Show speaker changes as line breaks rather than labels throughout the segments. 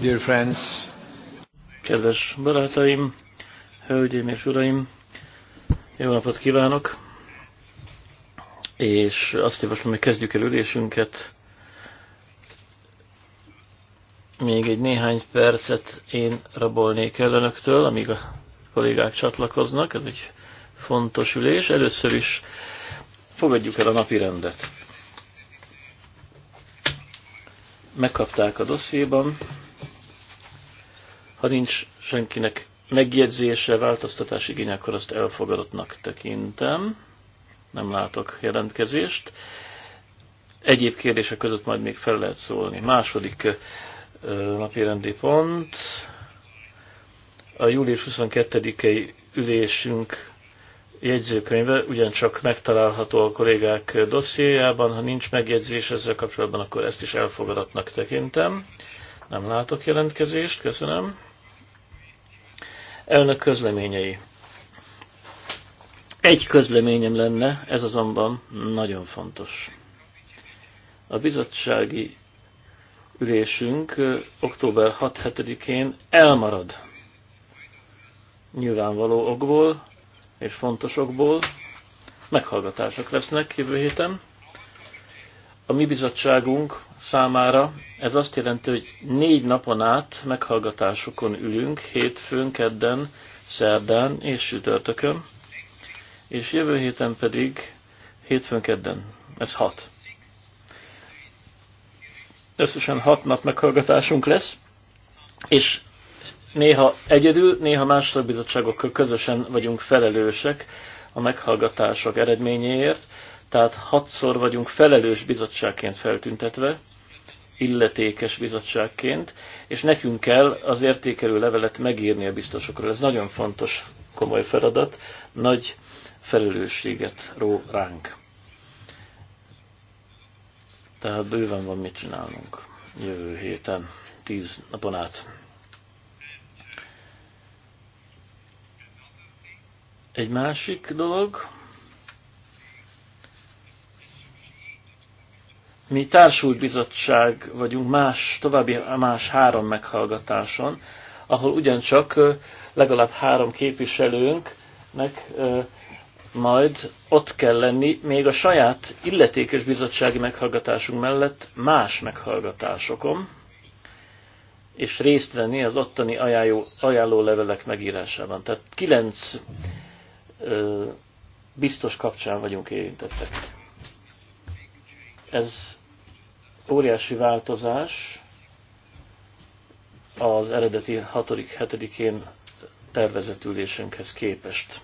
Dear friends. Kedves barátaim, hölgyeim és uraim, jó napot kívánok! És azt javaslom, hogy kezdjük el ülésünket. Még egy néhány percet én rabolnék el önöktől, amíg a kollégák csatlakoznak. Ez egy fontos ülés. Először is fogadjuk el a napi rendet megkapták a dossziéban. Ha nincs senkinek megjegyzése, változtatás igény, akkor azt elfogadottnak tekintem. Nem látok jelentkezést. Egyéb kérdések között majd még fel lehet szólni. Második napirendi pont. A július 22-i ülésünk jegyzőkönyve ugyancsak megtalálható a kollégák dossziéjában. Ha nincs megjegyzés ezzel kapcsolatban, akkor ezt is elfogadatnak tekintem. Nem látok jelentkezést, köszönöm elnök közleményei. Egy közleményem lenne, ez azonban nagyon fontos. A bizottsági ülésünk október 6-7-én elmarad. Nyilvánvaló okból és fontosokból meghallgatások lesznek jövő héten. A mi bizottságunk számára ez azt jelenti, hogy négy napon át meghallgatásokon ülünk, hétfőn, kedden, szerdán és sütörtökön, és jövő héten pedig hétfőn, kedden. Ez hat. Összesen hat nap meghallgatásunk lesz, és néha egyedül, néha más bizottságokkal közösen vagyunk felelősek a meghallgatások eredményéért, tehát hatszor vagyunk felelős bizottságként feltüntetve, illetékes bizottságként, és nekünk kell az értékelő levelet megírni a biztosokról. Ez nagyon fontos, komoly feladat, nagy felelősséget ró ránk. Tehát bőven van mit csinálnunk jövő héten, tíz napon át. Egy másik dolog, Mi társult bizottság vagyunk más, további más három meghallgatáson, ahol ugyancsak legalább három képviselőnknek majd ott kell lenni még a saját illetékes bizottsági meghallgatásunk mellett más meghallgatásokon, és részt venni az ottani ajánló, ajánló levelek megírásában. Tehát kilenc ö, biztos kapcsán vagyunk érintettek. Ez óriási változás az eredeti 6.-7.-én tervezett ülésünkhez képest.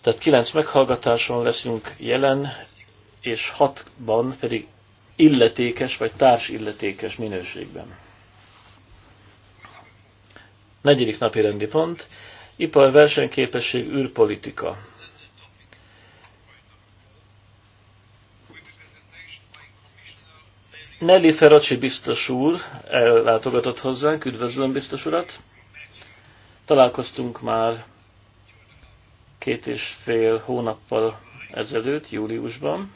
Tehát kilenc meghallgatáson leszünk jelen, és hatban pedig illetékes vagy társilletékes minőségben. Negyedik napi rendi pont, ipar versenyképesség űrpolitika. Nelly Feracsi biztos úr ellátogatott hozzánk, üdvözlöm biztos urat. Találkoztunk már két és fél hónappal ezelőtt, júliusban,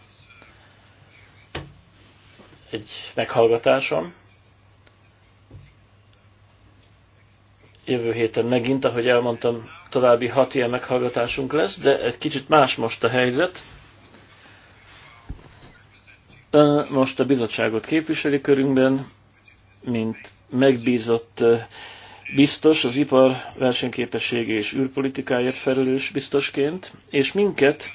egy meghallgatáson. Jövő héten megint, ahogy elmondtam, további hat ilyen meghallgatásunk lesz, de egy kicsit más most a helyzet. Ön most a bizottságot képviseli körünkben, mint megbízott biztos, az ipar versenyképessége és űrpolitikáért felelős biztosként, és minket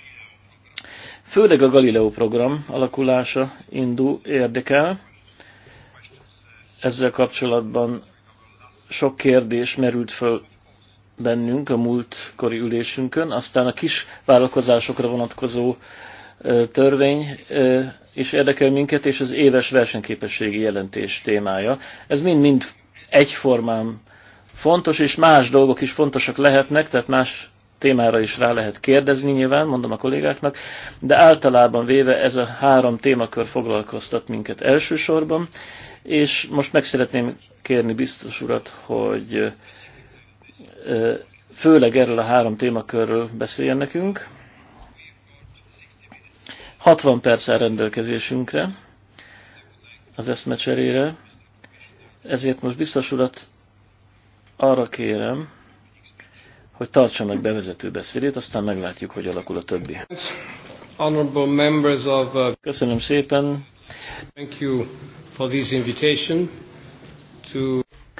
főleg a Galileo program alakulása indú érdekel. Ezzel kapcsolatban sok kérdés merült föl bennünk a múltkori ülésünkön, aztán a kis vállalkozásokra vonatkozó törvény is érdekel minket, és az éves versenyképességi jelentés témája. Ez mind-mind egyformán fontos, és más dolgok is fontosak lehetnek, tehát más témára is rá lehet kérdezni nyilván, mondom a kollégáknak, de általában véve ez a három témakör foglalkoztat minket elsősorban, és most meg szeretném kérni biztos urat, hogy főleg erről a három témakörről beszéljen nekünk, 60 perc áll rendelkezésünkre az eszmecserére, ezért most biztos urat arra kérem, hogy tartsa meg bevezető beszédét, aztán meglátjuk, hogy alakul a többi. Uh, köszönöm szépen.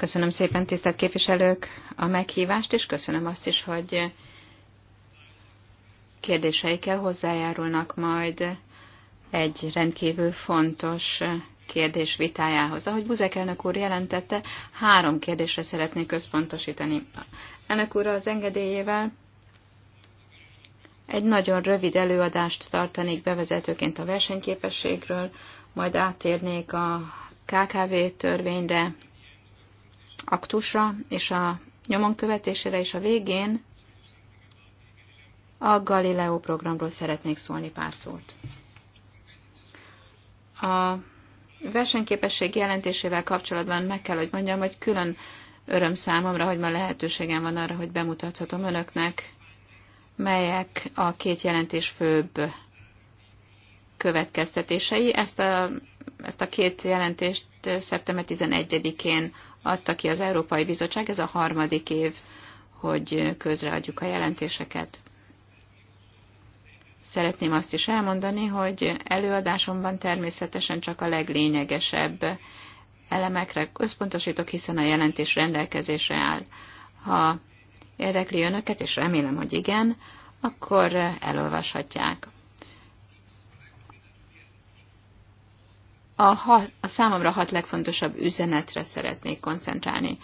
Köszönöm szépen, tisztelt képviselők, a meghívást, és köszönöm azt is, hogy kérdéseikkel hozzájárulnak majd egy rendkívül fontos kérdés vitájához. Ahogy Buzek elnök úr jelentette, három kérdésre szeretnék központosítani. Elnök úr az engedélyével egy nagyon rövid előadást tartanék bevezetőként a versenyképességről, majd átérnék a KKV törvényre, aktusra és a nyomon követésére, és a végén a Galileo programról szeretnék szólni pár szót. A versenyképesség jelentésével kapcsolatban meg kell, hogy mondjam, hogy külön öröm számomra, hogy ma lehetőségem van arra, hogy bemutathatom önöknek, melyek a két jelentés főbb következtetései. Ezt a, ezt a két jelentést szeptember 11-én adta ki az Európai Bizottság, ez a harmadik év, hogy közreadjuk a jelentéseket. Szeretném azt is elmondani, hogy előadásomban természetesen csak a leglényegesebb elemekre összpontosítok, hiszen a jelentés rendelkezésre áll. Ha érdekli önöket, és remélem, hogy igen, akkor elolvashatják. A, hat, a számomra hat legfontosabb üzenetre szeretnék koncentrálni.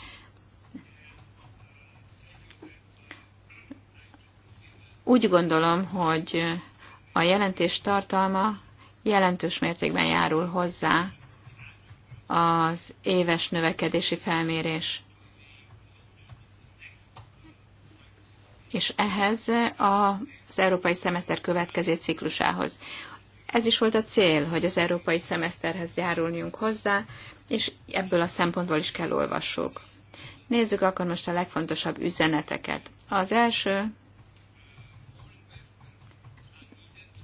Úgy gondolom, hogy a jelentés tartalma jelentős mértékben járul hozzá az éves növekedési felmérés. És ehhez az európai szemeszter következő ciklusához. Ez is volt a cél, hogy az európai szemeszterhez járuljunk hozzá, és ebből a szempontból is kell olvassuk. Nézzük akkor most a legfontosabb üzeneteket. Az első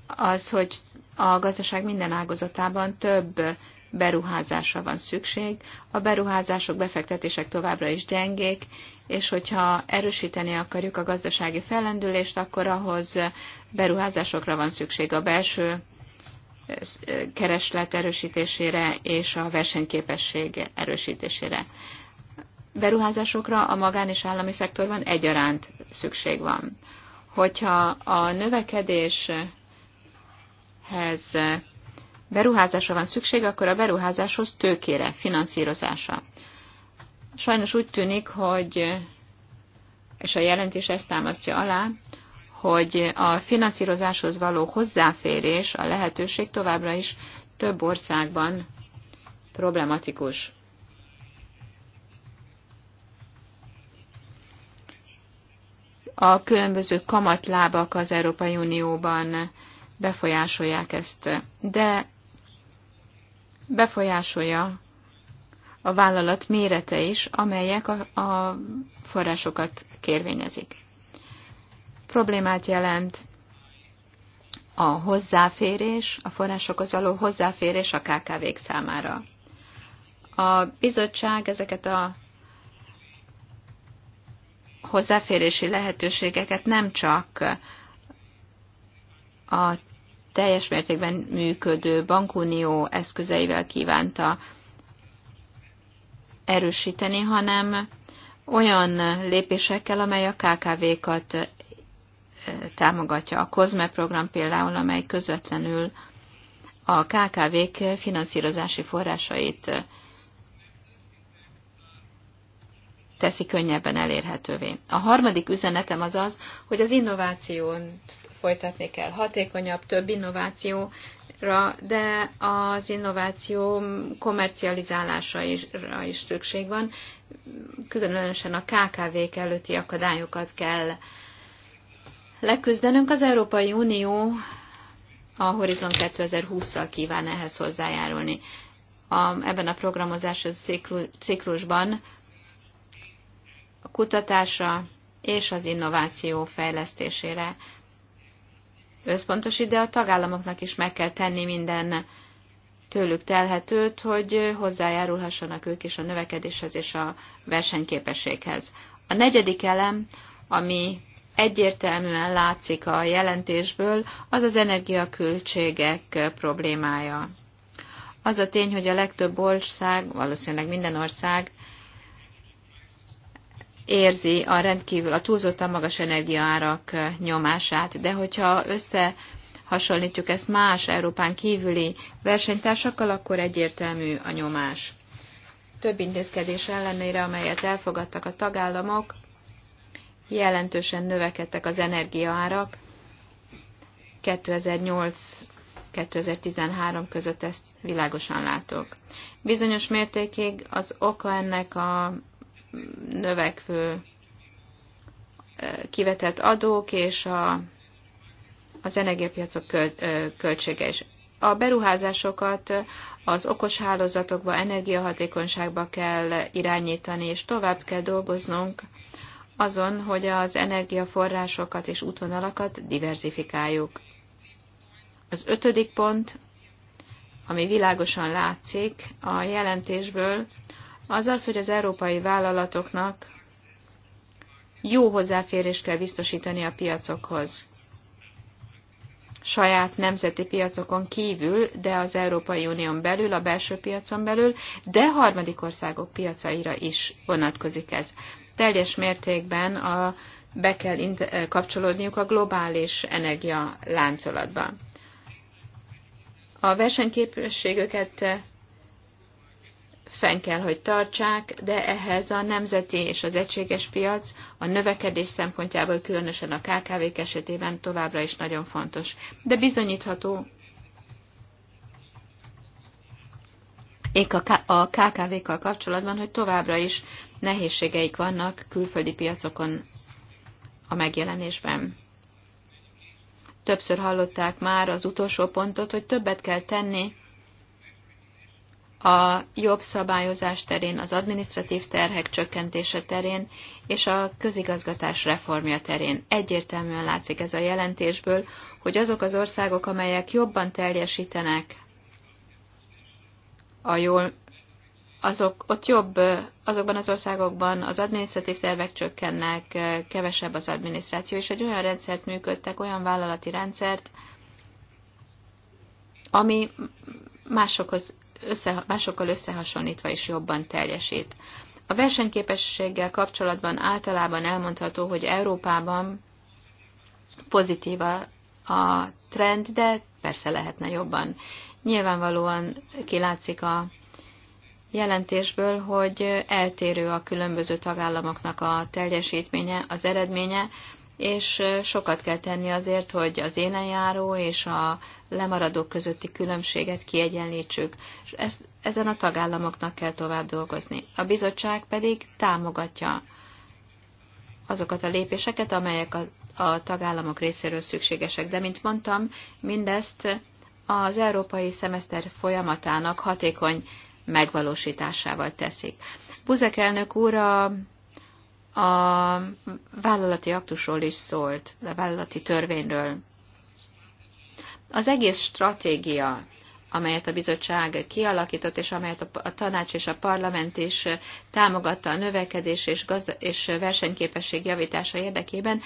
az, hogy a gazdaság minden ágazatában több beruházásra van szükség, a beruházások, befektetések továbbra is gyengék, és hogyha erősíteni akarjuk a gazdasági fellendülést, akkor ahhoz beruházásokra van szükség a belső eh, eh, kereslet erősítésére és a versenyképesség erősítésére. Beruházásokra a magán és állami szektorban egyaránt szükség van. Hogyha a növekedés hez beruházásra van szükség, akkor a beruházáshoz tőkére, finanszírozása. Sajnos úgy tűnik, hogy, és a jelentés ezt támasztja alá, hogy a finanszírozáshoz való hozzáférés, a lehetőség továbbra is több országban problematikus. A különböző kamatlábak az Európai Unióban befolyásolják ezt, de befolyásolja a vállalat mérete is, amelyek a, a forrásokat kérvényezik. Problémát jelent a hozzáférés, a forrásokhoz való hozzáférés a KKV-k számára. A bizottság ezeket a hozzáférési lehetőségeket nem csak a teljes mértékben működő bankunió eszközeivel kívánta erősíteni, hanem olyan lépésekkel, amely a KKV-kat támogatja. A COSME program például, amely közvetlenül a KKV-k finanszírozási forrásait teszi könnyebben elérhetővé. A harmadik üzenetem az az, hogy az innovációt folytatni kell. Hatékonyabb, több innovációra, de az innováció kommercializálása is, is szükség van. Különösen a KKV-k előtti akadályokat kell leküzdenünk. Az Európai Unió a Horizon 2020-szal kíván ehhez hozzájárulni. A, ebben a programozási ciklusban a kutatásra és az innováció fejlesztésére összpontosít, ide a tagállamoknak is meg kell tenni minden tőlük telhetőt, hogy hozzájárulhassanak ők is a növekedéshez és a versenyképességhez. A negyedik elem, ami egyértelműen látszik a jelentésből, az az energiaköltségek problémája. Az a tény, hogy a legtöbb ország, valószínűleg minden ország érzi a rendkívül a túlzottan magas energiaárak nyomását. De hogyha össze hasonlítjuk ezt más Európán kívüli versenytársakkal, akkor egyértelmű a nyomás. Több intézkedés ellenére, amelyet elfogadtak a tagállamok, jelentősen növekedtek az energiaárak. 2008-2013 között ezt világosan látok. Bizonyos mértékig az oka ennek a növekvő kivetett adók és a, az energiapiacok költsége is. A beruházásokat az okos hálózatokba, energiahatékonyságba kell irányítani, és tovább kell dolgoznunk azon, hogy az energiaforrásokat és útvonalakat diversifikáljuk. Az ötödik pont, ami világosan látszik a jelentésből, az az, hogy az európai vállalatoknak jó hozzáférést kell biztosítani a piacokhoz. Saját nemzeti piacokon kívül, de az Európai Unión belül, a belső piacon belül, de harmadik országok piacaira is vonatkozik ez. Teljes mértékben a, be kell kapcsolódniuk a globális energia láncolatba. A versenyképességüket fenn kell, hogy tartsák, de ehhez a nemzeti és az egységes piac a növekedés szempontjából, különösen a KKV-k esetében továbbra is nagyon fontos. De bizonyítható, a KKV-kkal kapcsolatban, hogy továbbra is nehézségeik vannak külföldi piacokon a megjelenésben. Többször hallották már az utolsó pontot, hogy többet kell tenni a jobb szabályozás terén, az administratív terhek csökkentése terén és a közigazgatás reformja terén. Egyértelműen látszik ez a jelentésből, hogy azok az országok, amelyek jobban teljesítenek a jól, azok ott jobb, azokban az országokban az adminisztratív tervek csökkennek, kevesebb az adminisztráció, és egy olyan rendszert működtek, olyan vállalati rendszert, ami másokhoz össze, másokkal összehasonlítva is jobban teljesít. A versenyképességgel kapcsolatban általában elmondható, hogy Európában pozitív a, a trend, de persze lehetne jobban. Nyilvánvalóan kilátszik a jelentésből, hogy eltérő a különböző tagállamoknak a teljesítménye, az eredménye, és sokat kell tenni azért, hogy az élenjáró és a lemaradók közötti különbséget kiegyenlítsük, és ezt, ezen a tagállamoknak kell tovább dolgozni. A bizottság pedig támogatja azokat a lépéseket, amelyek a, a tagállamok részéről szükségesek. De, mint mondtam, mindezt az európai szemeszter folyamatának hatékony megvalósításával teszik. Buzek elnök úr a a vállalati aktusról is szólt, a vállalati törvényről. Az egész stratégia, amelyet a bizottság kialakított, és amelyet a tanács és a parlament is támogatta a növekedés és, gazda- és versenyképesség javítása érdekében,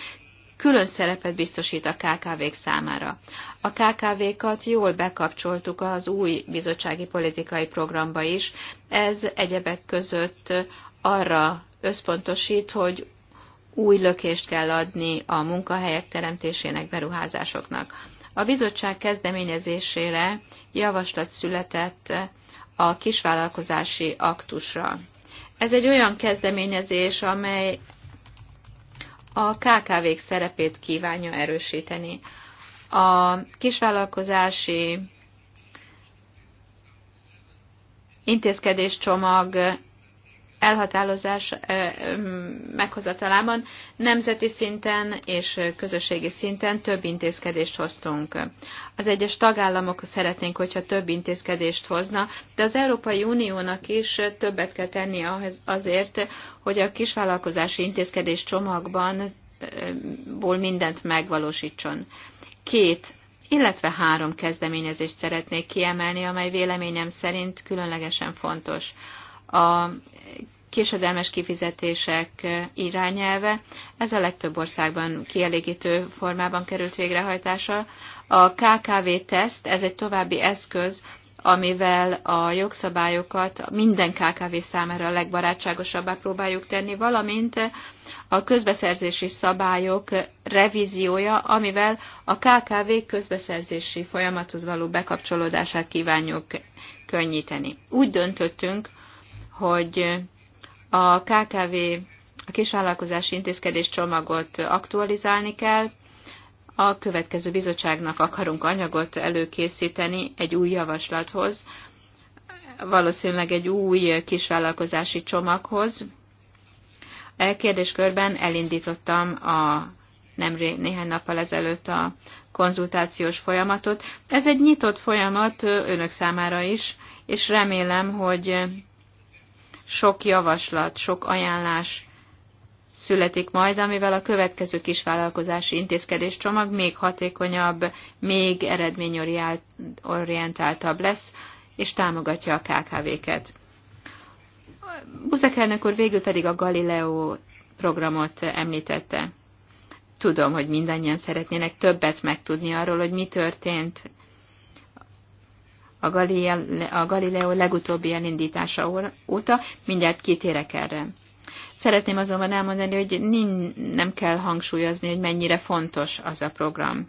külön szerepet biztosít a KKV-k számára. A KKV-kat jól bekapcsoltuk az új bizottsági politikai programba is, ez egyebek között arra összpontosít, hogy új lökést kell adni a munkahelyek teremtésének, beruházásoknak. A bizottság kezdeményezésére javaslat született a kisvállalkozási aktusra. Ez egy olyan kezdeményezés, amely a KKV-k szerepét kívánja erősíteni. A kisvállalkozási intézkedéscsomag elhatározás meghozatalában nemzeti szinten és közösségi szinten több intézkedést hoztunk. Az egyes tagállamok szeretnénk, hogyha több intézkedést hozna, de az Európai Uniónak is többet kell tenni azért, hogy a kisvállalkozási intézkedés csomagban ból mindent megvalósítson. Két illetve három kezdeményezést szeretnék kiemelni, amely véleményem szerint különlegesen fontos a késedelmes kifizetések irányelve. Ez a legtöbb országban kielégítő formában került végrehajtása. A KKV-teszt, ez egy további eszköz, amivel a jogszabályokat minden KKV számára a legbarátságosabbá próbáljuk tenni, valamint a közbeszerzési szabályok revíziója, amivel a KKV közbeszerzési folyamathoz való bekapcsolódását kívánjuk könnyíteni. Úgy döntöttünk, hogy a KKV, a kisvállalkozási intézkedés csomagot aktualizálni kell, a következő bizottságnak akarunk anyagot előkészíteni egy új javaslathoz, valószínűleg egy új kisvállalkozási csomaghoz. E kérdéskörben elindítottam a nem néhány nappal ezelőtt a konzultációs folyamatot. Ez egy nyitott folyamat önök számára is, és remélem, hogy sok javaslat, sok ajánlás születik majd, amivel a következő kisvállalkozási intézkedés csomag még hatékonyabb, még eredményorientáltabb lesz, és támogatja a KKV-ket. Buzek elnök úr végül pedig a Galileo programot említette. Tudom, hogy mindannyian szeretnének többet megtudni arról, hogy mi történt a Galileo legutóbbi elindítása óta, mindjárt kitérek erre. Szeretném azonban elmondani, hogy nem kell hangsúlyozni, hogy mennyire fontos az a program.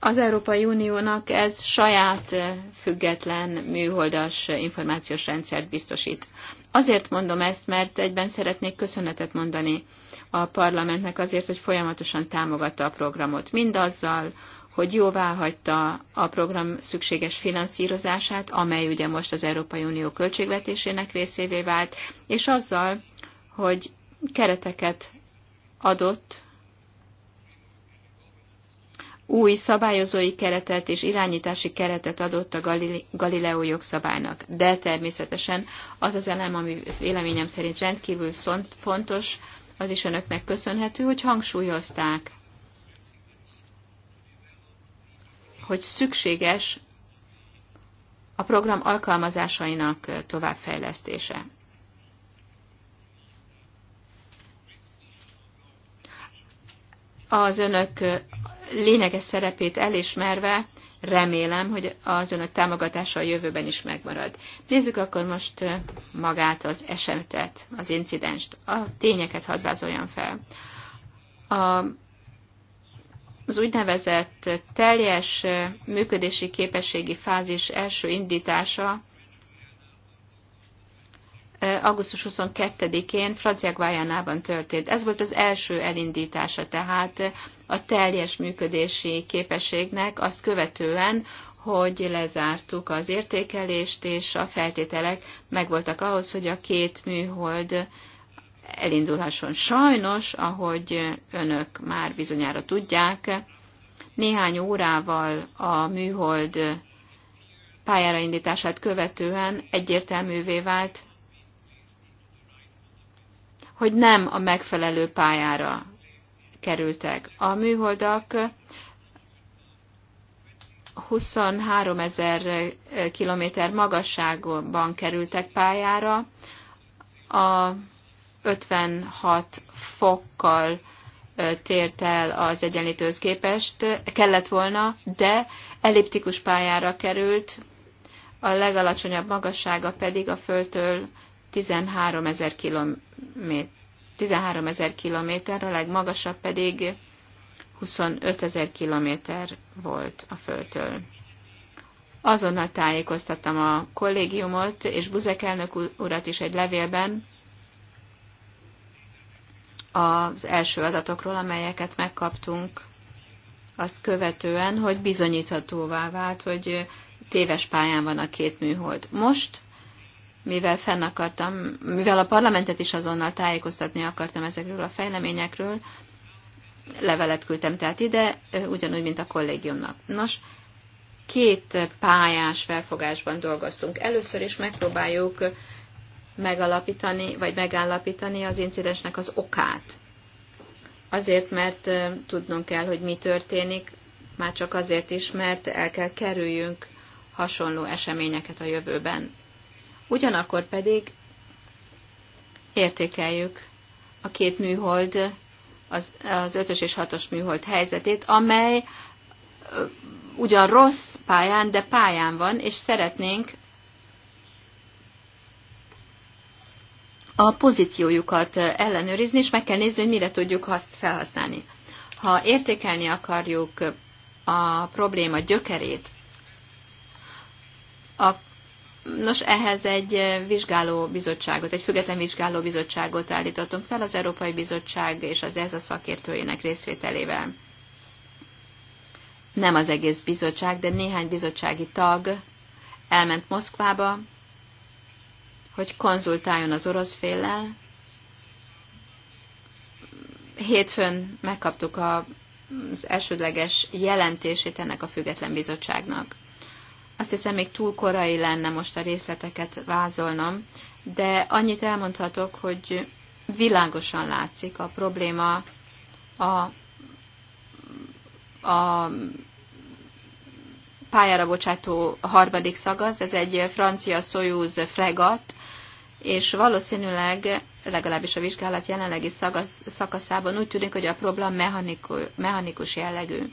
Az Európai Uniónak ez saját független műholdas információs rendszert biztosít. Azért mondom ezt, mert egyben szeretnék köszönetet mondani a parlamentnek azért, hogy folyamatosan támogatta a programot. Mindazzal, hogy jóvá hagyta a program szükséges finanszírozását, amely ugye most az Európai Unió költségvetésének részévé vált, és azzal, hogy kereteket adott új szabályozói keretet és irányítási keretet adott a Galileo jogszabálynak. De természetesen az az elem, ami véleményem szerint rendkívül fontos, az is önöknek köszönhető, hogy hangsúlyozták hogy szükséges a program alkalmazásainak továbbfejlesztése. Az önök lényeges szerepét elismerve remélem, hogy az önök támogatása a jövőben is megmarad. Nézzük akkor most magát az esetet, az incidenst. A tényeket hadd vázoljam fel. A az úgynevezett teljes működési képességi fázis első indítása augusztus 22-én Francia Guyanában történt. Ez volt az első elindítása tehát a teljes működési képességnek azt követően, hogy lezártuk az értékelést, és a feltételek megvoltak ahhoz, hogy a két műhold elindulhasson. Sajnos, ahogy önök már bizonyára tudják, néhány órával a műhold pályára indítását követően egyértelművé vált, hogy nem a megfelelő pályára kerültek. A műholdak 23 ezer kilométer magasságban kerültek pályára, a 56 fokkal tért el az egyenlítőhöz képest, kellett volna, de elliptikus pályára került, a legalacsonyabb magassága pedig a Földtől 13 ezer kilométer, 13 kilométer, a legmagasabb pedig 25 ezer kilométer volt a Földtől. Azonnal tájékoztattam a kollégiumot és Buzek elnök urat is egy levélben, az első adatokról, amelyeket megkaptunk azt követően, hogy bizonyíthatóvá vált, hogy téves pályán van a két műhold. Most, mivel fenn akartam, mivel a parlamentet is azonnal tájékoztatni akartam ezekről a fejleményekről, levelet küldtem tehát ide, ugyanúgy, mint a kollégiumnak. Nos, két pályás felfogásban dolgoztunk. Először is megpróbáljuk megalapítani, vagy megállapítani az incidensnek az okát. Azért, mert tudnunk kell, hogy mi történik, már csak azért is, mert el kell kerüljünk hasonló eseményeket a jövőben. Ugyanakkor pedig értékeljük a két műhold, az, az ötös és hatos műhold helyzetét, amely ugyan rossz pályán, de pályán van, és szeretnénk a pozíciójukat ellenőrizni, és meg kell nézni, hogy mire tudjuk azt felhasználni. Ha értékelni akarjuk a probléma gyökerét, a, nos, ehhez egy vizsgáló bizottságot, egy független vizsgáló bizottságot állítottunk fel az Európai Bizottság és az a szakértőinek részvételével. Nem az egész bizottság, de néhány bizottsági tag elment Moszkvába, hogy konzultáljon az orosz féllel. Hétfőn megkaptuk a, az elsődleges jelentését ennek a független bizottságnak. Azt hiszem, még túl korai lenne most a részleteket vázolnom, de annyit elmondhatok, hogy világosan látszik a probléma a, a pályára bocsátó harmadik szagaz. ez egy francia Soyuz fregat, és valószínűleg legalábbis a vizsgálat jelenlegi szakaszában úgy tűnik, hogy a probléma mechanikus jellegű.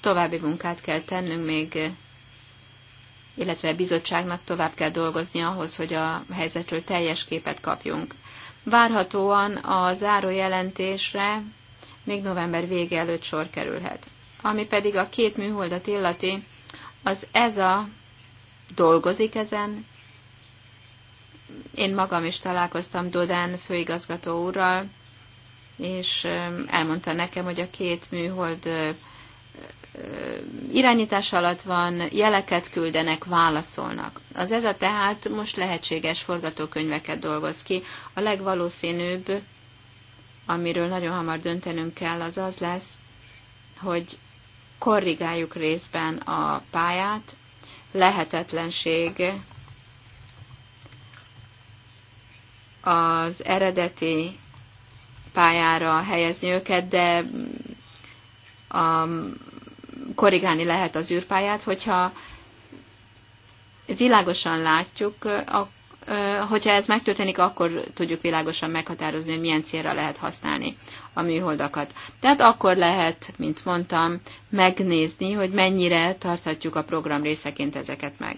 További munkát kell tennünk még, illetve a bizottságnak tovább kell dolgozni ahhoz, hogy a helyzetről teljes képet kapjunk. Várhatóan a záró jelentésre még november vége előtt sor kerülhet. Ami pedig a két műholdat illeti, az ez a dolgozik ezen. Én magam is találkoztam Dodán főigazgató úrral, és elmondta nekem, hogy a két műhold irányítás alatt van, jeleket küldenek, válaszolnak. Az ez a tehát most lehetséges forgatókönyveket dolgoz ki. A legvalószínűbb, amiről nagyon hamar döntenünk kell, az az lesz, hogy korrigáljuk részben a pályát, lehetetlenség az eredeti pályára helyezni őket, de a, korrigálni lehet az űrpályát, hogyha világosan látjuk, akkor hogyha ez megtörténik, akkor tudjuk világosan meghatározni, hogy milyen célra lehet használni a műholdakat. Tehát akkor lehet, mint mondtam, megnézni, hogy mennyire tarthatjuk a program részeként ezeket meg.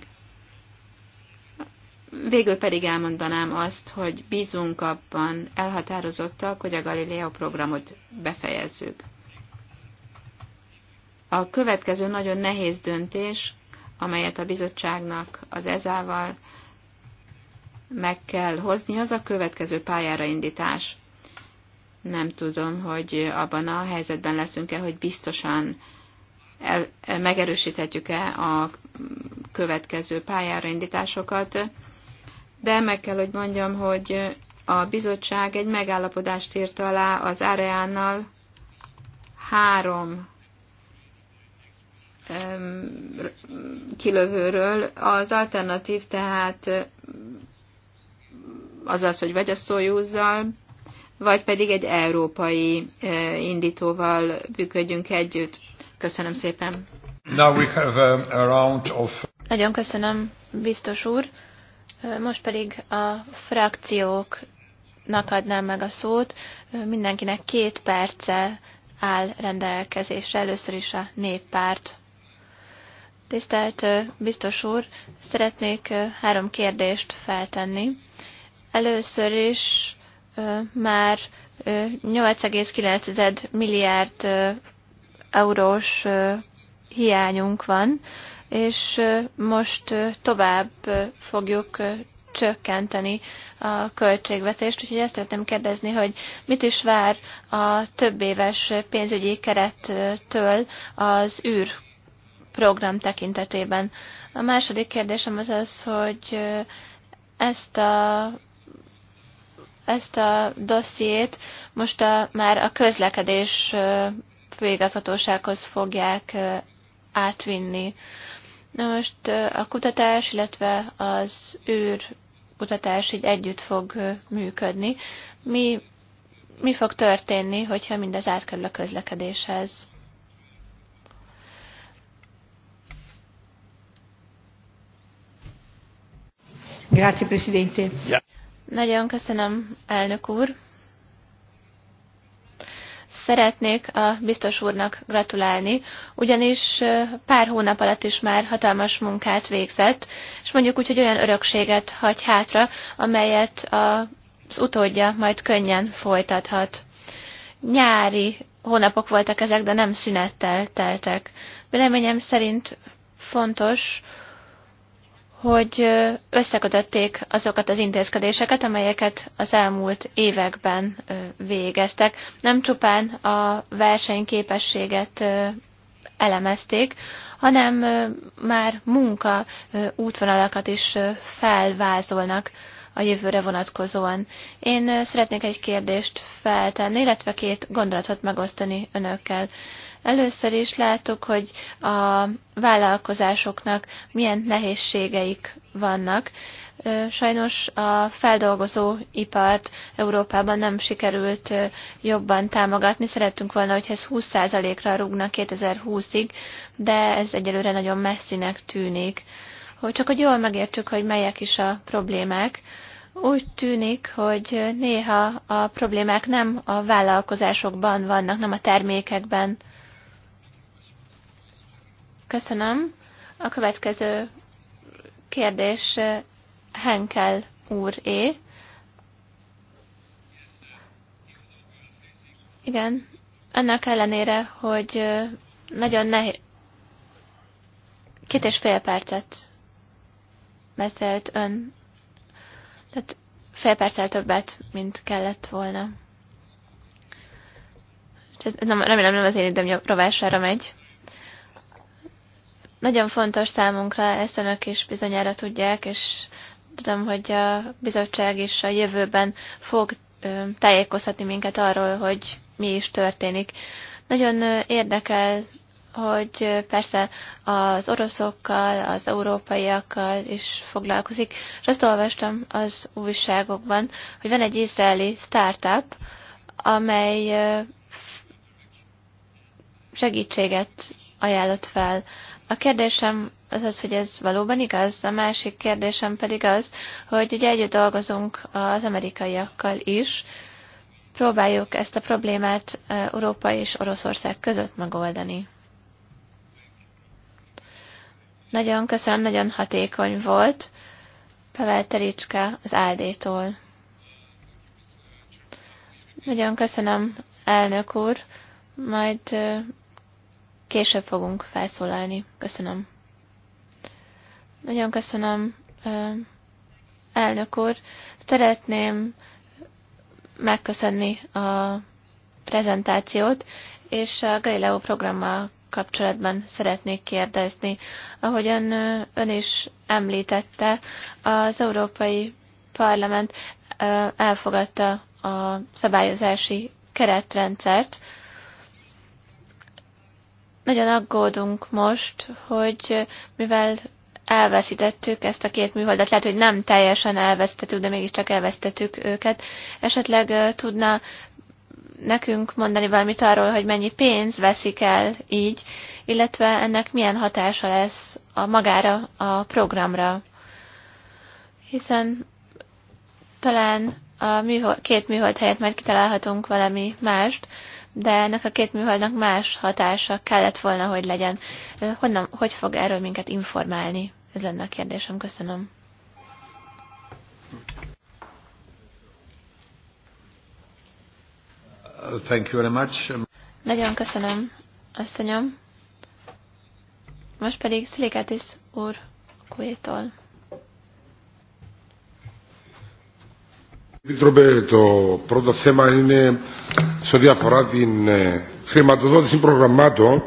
Végül pedig elmondanám azt, hogy bízunk abban elhatározottak, hogy a Galileo programot befejezzük. A következő nagyon nehéz döntés, amelyet a bizottságnak az ezával meg kell hozni, az a következő pályára indítás. Nem tudom, hogy abban a helyzetben leszünk-e, hogy biztosan el, megerősíthetjük-e a következő pályára indításokat, de meg kell, hogy mondjam, hogy a bizottság egy megállapodást írt alá az Areánnal három kilövőről. Az alternatív tehát azaz, hogy vagy a szójúzzal, vagy pedig egy európai indítóval működjünk együtt. Köszönöm szépen.
Now we have um, a round of...
Nagyon köszönöm, biztos úr. Most pedig a
frakcióknak adnám meg a szót. Mindenkinek két perce áll rendelkezésre. Először is a néppárt. Tisztelt biztos úr, szeretnék három kérdést feltenni. Először is már 8,9 milliárd eurós hiányunk van, és most tovább fogjuk csökkenteni a költségvetést, úgyhogy ezt szeretném kérdezni, hogy mit is vár a több éves pénzügyi kerettől az űr program tekintetében. A második kérdésem az az, hogy ezt a ezt a dossziét most a, már a közlekedés főigazgatósághoz fogják átvinni. Na most a kutatás, illetve az űr kutatás így együtt fog működni. Mi, mi fog történni, hogyha mindez átkerül a közlekedéshez?
Grazie Presidente. Yeah.
Nagyon köszönöm, elnök úr. Szeretnék a biztos úrnak gratulálni, ugyanis pár hónap alatt is már hatalmas munkát végzett, és mondjuk úgy, hogy olyan örökséget hagy hátra, amelyet az utódja majd könnyen folytathat. Nyári hónapok voltak ezek, de nem szünettel teltek. Véleményem szerint fontos, hogy összekötötték azokat az intézkedéseket, amelyeket az elmúlt években végeztek. Nem csupán a versenyképességet elemezték, hanem már munka útvonalakat is felvázolnak a jövőre vonatkozóan. Én szeretnék egy kérdést feltenni, illetve két gondolatot megosztani önökkel. Először is látok, hogy a vállalkozásoknak milyen nehézségeik vannak. Sajnos a feldolgozó ipart Európában nem sikerült jobban támogatni. Szerettünk volna, hogy ez 20%-ra rúgna 2020-ig, de ez egyelőre nagyon messzinek tűnik. Hogy csak hogy jól megértsük, hogy melyek is a problémák, úgy tűnik, hogy néha a problémák nem a vállalkozásokban vannak, nem a termékekben, Köszönöm. A következő kérdés eh, Henkel úré. Igen, annak ellenére, hogy eh, nagyon nehéz, két és fél percet beszélt ön, tehát fél perccel többet, mint kellett volna. Ez nem, remélem nem az én időm rovására megy. Nagyon fontos számunkra, ezt önök is bizonyára tudják, és tudom, hogy a bizottság is a jövőben fog tájékoztatni minket arról, hogy mi is történik. Nagyon érdekel, hogy persze az oroszokkal, az európaiakkal is foglalkozik, és azt olvastam az újságokban, hogy van egy izraeli startup, amely segítséget ajánlott fel a kérdésem az az, hogy ez valóban igaz, a másik kérdésem pedig az, hogy ugye együtt dolgozunk az amerikaiakkal is, próbáljuk ezt a problémát Európa és Oroszország között megoldani. Nagyon köszönöm, nagyon hatékony volt. Pavel Tericska az Áldétól. Nagyon köszönöm, elnök úr. Majd Később fogunk felszólalni. Köszönöm. Nagyon köszönöm, elnök úr. Szeretném megköszönni a prezentációt, és a Galileo programmal kapcsolatban szeretnék kérdezni. Ahogyan ön is említette, az Európai Parlament elfogadta a szabályozási keretrendszert, nagyon aggódunk most, hogy mivel elveszítettük ezt a két műholdat, lehet, hogy nem teljesen elvesztettük, de mégiscsak elvesztettük őket, esetleg tudna nekünk mondani valamit arról, hogy mennyi pénz veszik el így, illetve ennek milyen hatása lesz a magára a programra. Hiszen talán a műhold, két műhold helyett majd kitalálhatunk valami mást, de ennek a két műholdnak más hatása kellett volna, hogy legyen. Honnan, hogy fog erről minket informálni? Ez lenne a kérdésem. Köszönöm.
Thank you very much.
Nagyon köszönöm, asszonyom. Most pedig Szilikátis úr Kuétól.
Επίτροπε, το πρώτο θέμα είναι σε ό,τι αφορά την χρηματοδότηση προγραμμάτων.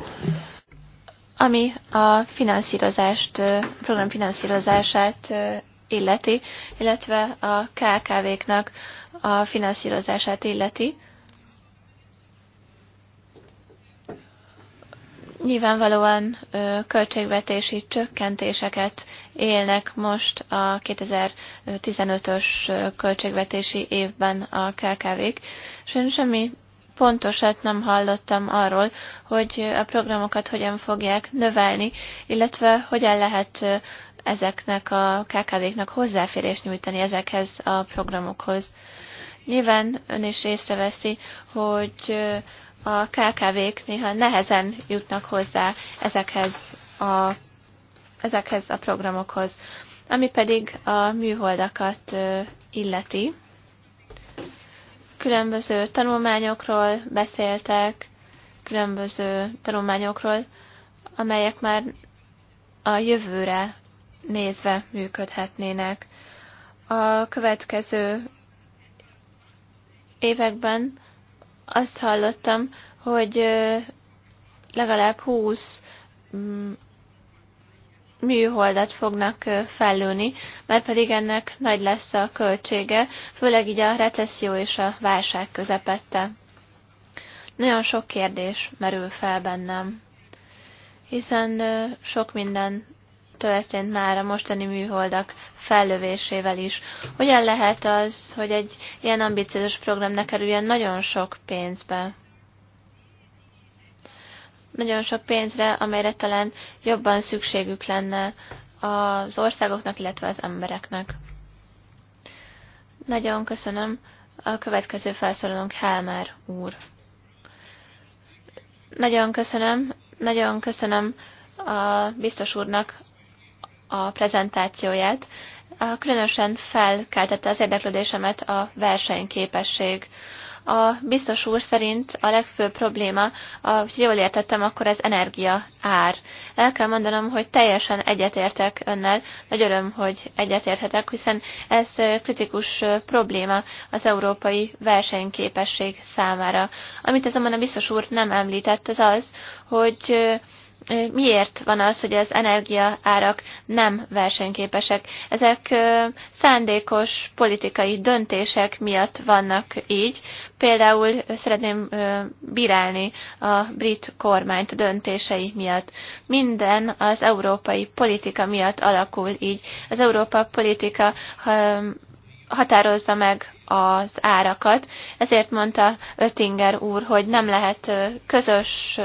Ami a finanszírozást, programfinanszírozását illeti, illetve a KKV-knak a finanszírozását illeti. Nyilvánvalóan költségvetési csökkentéseket élnek most a 2015-ös költségvetési évben a KKV-k, és én semmi pontosat nem hallottam arról, hogy a programokat hogyan fogják növelni, illetve hogyan lehet ezeknek a KKV-knak hozzáférést nyújtani ezekhez a programokhoz. Nyilván ön is észreveszi, hogy a KKV-k néha nehezen jutnak hozzá ezekhez a, ezekhez a programokhoz. Ami pedig a műholdakat illeti, Különböző tanulmányokról beszéltek, különböző tanulmányokról, amelyek már a jövőre nézve működhetnének. A következő években azt hallottam, hogy legalább 20 műholdat fognak fellőni, mert pedig ennek nagy lesz a költsége, főleg így a recesszió és a válság közepette. Nagyon sok kérdés merül fel bennem, hiszen sok minden történt már a mostani műholdak fellövésével is. Hogyan lehet az, hogy egy ilyen ambiciózus program ne kerüljön nagyon sok pénzbe? nagyon sok pénzre, amelyre talán jobban szükségük lenne az országoknak, illetve az embereknek. Nagyon köszönöm. A következő felszólalónk Helmer úr. Nagyon köszönöm, nagyon köszönöm a biztos úrnak a prezentációját. Különösen felkeltette az érdeklődésemet a versenyképesség. A biztos úr szerint a legfőbb probléma, hogy jól értettem, akkor az energia ár. El kell mondanom, hogy teljesen egyetértek önnel, nagy öröm, hogy egyetérthetek, hiszen ez kritikus probléma az európai versenyképesség számára. Amit azonban a biztos úr nem említett, az az, hogy miért van az, hogy az energiaárak nem versenyképesek. Ezek szándékos politikai döntések miatt vannak így. Például szeretném bírálni a brit kormányt döntései miatt. Minden az európai politika miatt alakul így. Az Európa politika határozza meg az árakat. Ezért mondta Öttinger úr, hogy nem lehet közös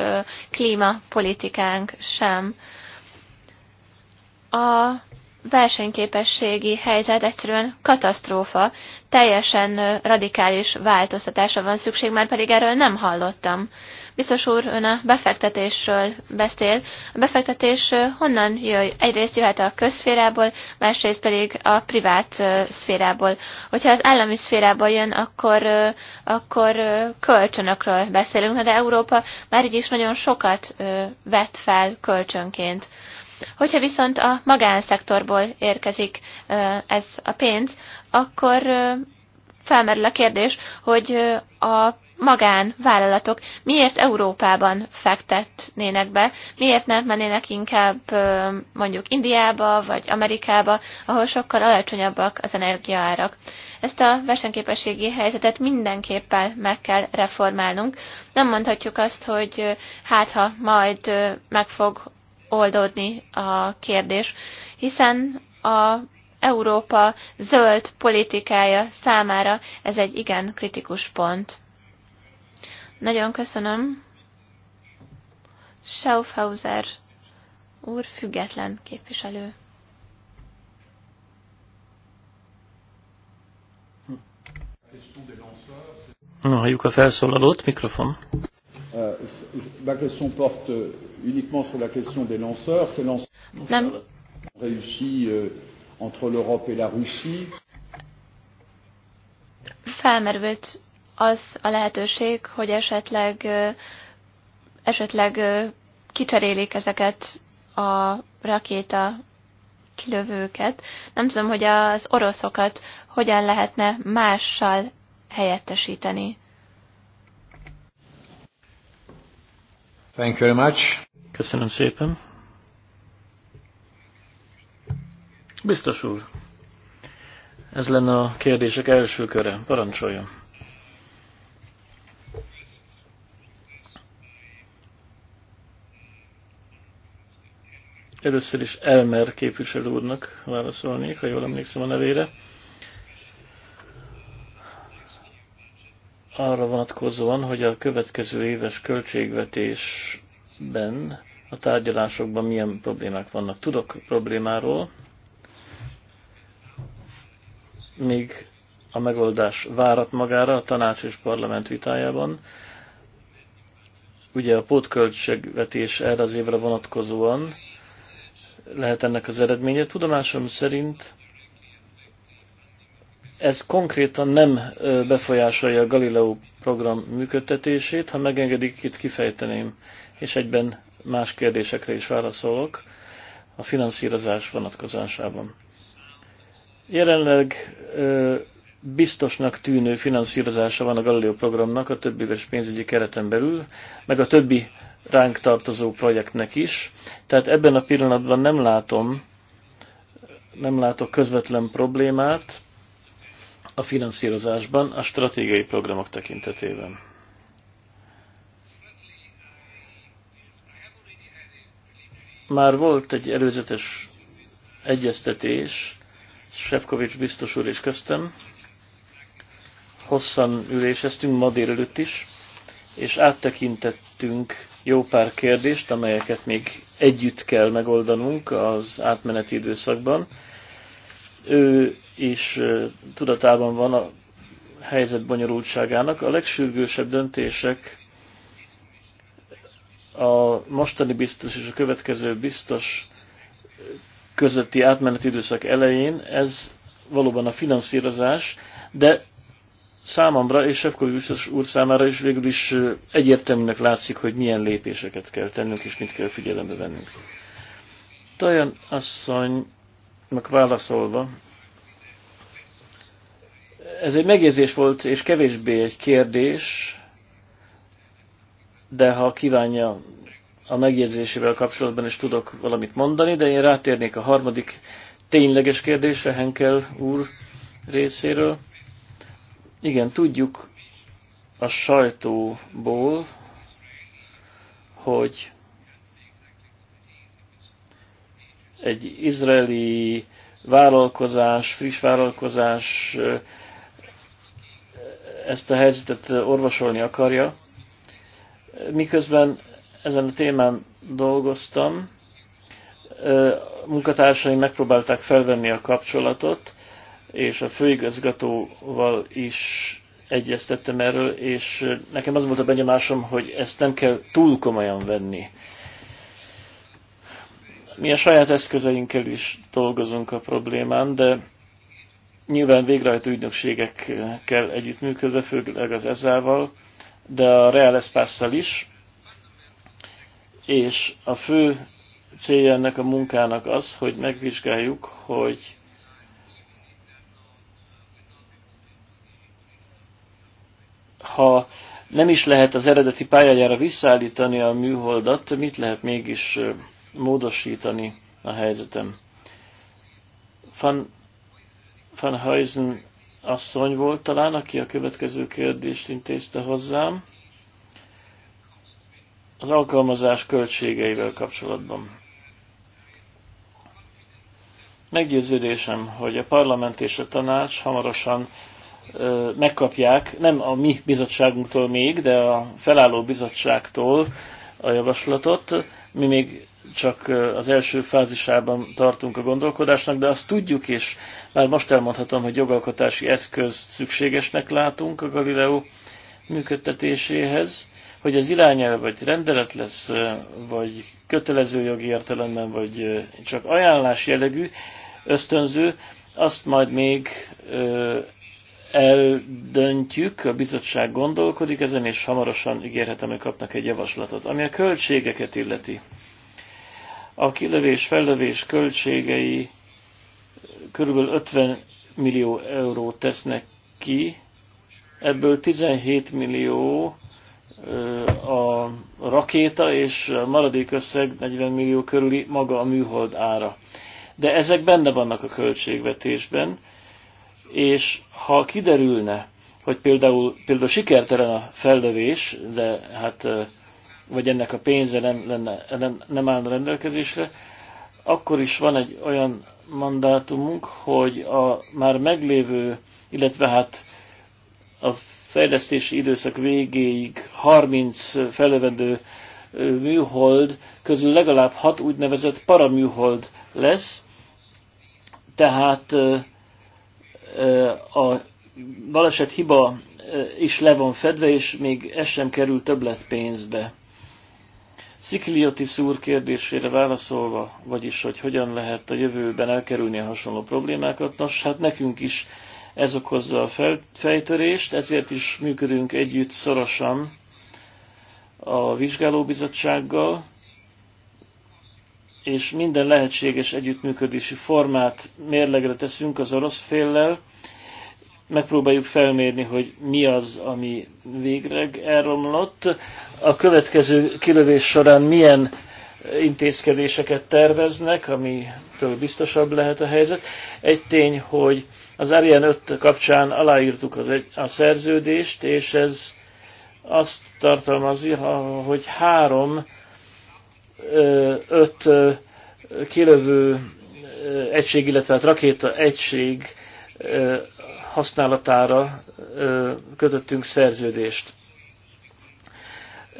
klímapolitikánk sem. A versenyképességi helyzet egyszerűen katasztrófa, teljesen radikális változtatásra van szükség, már pedig erről nem hallottam. Biztos úr, ön a befektetésről beszél. A befektetés honnan jöjj? Egyrészt jöhet a közszférából, másrészt pedig a privát szférából. Hogyha az állami szférából jön, akkor, akkor kölcsönökről beszélünk, de Európa már így is nagyon sokat vett fel kölcsönként. Hogyha viszont a magánszektorból érkezik ez a pénz, akkor felmerül a kérdés, hogy a magán vállalatok miért Európában fektetnének be, miért nem mennének inkább mondjuk Indiába vagy Amerikába, ahol sokkal alacsonyabbak az energiaárak. Ezt a versenyképességi helyzetet mindenképpen meg kell reformálnunk. Nem mondhatjuk azt, hogy hát ha majd meg fog oldódni a kérdés, hiszen a Európa zöld politikája számára ez egy igen kritikus pont. Nagyon köszönöm. Schaufhauser úr független képviselő.
Na, halljuk a felszólalót, mikrofon.
Ma euh, question porte uniquement sur la question des lanceurs. Ces lanceurs Nem. Euh, entre l'Europe et la Russie.
Felmerült az a lehetőség, hogy esetleg, esetleg kicserélik ezeket a rakéta kilövőket. Nem tudom, hogy az oroszokat hogyan lehetne mással helyettesíteni.
Thank you very much. Köszönöm szépen. Biztos úr, ez lenne a kérdések első köre. Parancsoljon. Először is Elmer képviselő úrnak válaszolnék, ha jól emlékszem a nevére. Arra vonatkozóan, hogy a következő éves költségvetésben a tárgyalásokban milyen problémák vannak. Tudok problémáról, még a megoldás várat magára a tanács és parlament vitájában. Ugye a pótköltségvetés erre az évre vonatkozóan lehet ennek az eredménye. Tudomásom szerint ez konkrétan nem befolyásolja a Galileo program működtetését, ha megengedik, itt kifejteném, és egyben más kérdésekre is válaszolok a finanszírozás vonatkozásában. Jelenleg biztosnak tűnő finanszírozása van a Galileo programnak a többi éves pénzügyi kereten belül, meg a többi ránk tartozó projektnek is. Tehát ebben a pillanatban nem látom, nem látok közvetlen problémát a finanszírozásban a stratégiai programok tekintetében. Már volt egy előzetes egyeztetés Sefkovics biztos úr és köztem. Hosszan üléseztünk ma délelőtt is és áttekintettünk jó pár kérdést, amelyeket még együtt kell megoldanunk az átmeneti időszakban. Ő is tudatában van a helyzet bonyolultságának. A legsürgősebb döntések a mostani biztos és a következő biztos közötti átmeneti időszak elején, ez valóban a finanszírozás, de számomra és Sefkovics úr számára is végül is egyértelműnek látszik, hogy milyen lépéseket kell tennünk és mit kell figyelembe vennünk. Tajan asszonynak válaszolva, ez egy megjegyzés volt, és kevésbé egy kérdés, de ha kívánja a megjegyzésével kapcsolatban is tudok valamit mondani, de én rátérnék a harmadik tényleges kérdésre Henkel úr részéről igen, tudjuk a sajtóból, hogy egy izraeli vállalkozás, friss vállalkozás ezt a helyzetet orvosolni akarja. Miközben ezen a témán dolgoztam, munkatársaim megpróbálták felvenni a kapcsolatot, és a főigazgatóval is egyeztettem erről, és nekem az volt a benyomásom, hogy ezt nem kell túl komolyan venni. Mi a saját eszközeinkkel is dolgozunk a problémán, de nyilván végrehajtó ügynökségekkel együttműködve, főleg az ezával, de a Real Espace-szal is, és a fő célja ennek a munkának az, hogy megvizsgáljuk, hogy ha nem is lehet az eredeti pályájára visszaállítani a műholdat, mit lehet mégis módosítani a helyzetem? Van, van Huysen asszony volt talán, aki a következő kérdést intézte hozzám. Az alkalmazás költségeivel kapcsolatban. Meggyőződésem, hogy a parlament és a tanács hamarosan megkapják, nem a mi bizottságunktól még, de a felálló bizottságtól a javaslatot. Mi még csak az első fázisában tartunk a gondolkodásnak, de azt tudjuk, és már most elmondhatom, hogy jogalkotási eszköz szükségesnek látunk a Galileo működtetéséhez, hogy az irányelv vagy rendelet lesz, vagy kötelező jogi értelemben, vagy csak ajánlás jellegű, ösztönző, azt majd még eldöntjük, a bizottság gondolkodik ezen, és hamarosan ígérhetem, hogy kapnak egy javaslatot. Ami a költségeket illeti, a kilövés-fellövés költségei kb. 50 millió eurót tesznek ki, ebből 17 millió a rakéta, és a maradék összeg 40 millió körüli maga a műhold ára. De ezek benne vannak a költségvetésben, és ha kiderülne, hogy például, például sikertelen a fellövés, de hát vagy ennek a pénze nem, lenne, nem, nem állna rendelkezésre, akkor is van egy olyan mandátumunk, hogy a már meglévő, illetve hát a fejlesztési időszak végéig 30 felövendő műhold közül legalább 6 úgynevezett paraműhold lesz, tehát a baleset hiba is le van fedve, és még ez sem kerül többlet pénzbe. Szikliotis úr kérdésére válaszolva, vagyis hogy hogyan lehet a jövőben elkerülni a hasonló problémákat, nos, hát nekünk is ez okozza a fejtörést, ezért is működünk együtt szorosan a vizsgálóbizottsággal, és minden lehetséges együttműködési formát mérlegre teszünk az orosz féllel, megpróbáljuk felmérni, hogy mi az, ami végleg elromlott, a következő kilövés során milyen intézkedéseket terveznek, amitől biztosabb lehet a helyzet. Egy tény, hogy az Ariane 5 kapcsán aláírtuk az egy, a szerződést, és ez azt tartalmazja, hogy három öt kilövő egység, illetve hát rakéta egység használatára kötöttünk szerződést.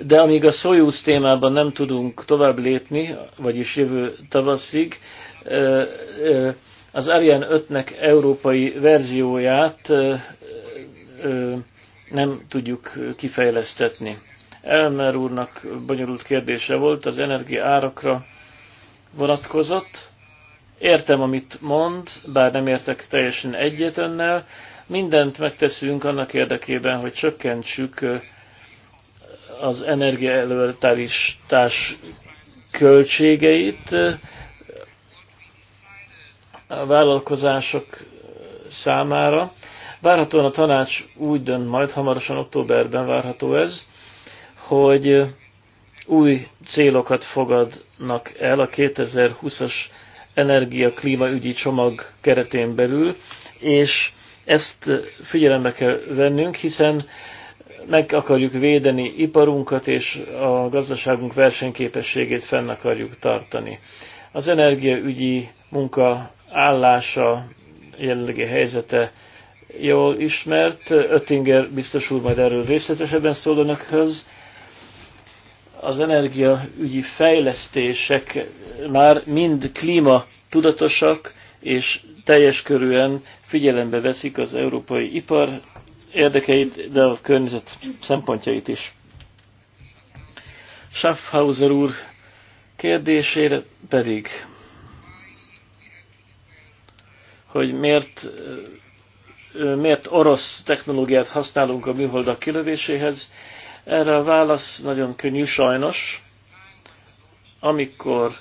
De amíg a Soyuz témában nem tudunk tovább lépni, vagyis jövő tavaszig, az Ariane 5-nek európai verzióját nem tudjuk kifejlesztetni. Elmer úrnak bonyolult kérdése volt, az energia árakra vonatkozott. Értem, amit mond, bár nem értek teljesen egyet önnel. Mindent megteszünk annak érdekében, hogy csökkentsük az energiaelőtállítás költségeit. A vállalkozások számára. Várhatóan a tanács úgy dönt majd, hamarosan októberben várható ez, hogy új célokat fogadnak el a 2020-as energia-klímaügyi csomag keretén belül, és ezt figyelembe kell vennünk, hiszen meg akarjuk védeni iparunkat, és a gazdaságunk versenyképességét fenn akarjuk tartani. Az energiaügyi munka állása, jelenlegi helyzete jól ismert. Öttinger biztos úr majd erről részletesebben szól önökhöz az energiaügyi fejlesztések már mind klíma tudatosak, és teljes körűen figyelembe veszik az európai ipar érdekeit, de a környezet szempontjait is. Schaffhauser úr kérdésére pedig, hogy miért, miért orosz technológiát használunk a műholdak kilövéséhez, erre a válasz nagyon könnyű sajnos. Amikor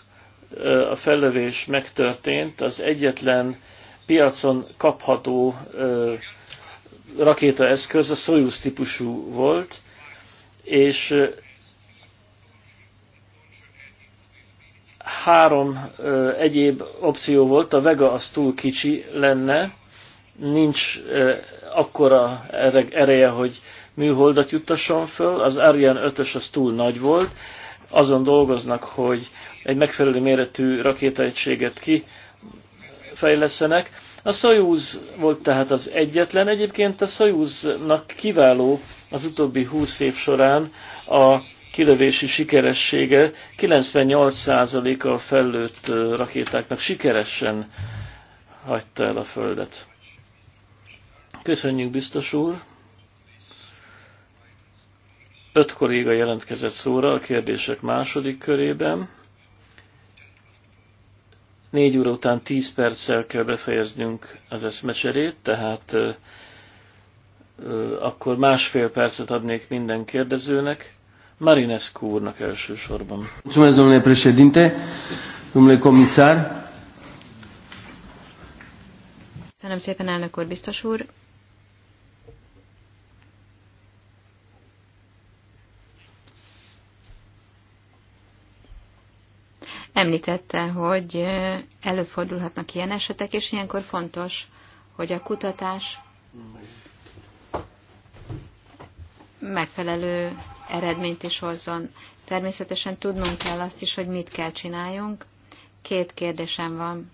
a fellövés megtörtént, az egyetlen piacon kapható rakétaeszköz a Soyuz típusú volt, és három egyéb opció volt, a Vega az túl kicsi lenne, nincs akkora ereje, hogy műholdat juttasson föl. Az Ariane 5-ös az túl nagy volt. Azon dolgoznak, hogy egy megfelelő méretű rakétaegységet kifejlesztenek. A Soyuz volt tehát az egyetlen. Egyébként a Soyuznak kiváló az utóbbi 20 év során a kilövési sikeressége 98%-a a fellőtt rakétáknak sikeresen hagyta el a földet. Köszönjük, biztos úr! Öt kolléga jelentkezett szóra a kérdések második körében. Négy óra után tíz perccel kell befejeznünk az eszmecserét, tehát ö, ö, akkor másfél percet adnék minden kérdezőnek. Marinescu úrnak elsősorban.
Mulțumesc, domnule președinte, domnule comisar.
Köszönöm szépen, elnök úr, biztos úr. Említette, hogy előfordulhatnak ilyen esetek, és ilyenkor fontos, hogy a kutatás megfelelő eredményt is hozzon. Természetesen tudnunk kell azt is, hogy mit kell csináljunk. Két kérdésem van.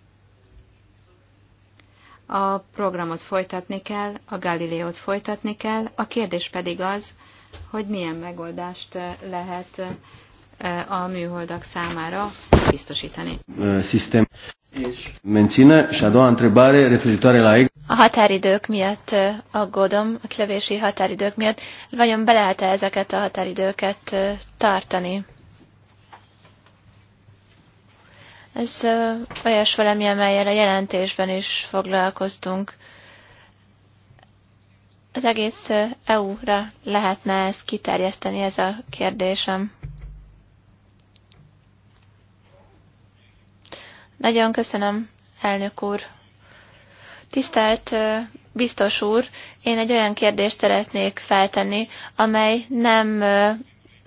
A programot folytatni kell, a Galileót folytatni kell, a kérdés pedig az, hogy milyen megoldást lehet a műholdak számára biztosítani.
Uh, system. És și a doua întrebare referitoare la
a határidők miatt uh,
aggódom, a kilövési határidők miatt. Vajon be lehet-e ezeket a határidőket uh, tartani? Ez olyas valami, amelyel a jelentésben is foglalkoztunk. Az egész EU-ra lehetne ezt kiterjeszteni, ez a kérdésem. Nagyon köszönöm, elnök úr. Tisztelt biztos úr, én egy olyan kérdést szeretnék feltenni, amely nem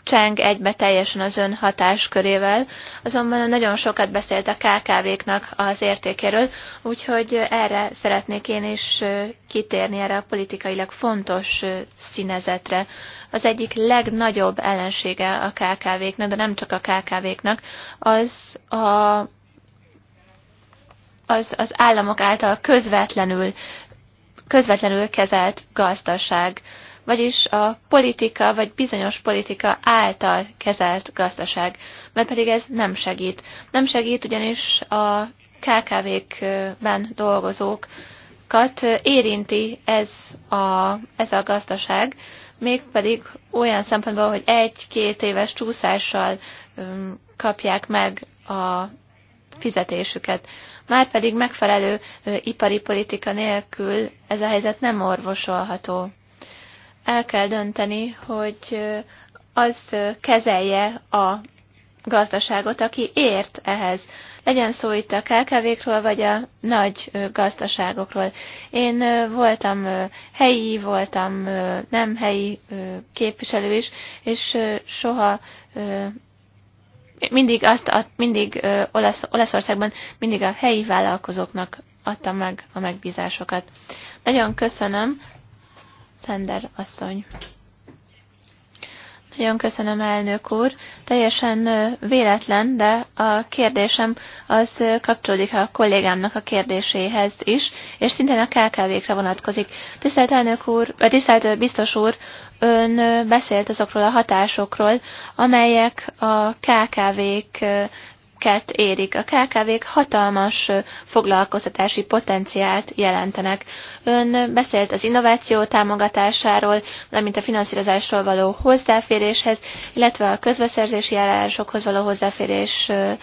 cseng egybe teljesen az ön hatáskörével, azonban nagyon sokat beszélt a KKV-knak az értékéről, úgyhogy erre szeretnék én is kitérni erre a politikailag fontos színezetre. Az egyik legnagyobb ellensége a KKV-knak, de nem csak a KKV-knak, az a az az államok által közvetlenül, közvetlenül kezelt gazdaság, vagyis a politika vagy bizonyos politika által kezelt gazdaság, mert pedig ez nem segít. Nem segít ugyanis a KKV-kben dolgozókat érinti ez a, ez a gazdaság, mégpedig olyan szempontból, hogy egy-két éves csúszással kapják meg a fizetésüket márpedig megfelelő ipari politika nélkül ez a helyzet nem orvosolható. El kell dönteni, hogy az kezelje a gazdaságot, aki ért ehhez. Legyen szó itt a kkv vagy a nagy gazdaságokról. Én voltam helyi, voltam nem helyi képviselő is, és soha mindig, azt, ad, mindig ö, Olasz, Olaszországban mindig a helyi vállalkozóknak adtam meg a megbízásokat. Nagyon köszönöm, Szender asszony. Nagyon köszönöm, elnök úr. Teljesen véletlen, de a kérdésem az kapcsolódik a kollégámnak a kérdéséhez is, és szintén a KKV-kre vonatkozik. Tisztelt elnök úr, tisztelt biztos úr, ön beszélt azokról a hatásokról, amelyek a KKV-k ket érik. A KKV-k hatalmas foglalkoztatási potenciált jelentenek. Ön beszélt az innováció támogatásáról, valamint a finanszírozásról való hozzáféréshez, illetve a közbeszerzési járásokhoz való hozzáférésről,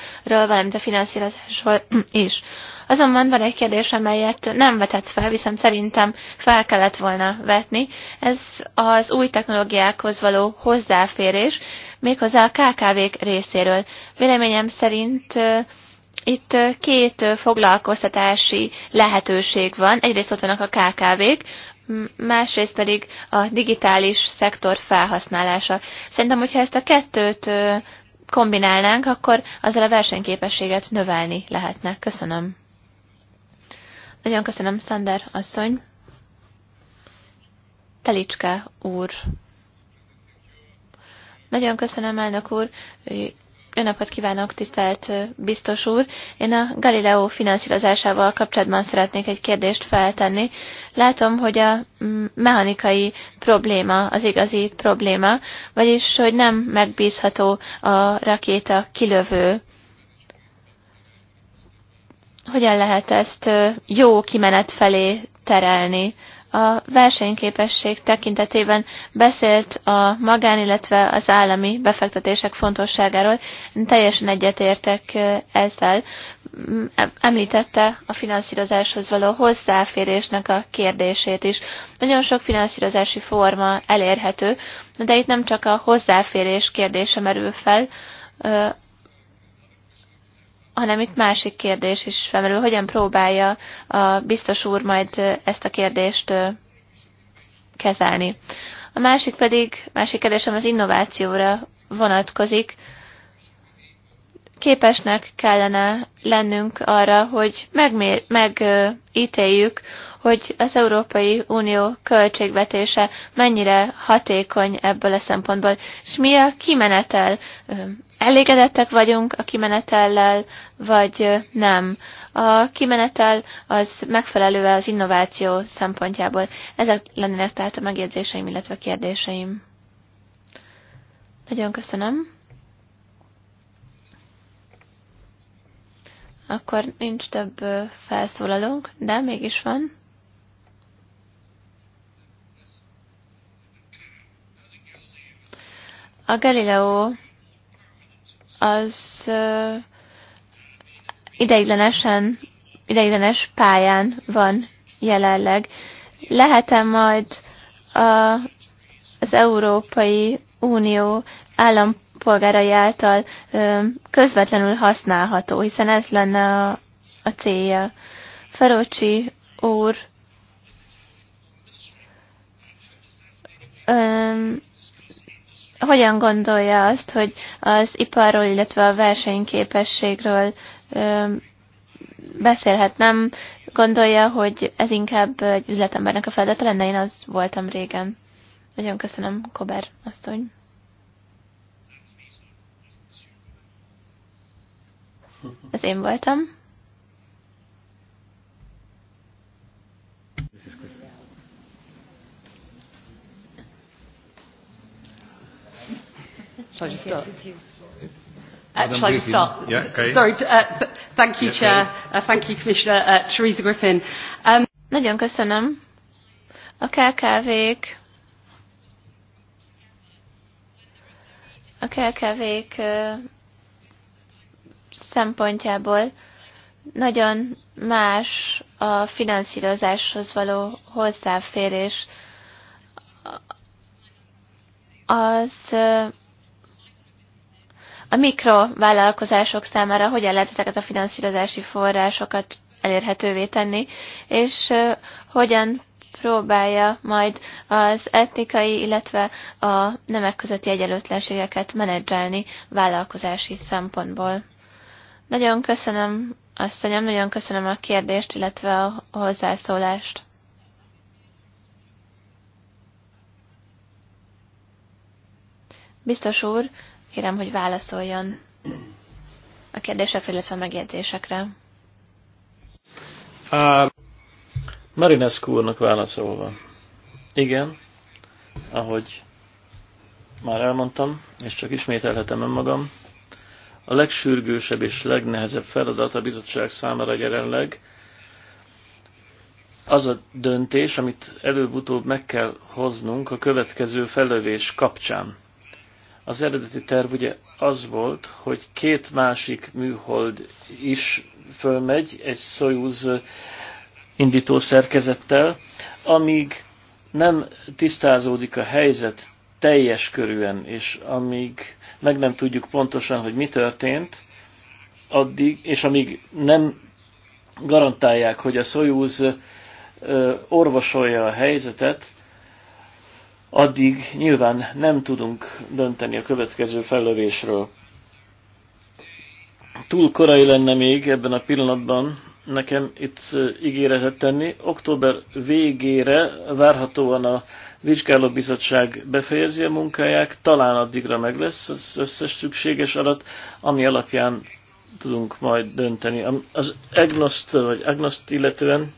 valamint a finanszírozásról is. Azonban van egy kérdés, amelyet nem vetett fel, viszont szerintem fel kellett volna vetni. Ez az új technológiákhoz való hozzáférés, méghozzá a KKV-k részéről. Véleményem szerint itt két foglalkoztatási lehetőség van. Egyrészt ott vannak a KKV-k, másrészt pedig a digitális szektor felhasználása. Szerintem, hogyha ezt a kettőt kombinálnánk, akkor azzal a versenyképességet növelni lehetne. Köszönöm. Nagyon köszönöm, Szander asszony. Telicske úr. Nagyon köszönöm, elnök úr. Jó napot kívánok, tisztelt biztos úr! Én a Galileo finanszírozásával kapcsolatban szeretnék egy kérdést feltenni. Látom, hogy a mechanikai probléma az igazi probléma, vagyis hogy nem megbízható a rakéta kilövő hogyan lehet ezt jó kimenet felé terelni. A versenyképesség tekintetében beszélt a magán, illetve az állami befektetések fontosságáról. Én teljesen egyetértek ezzel. Mm, említette a finanszírozáshoz való hozzáférésnek a kérdését is. Nagyon sok finanszírozási forma elérhető, de itt nem csak a hozzáférés kérdése merül fel, hanem itt másik kérdés is felmerül, hogyan próbálja a biztos úr majd ezt a kérdést kezelni. A másik pedig, másik kérdésem az innovációra vonatkozik. Képesnek kellene lennünk arra, hogy megmér, megítéljük hogy az Európai Unió költségvetése mennyire hatékony ebből a szempontból, és mi a kimenetel. Elégedettek vagyunk a kimenetellel, vagy nem. A kimenetel az megfelelő az innováció szempontjából. Ezek lennének tehát a megjegyzéseim, illetve a kérdéseim. Nagyon köszönöm. Akkor nincs több felszólalónk, de mégis van. A Galileo az ideiglenesen, ideiglenes pályán van jelenleg. Lehet-e majd a, az Európai Unió állampolgárai által uh, közvetlenül használható, hiszen ez lenne a, a célja. Ferocsi úr um, hogyan gondolja azt, hogy az iparról, illetve a versenyképességről beszélhet? Nem gondolja, hogy ez inkább egy üzletembernek a feladata lenne? Én az voltam régen. Nagyon köszönöm, Kober asszony. Ez én voltam.
This is good. Shall I just start? Uh, shall I just start? Yeah, okay. Sorry, uh, thank you, yeah, Chair. Uh, thank
you, Commissioner. Uh, Theresa Griffin. Um, Nagyon köszönöm. A KKV-k a KKV-k szempontjából nagyon más a finanszírozáshoz való hozzáférés. Az a mikrovállalkozások számára hogyan lehet ezeket a finanszírozási forrásokat elérhetővé tenni, és hogyan próbálja majd az etnikai, illetve a nemek közötti egyenlőtlenségeket menedzselni vállalkozási szempontból. Nagyon köszönöm, asszonyom, nagyon köszönöm a kérdést, illetve a hozzászólást. Biztos úr, Kérem, hogy válaszoljon a kérdésekre, illetve a megjegyzésekre.
Uh, Marinescu úrnak válaszolva. Igen, ahogy már elmondtam, és csak ismételhetem önmagam, a legsürgősebb és legnehezebb feladat a bizottság számára jelenleg az a döntés, amit előbb-utóbb meg kell hoznunk a következő felövés kapcsán az eredeti terv ugye az volt, hogy két másik műhold is fölmegy egy Soyuz indító szerkezettel, amíg nem tisztázódik a helyzet teljes körűen, és amíg meg nem tudjuk pontosan, hogy mi történt, addig, és amíg nem garantálják, hogy a Soyuz orvosolja a helyzetet, addig nyilván nem tudunk dönteni a következő fellövésről. Túl korai lenne még ebben a pillanatban nekem itt eh, ígéretet tenni. Október végére várhatóan a vizsgálóbizottság befejezi a munkáját, talán addigra meg lesz az összes szükséges adat, ami alapján tudunk majd dönteni. Az agnoszt vagy agnoszt illetően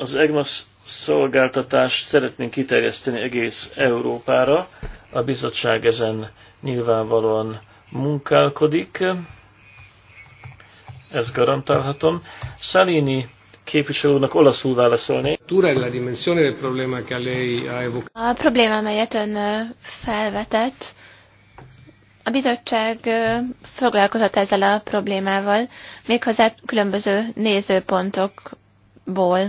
Az EGMAS szolgáltatást szeretnénk kiterjeszteni egész Európára. A bizottság ezen nyilvánvalóan munkálkodik, ezt garantálhatom. Salini képviselőnek olaszul válaszolni.
A probléma, amelyet ön felvetett, a bizottság foglalkozott ezzel a problémával, méghozzá különböző nézőpontok ból.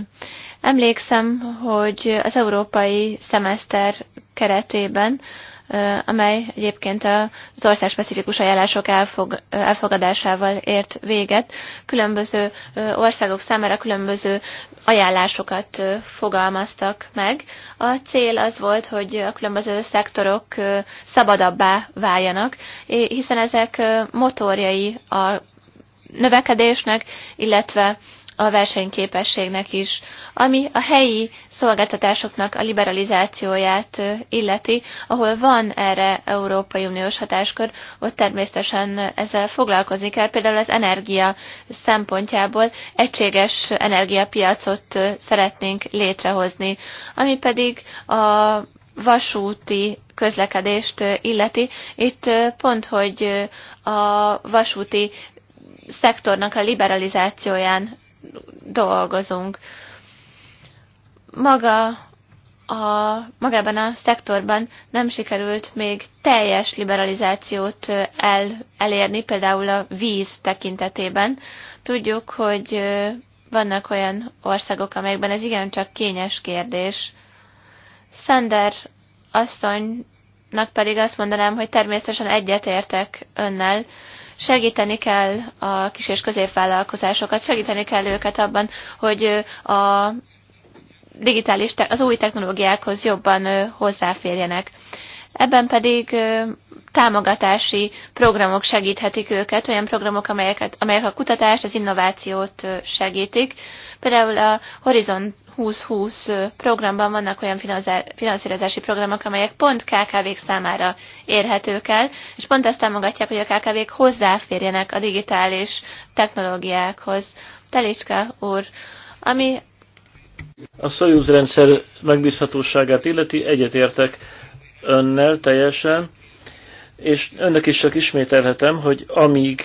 Emlékszem, hogy az európai szemeszter keretében, amely egyébként az specifikus ajánlások elfog, elfogadásával ért véget, különböző országok számára különböző ajánlásokat fogalmaztak meg. A cél az volt, hogy a különböző szektorok szabadabbá váljanak, hiszen ezek motorjai a növekedésnek, illetve a versenyképességnek is, ami a helyi szolgáltatásoknak a liberalizációját illeti, ahol van erre Európai Uniós hatáskör, ott természetesen ezzel foglalkozni kell. Például az energia szempontjából egységes energiapiacot szeretnénk létrehozni, ami pedig a vasúti közlekedést illeti. Itt pont, hogy a vasúti szektornak a liberalizációján dolgozunk. Maga a, magában a szektorban nem sikerült még teljes liberalizációt el, elérni, például a víz tekintetében. Tudjuk, hogy vannak olyan országok, amelyekben ez igencsak kényes kérdés. Sander asszonynak pedig azt mondanám, hogy természetesen egyetértek önnel, Segíteni kell a kis és középvállalkozásokat, segíteni kell őket abban, hogy a digitális, az új technológiákhoz jobban hozzáférjenek. Ebben pedig támogatási programok segíthetik őket, olyan programok, amelyeket, amelyek a kutatást, az innovációt segítik. Például a Horizont 2020 programban vannak olyan finanszírozási programok, amelyek pont KKV-k számára érhetők el, és pont ezt támogatják, hogy a KKV-k hozzáférjenek a digitális technológiákhoz. Telicska úr, ami...
A Soyuz rendszer megbízhatóságát illeti, egyetértek önnel teljesen, és önnek is csak ismételhetem, hogy amíg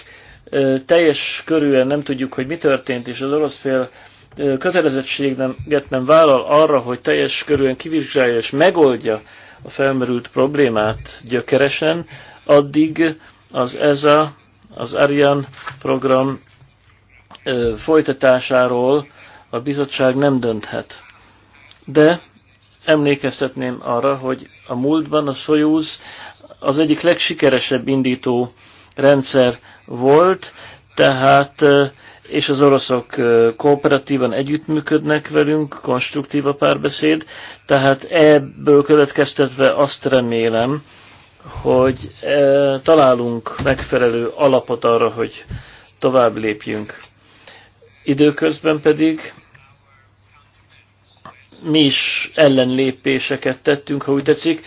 teljes körűen nem tudjuk, hogy mi történt, és az orosz fél kötelezettséget nem vállal arra, hogy teljes körülön kivizsgálja és megoldja a felmerült problémát gyökeresen, addig az ESA, az Arian program folytatásáról a bizottság nem dönthet. De emlékeztetném arra, hogy a múltban a Soyuz az egyik legsikeresebb indító rendszer volt, tehát és az oroszok kooperatívan együttműködnek velünk, konstruktív a párbeszéd, tehát ebből következtetve azt remélem, hogy találunk megfelelő alapot arra, hogy tovább lépjünk. Időközben pedig mi is ellenlépéseket tettünk, ha úgy tetszik,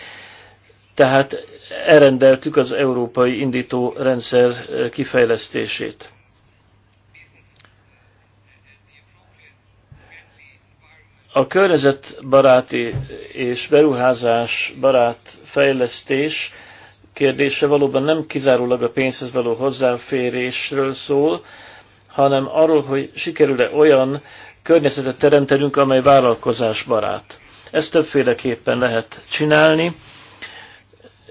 tehát elrendeltük az európai indító rendszer kifejlesztését. A környezetbaráti és beruházás barát fejlesztés kérdése valóban nem kizárólag a pénzhez való hozzáférésről szól, hanem arról, hogy sikerül-e olyan környezetet teremtenünk, amely barát. Ezt többféleképpen lehet csinálni,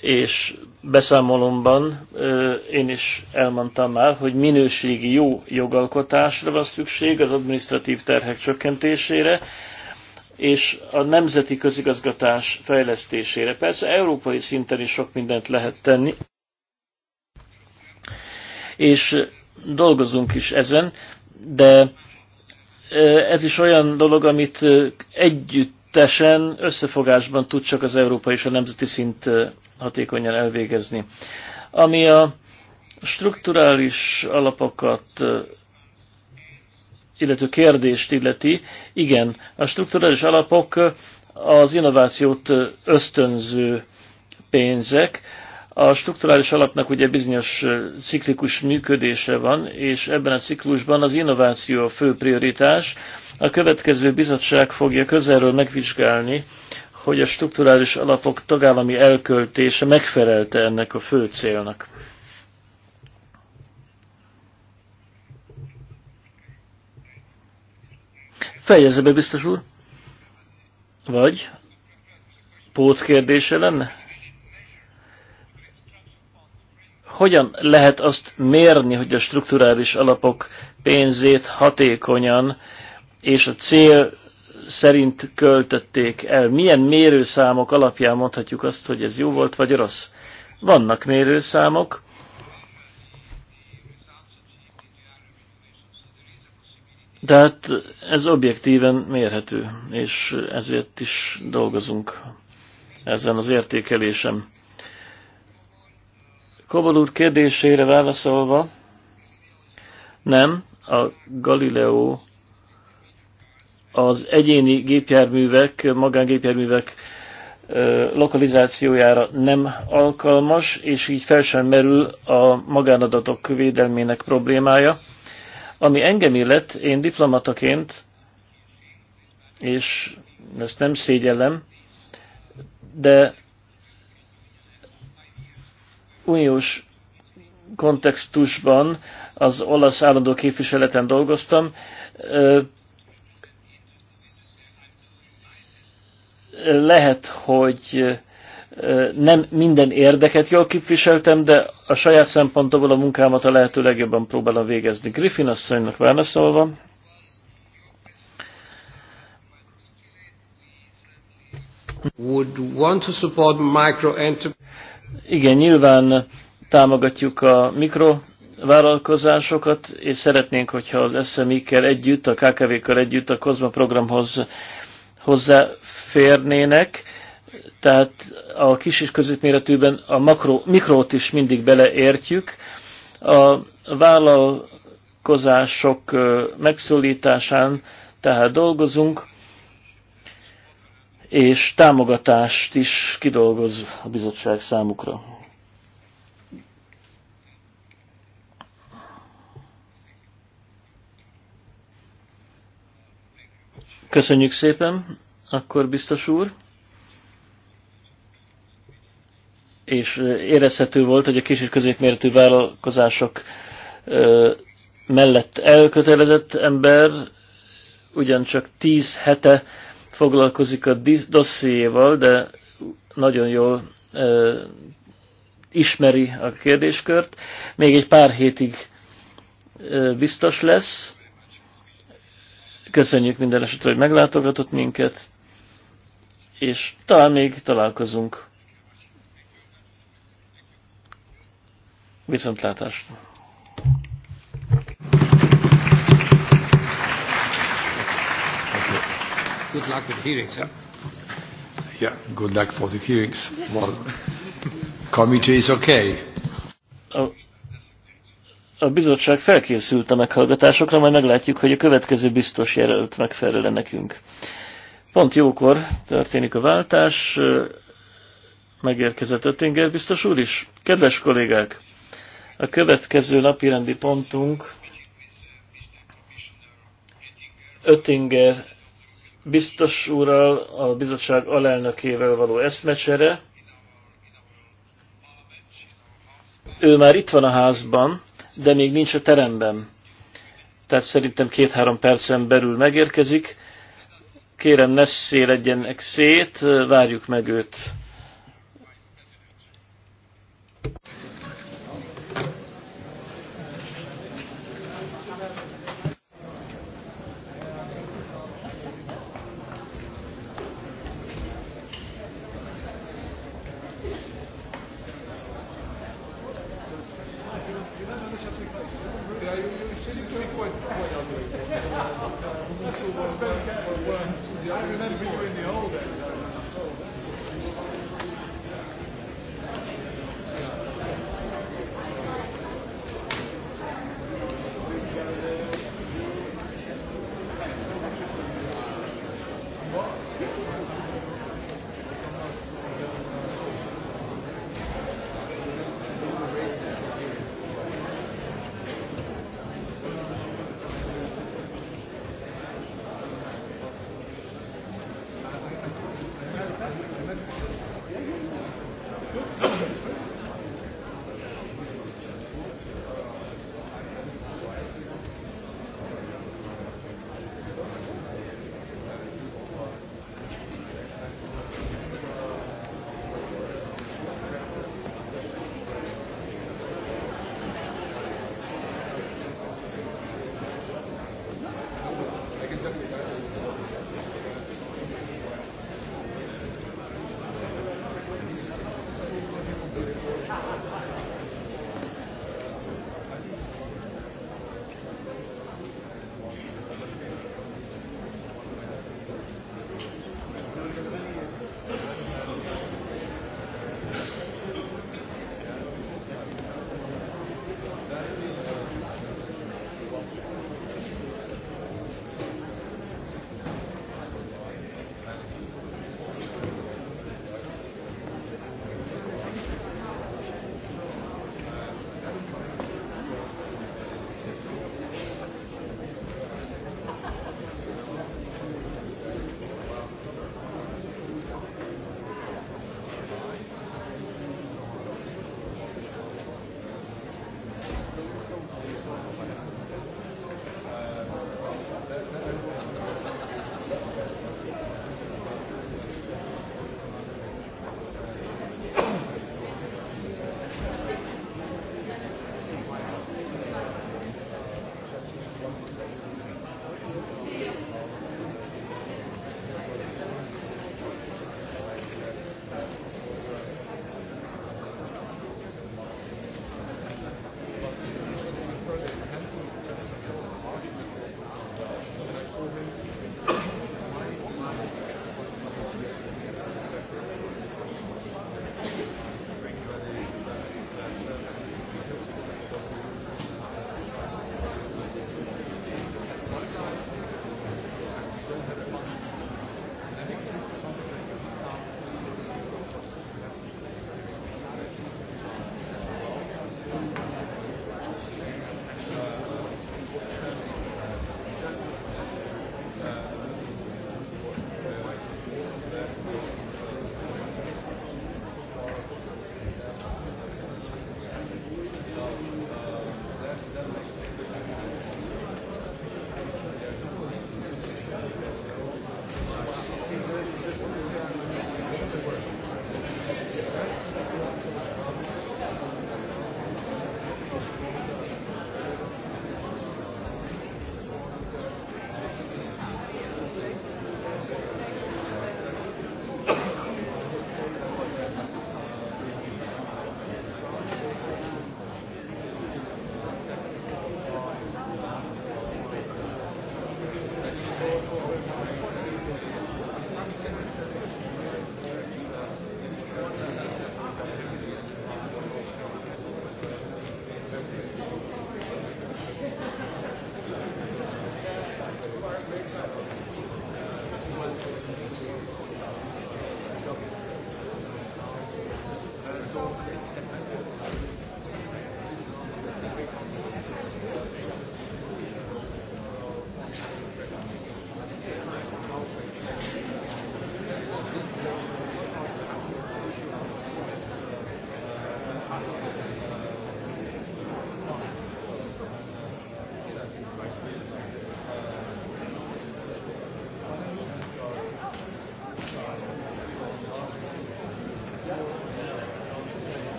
és beszámolomban én is elmondtam már, hogy minőségi jó jogalkotásra van szükség az administratív terhek csökkentésére, és a nemzeti közigazgatás fejlesztésére. Persze európai szinten is sok mindent lehet tenni, és dolgozunk is ezen, de ez is olyan dolog, amit együttesen, összefogásban tud csak az európai és a nemzeti szint hatékonyan elvégezni. Ami a strukturális alapokat illető kérdést illeti, igen, a strukturális alapok az innovációt ösztönző pénzek. A strukturális alapnak ugye bizonyos ciklikus működése van, és ebben a ciklusban az innováció a fő prioritás. A következő bizottság fogja közelről megvizsgálni, hogy a strukturális alapok tagállami elköltése megfelelte ennek a fő célnak. Fejezze be, biztos úr. Vagy kérdése lenne? Hogyan lehet azt mérni, hogy a strukturális alapok pénzét hatékonyan és a cél szerint költötték el? Milyen mérőszámok alapján mondhatjuk azt, hogy ez jó volt vagy rossz? Vannak mérőszámok, De hát ez objektíven mérhető, és ezért is dolgozunk ezen az értékelésem. Kobol úr kérdésére válaszolva, nem, a Galileo az egyéni gépjárművek, magángépjárművek lokalizációjára nem alkalmas, és így fel sem merül a magánadatok védelmének problémája. Ami engem illet, én diplomataként, és ezt nem szégyellem, de uniós kontextusban az olasz állandó képviseleten dolgoztam. Lehet, hogy nem minden érdeket jól képviseltem, de a saját szempontomból a munkámat a lehető legjobban próbálom végezni. Griffin asszonynak válaszolva. Would want to support micro Igen, nyilván támogatjuk a mikro vállalkozásokat, és szeretnénk, hogyha az SMI-kkel együtt, a KKV-kkel együtt a COSMA programhoz hozzáférnének tehát a kis és középméretűben a makro, mikrót is mindig beleértjük. A vállalkozások megszólításán tehát dolgozunk, és támogatást is kidolgoz a bizottság számukra. Köszönjük szépen, akkor biztos úr! és érezhető volt, hogy a kis és középméretű vállalkozások mellett elkötelezett ember ugyancsak tíz hete foglalkozik a dossziéval, de nagyon jól ö, ismeri a kérdéskört. Még egy pár hétig ö, biztos lesz. Köszönjük minden esetre, hogy meglátogatott minket, és talán még találkozunk Viszontlátásra!
Good luck with hearings, huh? Yeah, good luck for the hearings. Well, committee is okay.
A, a bizottság felkészült a meghallgatásokra, majd meglátjuk, hogy a következő biztos jelölt megfelel nekünk. Pont jókor történik a váltás, megérkezett Öttinger biztos úr is. Kedves kollégák! A következő napirendi pontunk Öttinger biztos úrral, a bizottság alelnökével való eszmecsere. Ő már itt van a házban, de még nincs a teremben. Tehát szerintem két-három percen belül megérkezik. Kérem, ne széledjenek szét, várjuk meg őt.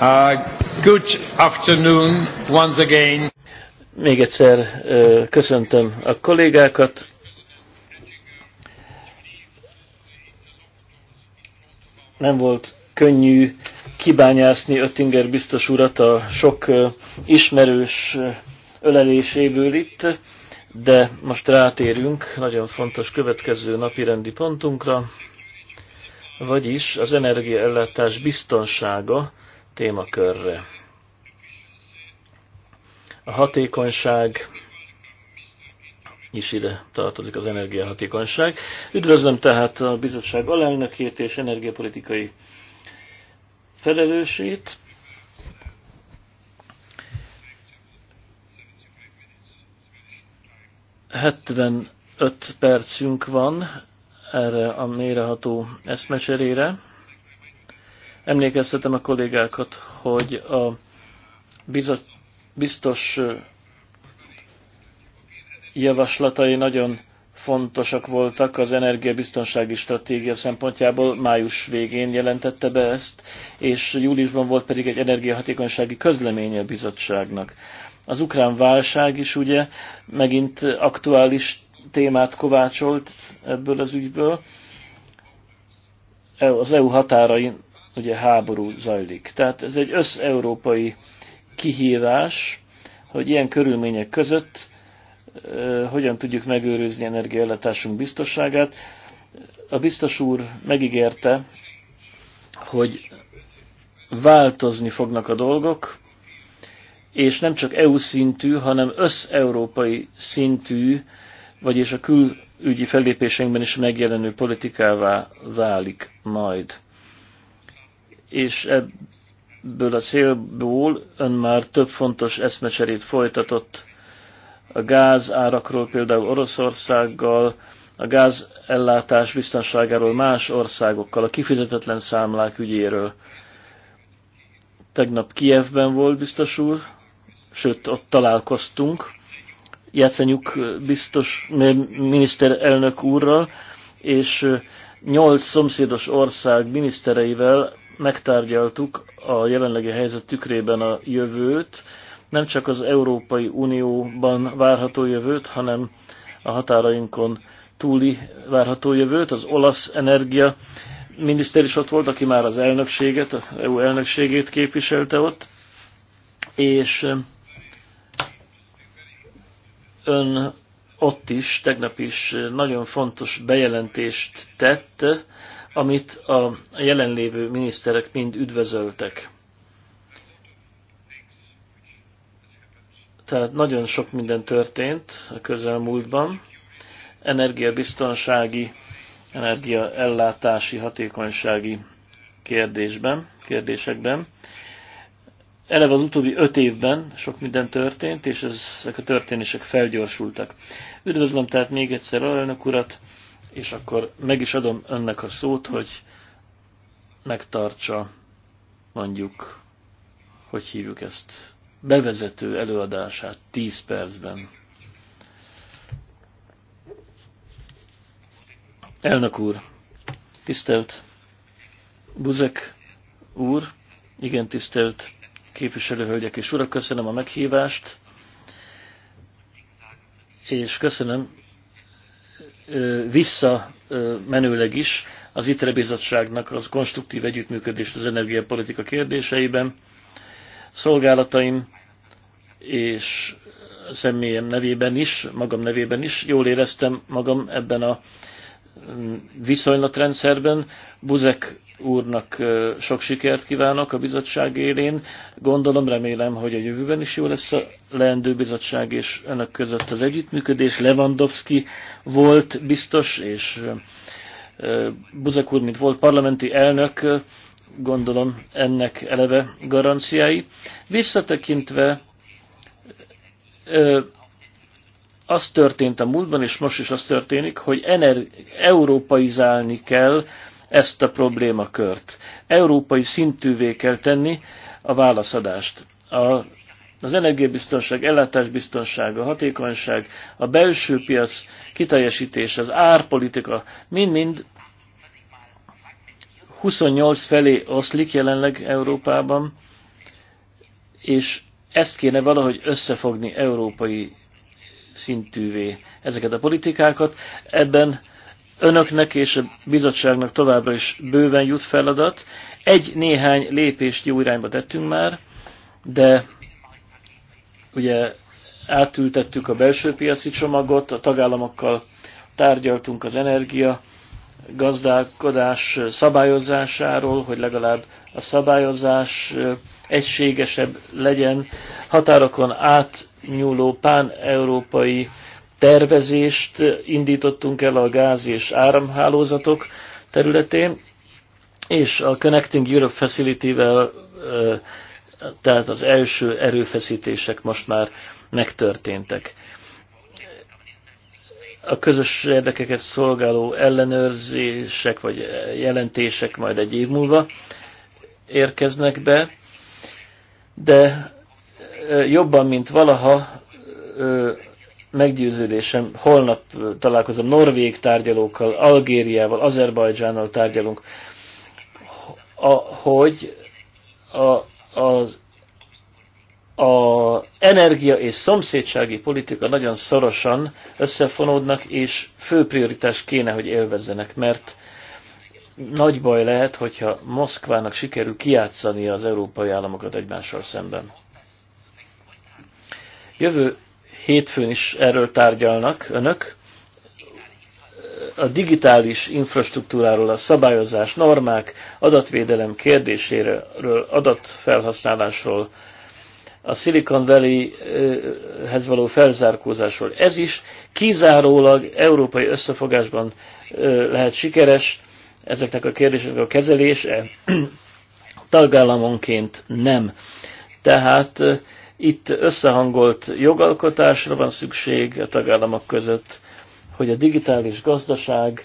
Uh, good afternoon once again. Még egyszer uh, köszöntöm a kollégákat. Nem volt könnyű kibányászni Öttinger biztos urat a sok uh, ismerős öleléséből itt, de most rátérünk nagyon fontos következő napi rendi pontunkra, vagyis az energiaellátás biztonsága, témakörre. A hatékonyság is ide tartozik az energiahatékonyság. Üdvözlöm tehát a bizottság alelnökét és energiapolitikai felelősét. Hetven öt percünk van erre a méreható eszmecserére. Emlékeztetem a kollégákat, hogy a bizot, biztos javaslatai nagyon fontosak voltak az energiabiztonsági stratégia szempontjából. Május végén jelentette be ezt, és júliusban volt pedig egy energiahatékonysági közleménye a bizottságnak. Az ukrán válság is ugye megint aktuális témát kovácsolt ebből az ügyből. E- az EU határain ugye háború zajlik. Tehát ez egy összeurópai kihívás, hogy ilyen körülmények között hogyan tudjuk megőrizni energiaellátásunk biztonságát. A biztos úr megígérte, hogy változni fognak a dolgok, és nem csak EU szintű, hanem összeurópai szintű, vagyis a külügyi fellépéseinkben is megjelenő politikává válik majd és ebből a célból ön már több fontos eszmecserét folytatott a gáz árakról, például Oroszországgal, a gáz ellátás biztonságáról más országokkal, a kifizetetlen számlák ügyéről. Tegnap Kievben volt biztos úr, sőt, ott találkoztunk, Jacenyuk biztos miniszterelnök úrral, és nyolc szomszédos ország minisztereivel megtárgyaltuk a jelenlegi helyzet tükrében a jövőt, nem csak az Európai Unióban várható jövőt, hanem a határainkon túli várható jövőt. Az olasz energia miniszter is ott volt, aki már az elnökséget, az EU elnökségét képviselte ott, és ön ott is, tegnap is nagyon fontos bejelentést tett, amit a jelenlévő miniszterek mind üdvözöltek. Tehát nagyon sok minden történt a közelmúltban. Energiabiztonsági, energiaellátási, hatékonysági kérdésben, kérdésekben. Eleve az utóbbi öt évben sok minden történt, és ezek a történések felgyorsultak. Üdvözlöm tehát még egyszer alelnök urat, és akkor meg is adom önnek a szót, hogy megtartsa mondjuk, hogy hívjuk ezt, bevezető előadását 10 percben. Elnök úr, tisztelt Buzek úr, igen tisztelt képviselőhölgyek és urak, köszönöm a meghívást, és köszönöm visszamenőleg is az ITRE bizottságnak az konstruktív együttműködést az energiapolitika kérdéseiben. Szolgálataim és személyem nevében is, magam nevében is jól éreztem magam ebben a mm, viszonylatrendszerben. Buzek úrnak sok sikert kívánok a bizottság élén. Gondolom, remélem, hogy a jövőben is jó lesz a leendő bizottság és önök között az együttműködés. Lewandowski volt biztos, és Buzek úr, mint volt parlamenti elnök, gondolom ennek eleve garanciái. Visszatekintve az történt a múltban, és most is az történik, hogy ener- európaizálni kell ezt a problémakört. Európai szintűvé kell tenni a válaszadást. A, az energiabiztonság, ellátásbiztonság, a hatékonyság, a belső piac kiteljesítés, az árpolitika, mind-mind 28 felé oszlik jelenleg Európában, és ezt kéne valahogy összefogni európai szintűvé ezeket a politikákat. Ebben Önöknek és a bizottságnak továbbra is bőven jut feladat. Egy-néhány lépést jó irányba tettünk már, de ugye átültettük a belső piaci csomagot, a tagállamokkal tárgyaltunk az energia gazdálkodás szabályozásáról, hogy legalább a szabályozás egységesebb legyen, határokon átnyúló pán-európai tervezést indítottunk el a gáz és áramhálózatok területén, és a Connecting Europe Facility-vel, tehát az első erőfeszítések most már megtörténtek. A közös érdekeket szolgáló ellenőrzések vagy jelentések majd egy év múlva érkeznek be, de jobban, mint valaha meggyőződésem, holnap találkozom norvég tárgyalókkal, Algériával, Azerbajdzsánnal tárgyalunk, a, hogy a, az a energia és szomszédsági politika nagyon szorosan összefonódnak, és fő prioritás kéne, hogy élvezzenek, mert nagy baj lehet, hogyha Moszkvának sikerül kiátszani az európai államokat egymással szemben. Jövő hétfőn is erről tárgyalnak önök, a digitális infrastruktúráról, a szabályozás, normák, adatvédelem kérdéséről, adatfelhasználásról, a Silicon Valley-hez való felzárkózásról. Ez is kizárólag európai összefogásban lehet sikeres, ezeknek a kérdéseknek a kezelése tagállamonként nem. Tehát itt összehangolt jogalkotásra van szükség a tagállamok között, hogy a digitális gazdaság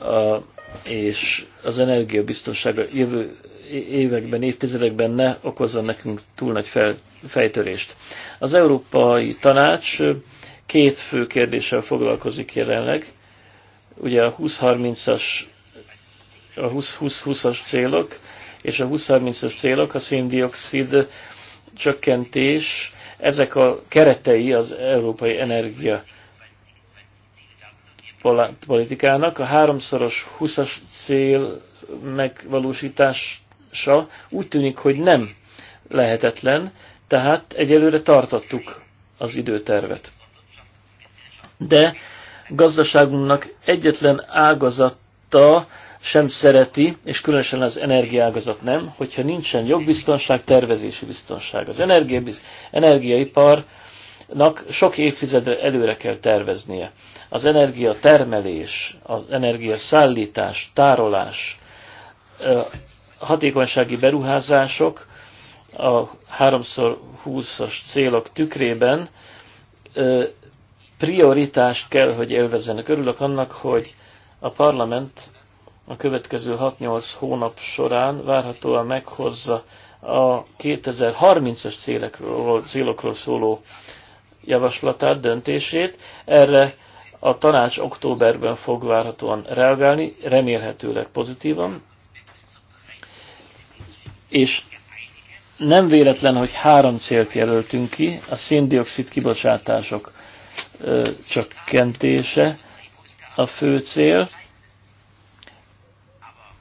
a, és az energiabiztonság a jövő években, évtizedekben ne okozzon nekünk túl nagy fel, fejtörést. Az Európai Tanács két fő kérdéssel foglalkozik jelenleg. Ugye a 20-30-as a 20-20-as célok, és a 20-30-as célok a széndiokszid csökkentés, ezek a keretei az európai energia politikának. A háromszoros 20-as cél megvalósítása úgy tűnik, hogy nem lehetetlen, tehát egyelőre tartottuk az időtervet. De gazdaságunknak egyetlen ágazata sem szereti, és különösen az energiágazat nem, hogyha nincsen jogbiztonság, tervezési biztonság. Az energiaiparnak sok évtizedre előre kell terveznie. Az energia termelés, az energia szállítás, tárolás, hatékonysági beruházások a 3x20-as célok tükrében prioritást kell, hogy élvezzenek. Örülök annak, hogy a parlament a következő 6-8 hónap során várhatóan meghozza a 2030-as célokról, célokról szóló javaslatát, döntését. Erre a tanács októberben fog várhatóan reagálni, remélhetőleg pozitívan. És nem véletlen, hogy három célt jelöltünk ki, a széndiokszid kibocsátások ö, csökkentése a fő cél,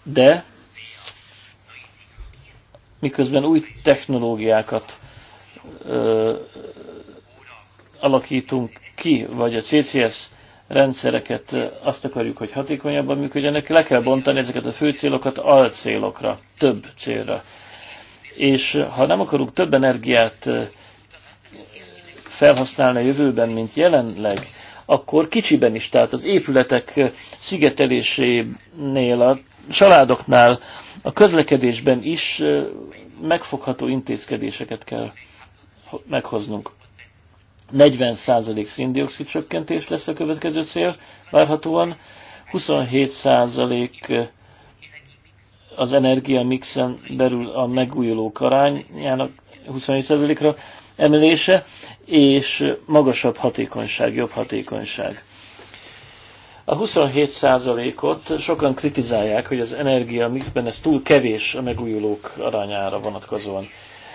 de miközben új technológiákat ö, alakítunk ki, vagy a CCS rendszereket azt akarjuk, hogy hatékonyabban működjenek, le kell bontani ezeket a fő célokat alcélokra, több célra. És ha nem akarunk több energiát felhasználni a jövőben, mint jelenleg, akkor kicsiben is, tehát az épületek szigetelésénél, a családoknál, a közlekedésben is megfogható intézkedéseket kell meghoznunk. 40% széndiokszid csökkentés lesz a következő cél, várhatóan 27% az energia mixen belül a megújulók arányának 27%-ra emelése, és magasabb hatékonyság, jobb hatékonyság. A 27%-ot sokan kritizálják, hogy az energia mixben ez túl kevés a megújulók arányára vonatkozóan.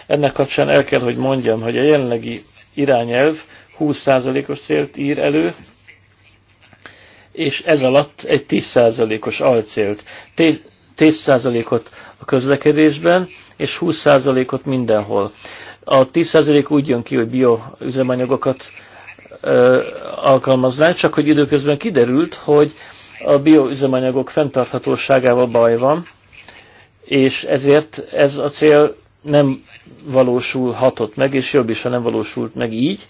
Ennek kapcsán el kell, hogy mondjam, hogy a jelenlegi irányelv 20%-os célt ír elő, és ez alatt egy 10%-os alcélt. 10%-ot a közlekedésben, és 20%-ot mindenhol. A 10% úgy jön ki, hogy bioüzemanyagokat alkalmaznánk, csak hogy időközben kiderült, hogy a bioüzemanyagok fenntarthatóságával baj van, és ezért ez a cél nem valósulhatott meg, és jobb is, ha nem valósult meg így.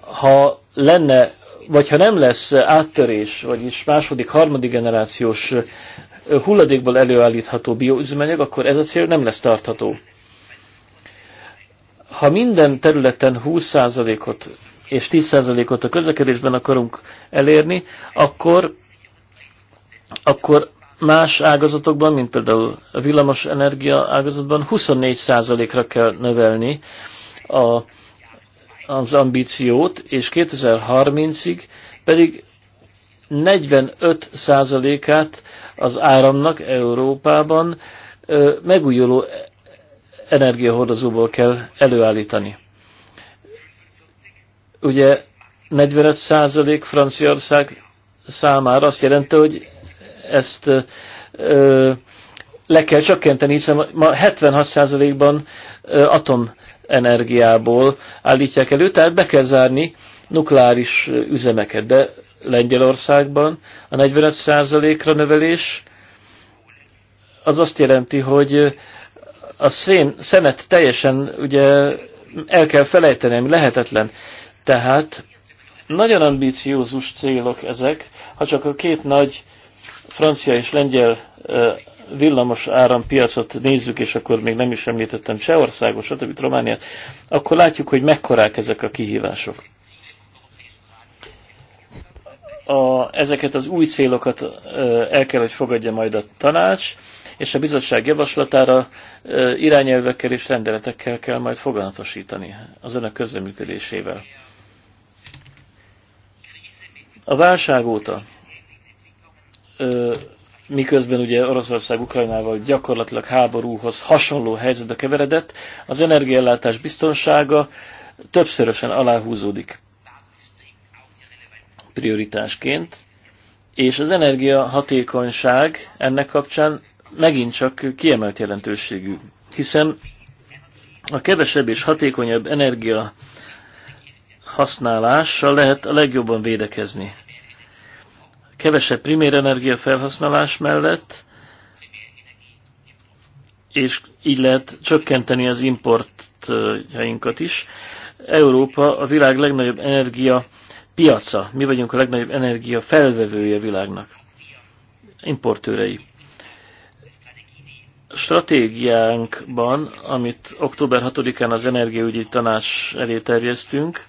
Ha lenne, vagy ha nem lesz áttörés, vagyis második, harmadik generációs hulladékból előállítható bioüzemanyag, akkor ez a cél nem lesz tartható. Ha minden területen 20%-ot és 10%-ot a közlekedésben akarunk elérni, akkor, akkor más ágazatokban, mint például a villamos energia ágazatban 24%-ra kell növelni a, az ambíciót, és 2030-ig pedig 45%-át az áramnak Európában megújuló e- energiahordozóból kell előállítani ugye 45% Franciaország számára azt jelenti, hogy ezt ö, le kell csökkenteni, hiszen ma 76 százalékban atomenergiából állítják elő, tehát be kell zárni nukleáris üzemeket, de Lengyelországban a 45 százalékra növelés az azt jelenti, hogy a szén, szenet teljesen ugye el kell felejteni, ami lehetetlen. Tehát nagyon ambíciózus célok ezek, ha csak a két nagy francia és lengyel villamos árampiacot nézzük, és akkor még nem is említettem Csehországot, stb. Romániát, akkor látjuk, hogy mekkorák ezek a kihívások. A, ezeket az új célokat el kell, hogy fogadja majd a tanács, és a bizottság javaslatára irányelvekkel és rendeletekkel kell majd foganatosítani az önök közleműködésével. A válság óta, miközben ugye Oroszország Ukrajnával gyakorlatilag háborúhoz hasonló helyzetbe keveredett, az energiaellátás biztonsága többszörösen aláhúzódik prioritásként, és az energia hatékonyság ennek kapcsán megint csak kiemelt jelentőségű, hiszen a kevesebb és hatékonyabb energia használással lehet a legjobban védekezni. Kevesebb primér energia felhasználás mellett, és így lehet csökkenteni az importjainkat is. Európa a világ legnagyobb energia piaca. Mi vagyunk a legnagyobb energia felvevője világnak. Importőrei. Stratégiánkban, amit október 6-án az energiaügyi tanács elé terjesztünk,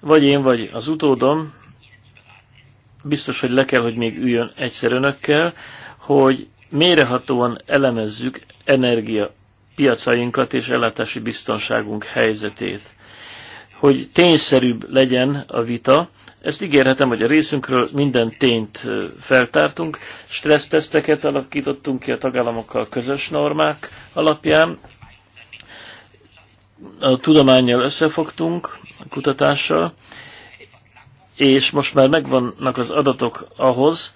vagy én, vagy az utódom, biztos, hogy le kell, hogy még üljön egyszer önökkel, hogy mérehatóan elemezzük energia piacainkat és ellátási biztonságunk helyzetét. Hogy tényszerűbb legyen a vita, ezt ígérhetem, hogy a részünkről minden tényt feltártunk, stresszteszteket alakítottunk ki a tagállamokkal közös normák alapján, a tudományjal összefogtunk, kutatással, és most már megvannak az adatok ahhoz,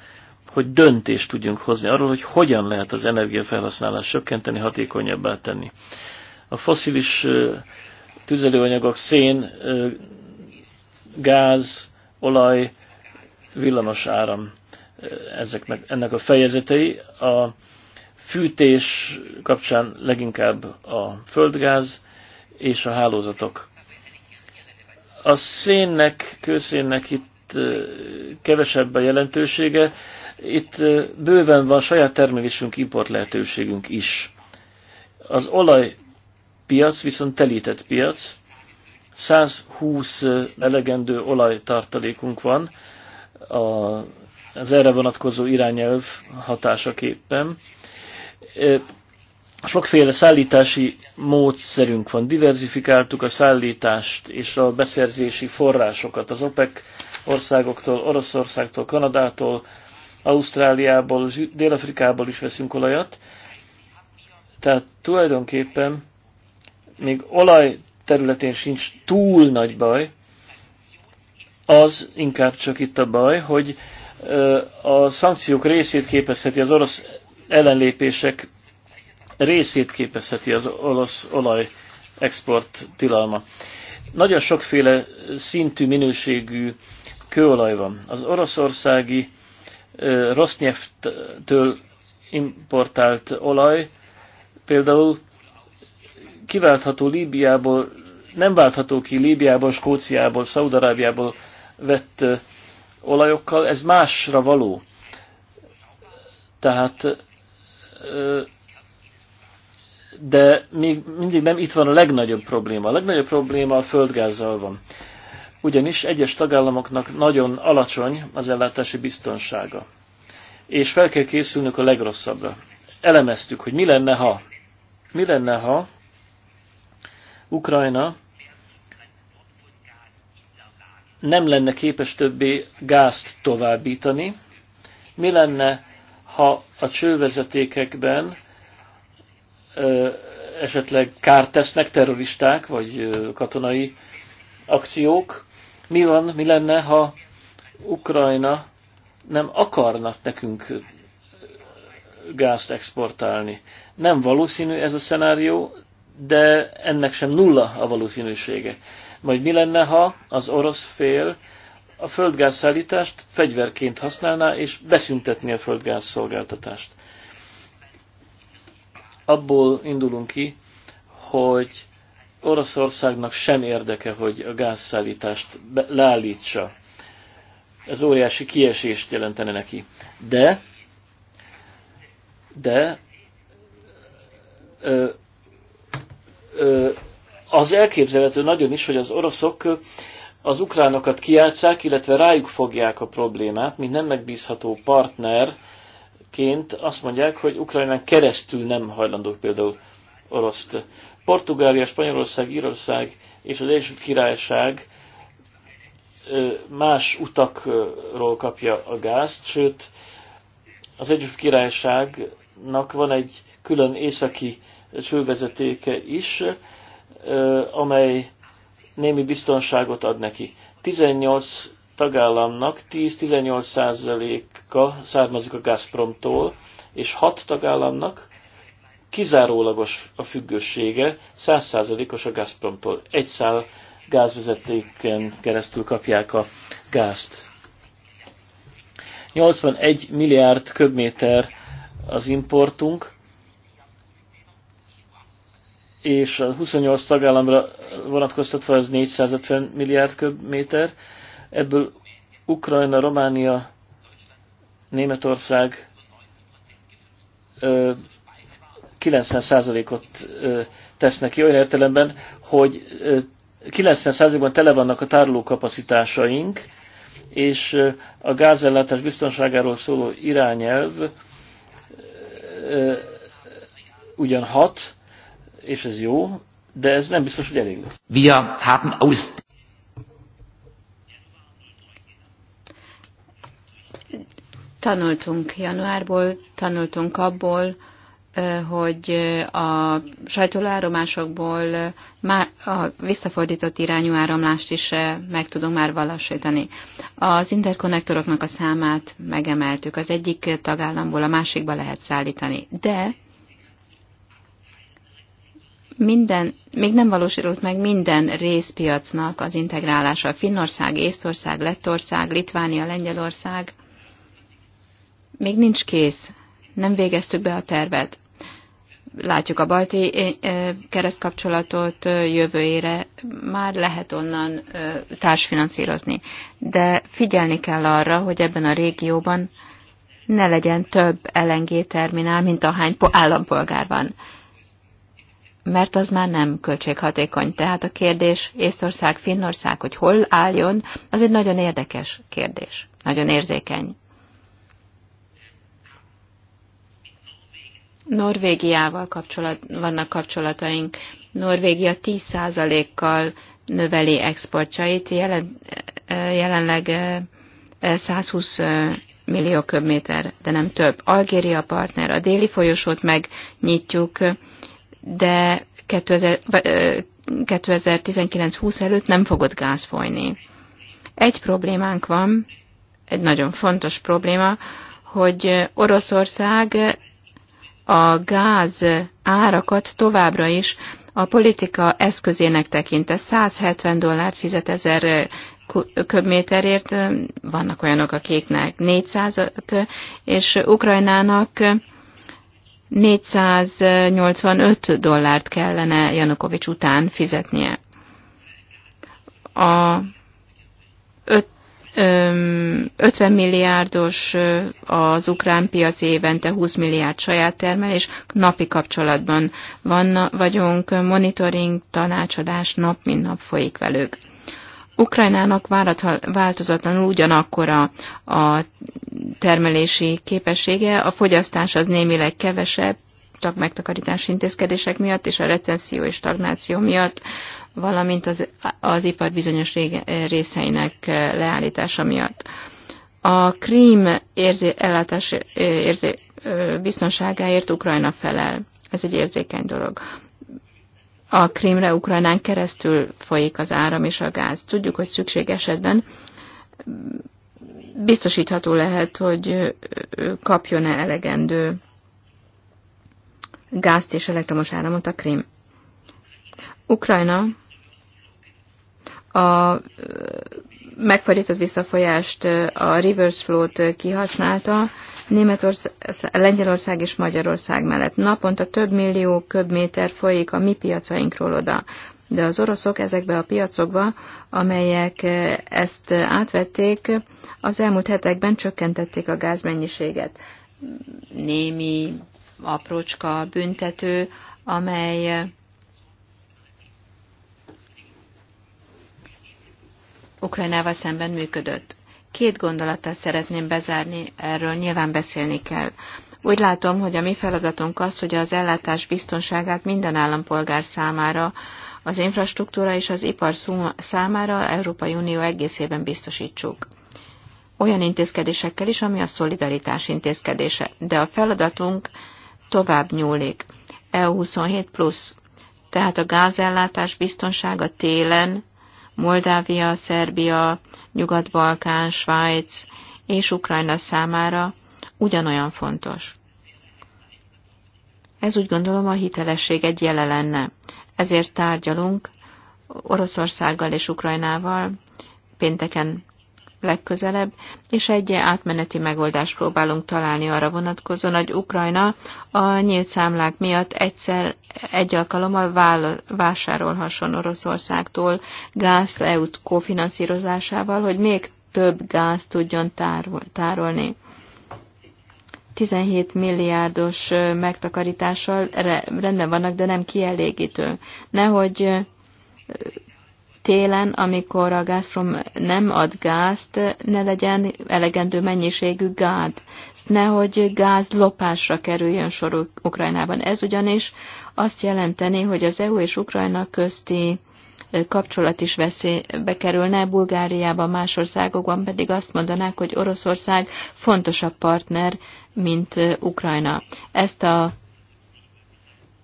hogy döntést tudjunk hozni arról, hogy hogyan lehet az energiafelhasználást csökkenteni, hatékonyabbá tenni. A foszilis tüzelőanyagok, szén, gáz, olaj, villamos áram, ezeknek, ennek a fejezetei. A fűtés kapcsán leginkább a földgáz és a hálózatok a szénnek, kőszénnek itt kevesebb a jelentősége, itt bőven van saját termelésünk, import lehetőségünk is. Az olajpiac viszont telített piac, 120 elegendő olajtartalékunk van az erre vonatkozó irányelv hatásaképpen. Sokféle szállítási módszerünk van. Diverzifikáltuk a szállítást és a beszerzési forrásokat az OPEC országoktól, Oroszországtól, Kanadától, Ausztráliából, Dél-Afrikából is veszünk olajat. Tehát tulajdonképpen még olaj területén sincs túl nagy baj, az inkább csak itt a baj, hogy a szankciók részét képezheti az orosz ellenlépések részét képezheti az olasz olaj export tilalma. Nagyon sokféle szintű, minőségű kőolaj van. Az oroszországi Rosnyev-től importált olaj például kiváltható Líbiából, nem váltható ki Líbiából, Skóciából, Szaudarábiából vett olajokkal, ez másra való. Tehát de még mindig nem itt van a legnagyobb probléma. A legnagyobb probléma a földgázzal van. Ugyanis egyes tagállamoknak nagyon alacsony az ellátási biztonsága. És fel kell készülnünk a legrosszabbra. Elemeztük, hogy mi lenne, ha. Mi lenne, ha Ukrajna nem lenne képes többé gázt továbbítani, mi lenne, ha a csővezetékekben esetleg kárt tesznek terroristák, vagy katonai akciók. Mi van, mi lenne, ha Ukrajna nem akarna nekünk gázt exportálni? Nem valószínű ez a szenárió, de ennek sem nulla a valószínűsége. Majd mi lenne, ha az orosz fél a földgáz szállítást fegyverként használná, és beszüntetni a földgáz szolgáltatást? abból indulunk ki, hogy Oroszországnak sem érdeke, hogy a gázszállítást leállítsa. Ez óriási kiesést jelentene neki. De, de ö, ö, az elképzelhető nagyon is, hogy az oroszok az ukránokat kiátszák, illetve rájuk fogják a problémát, mint nem megbízható partner, ként azt mondják, hogy Ukrajnán keresztül nem hajlandók például oroszt. Portugália, Spanyolország, Írország és az Egyesült Királyság más utakról kapja a gázt, sőt az Egyesült Királyságnak van egy külön északi csővezetéke is, amely némi biztonságot ad neki. 18 tagállamnak 10-18%-a származik a Gazpromtól, és 6 tagállamnak kizárólagos a függősége, 100%-os a Gazpromtól. Egy szál gázvezetéken keresztül kapják a gázt. 81 milliárd köbméter az importunk, és a 28 tagállamra vonatkoztatva az 450 milliárd köbméter, Ebből Ukrajna, Románia, Németország 90%-ot tesznek ki olyan értelemben, hogy 90%-ban tele vannak a tárolókapacitásaink, és a gázellátás biztonságáról szóló irányelv ugyan hat, és ez jó, de ez nem biztos, hogy elég lesz.
Wir haben aus
Tanultunk januárból, tanultunk abból, hogy a sajtóáromásokból már a visszafordított irányú áramlást is meg tudunk már valósítani. Az interkonnektoroknak a számát megemeltük, az egyik tagállamból a másikba lehet szállítani, de minden, még nem valósított meg minden részpiacnak az integrálása. Finnország, Észtország, Lettország, Litvánia, Lengyelország, még nincs kész, nem végeztük be a tervet. Látjuk a balti keresztkapcsolatot jövőjére, már lehet onnan társfinanszírozni. De figyelni kell arra, hogy ebben a régióban ne legyen több LNG terminál, mint ahány állampolgár van. Mert az már nem költséghatékony. Tehát a kérdés Észtország, Finnország, hogy hol álljon, az egy nagyon érdekes kérdés, nagyon érzékeny. Norvégiával kapcsolat, vannak kapcsolataink. Norvégia 10%-kal növeli exportjait, jelen, jelenleg 120 millió köbméter, de nem több. Algéria partner, a déli folyosót megnyitjuk, de 2019-20 előtt nem fogod gáz folyni. Egy problémánk van, egy nagyon fontos probléma, hogy Oroszország a gáz árakat továbbra is a politika eszközének tekinte 170 dollárt fizet ezer köbméterért, vannak olyanok, akiknek 400 és Ukrajnának 485 dollárt kellene Janukovics után fizetnie. A 50 milliárdos az ukrán piac évente 20 milliárd saját termelés, napi kapcsolatban van, vagyunk, monitoring, tanácsadás nap mint nap folyik velük. Ukrajnának változatlanul ugyanakkora a termelési képessége, a fogyasztás az némileg kevesebb, megtakarítási intézkedések miatt és a recenszió és stagnáció miatt valamint az, az ipar bizonyos részeinek eh, leállítása miatt. A krím érzé, ellátás eh, érzé, eh, biztonságáért Ukrajna felel. Ez egy érzékeny dolog. A krímre Ukrajnán keresztül folyik az áram és a gáz. Tudjuk, hogy szükség esetben biztosítható lehet, hogy kapjon-e elegendő gázt és elektromos áramot a krím. Ukrajna a megfordított visszafolyást, a reverse flow-t kihasználta, Németország, Lengyelország és Magyarország mellett. Naponta több millió köbméter folyik a mi piacainkról oda. De az oroszok ezekbe a piacokba, amelyek ezt átvették, az elmúlt hetekben csökkentették a gázmennyiséget. Némi aprócska büntető, amely Ukrajnával szemben működött. Két gondolattal szeretném bezárni, erről nyilván beszélni kell. Úgy látom, hogy a mi feladatunk az, hogy az ellátás biztonságát minden állampolgár számára, az infrastruktúra és az ipar számára Európai Unió egészében biztosítsuk. Olyan intézkedésekkel is, ami a szolidaritás intézkedése. De a feladatunk tovább nyúlik. EU27 plusz, tehát a gázellátás biztonsága télen Moldávia, Szerbia, Nyugat-Balkán, Svájc és Ukrajna számára ugyanolyan fontos. Ez úgy gondolom a hitelesség egy jele lenne. Ezért tárgyalunk Oroszországgal és Ukrajnával pénteken legközelebb, és egy átmeneti megoldást próbálunk találni arra vonatkozóan, hogy Ukrajna a nyílt számlák miatt egyszer egy alkalommal vásárolhasson Oroszországtól gáz EU kofinanszírozásával, hogy még több gáz tudjon tárolni. 17 milliárdos megtakarítással rendben vannak, de nem kielégítő. Nehogy télen, amikor a Gazprom nem ad gázt, ne legyen elegendő mennyiségű gáz, nehogy gáz lopásra kerüljön sor Ukrajnában. Ez ugyanis azt jelenteni, hogy az EU és Ukrajna közti kapcsolat is veszélybe kerülne, Bulgáriában, más országokban pedig azt mondanák, hogy Oroszország fontosabb partner, mint Ukrajna. Ezt a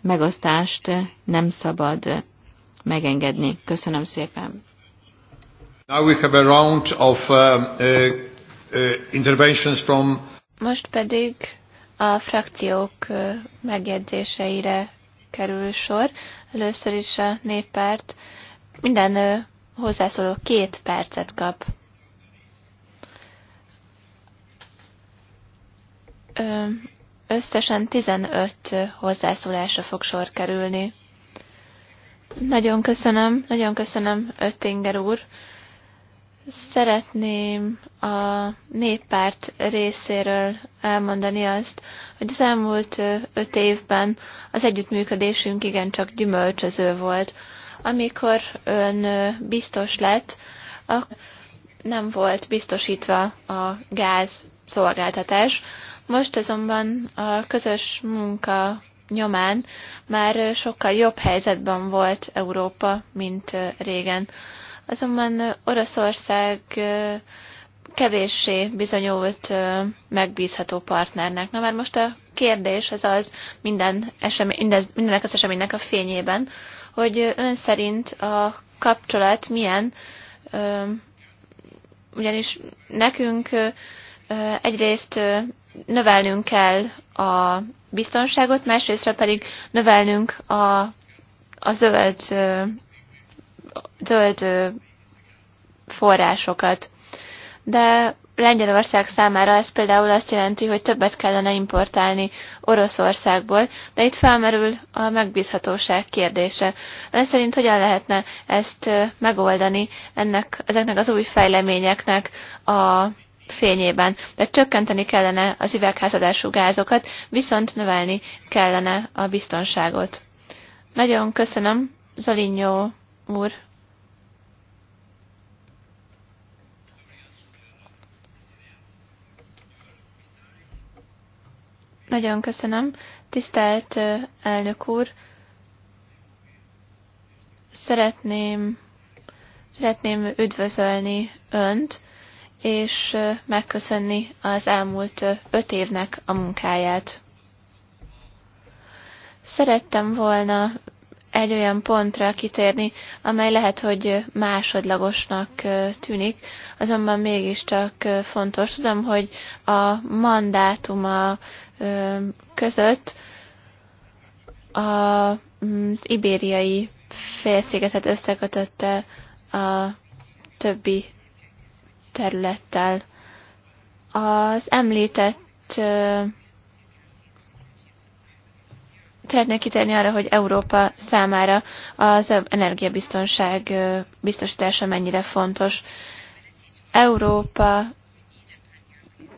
megosztást nem szabad megengedni. Köszönöm szépen.
Now we have a round of uh, uh, uh interventions from
most pedig a frakciók uh, megjegyzéseire kerül sor. Először is a néppárt minden uh, hozzászóló két percet kap. Összesen 15 hozzászólásra fog sor kerülni. Nagyon köszönöm, nagyon köszönöm, Öttinger úr. Szeretném a néppárt részéről elmondani azt, hogy az elmúlt öt évben az együttműködésünk igencsak gyümölcsöző volt. Amikor ön biztos lett, akkor nem volt biztosítva a gáz szolgáltatás. Most azonban a közös munka nyomán már sokkal jobb helyzetben volt Európa, mint régen. Azonban Oroszország kevéssé bizonyult megbízható partnernek. Na már most a kérdés az az minden esemény, minden, mindenek az eseménynek a fényében, hogy ön szerint a kapcsolat milyen, ugyanis nekünk egyrészt növelnünk kell a biztonságot, másrészt pedig növelnünk a, a zöld, zöld forrásokat. De Lengyelország számára ez például azt jelenti, hogy többet kellene importálni Oroszországból, de itt felmerül a megbízhatóság kérdése. Ön szerint hogyan lehetne ezt megoldani ennek, ezeknek az új fejleményeknek a fényében, de csökkenteni kellene az üvegházadású gázokat, viszont növelni kellene a biztonságot. Nagyon köszönöm, Zolinyó úr. Nagyon köszönöm. Tisztelt elnök úr, szeretném, szeretném üdvözölni önt és megköszönni az elmúlt öt évnek a munkáját. Szerettem volna egy olyan pontra kitérni, amely lehet, hogy másodlagosnak tűnik, azonban mégiscsak fontos. Tudom, hogy a mandátuma között az ibériai félszigetet összekötötte a többi területtel. Az említett szeretnék kitérni arra, hogy Európa számára az energiabiztonság biztosítása mennyire fontos. Európa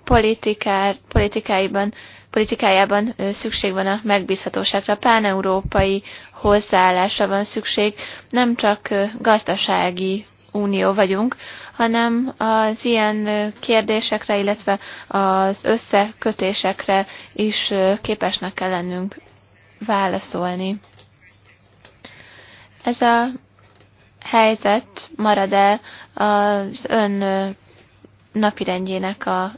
politikár, politikáiban, politikájában szükség van a megbízhatóságra, Pán-európai hozzáállásra van szükség, nem csak gazdasági unió vagyunk, hanem az ilyen kérdésekre, illetve az összekötésekre is képesnek kell lennünk válaszolni. Ez a helyzet marad-e az ön napirendjének a,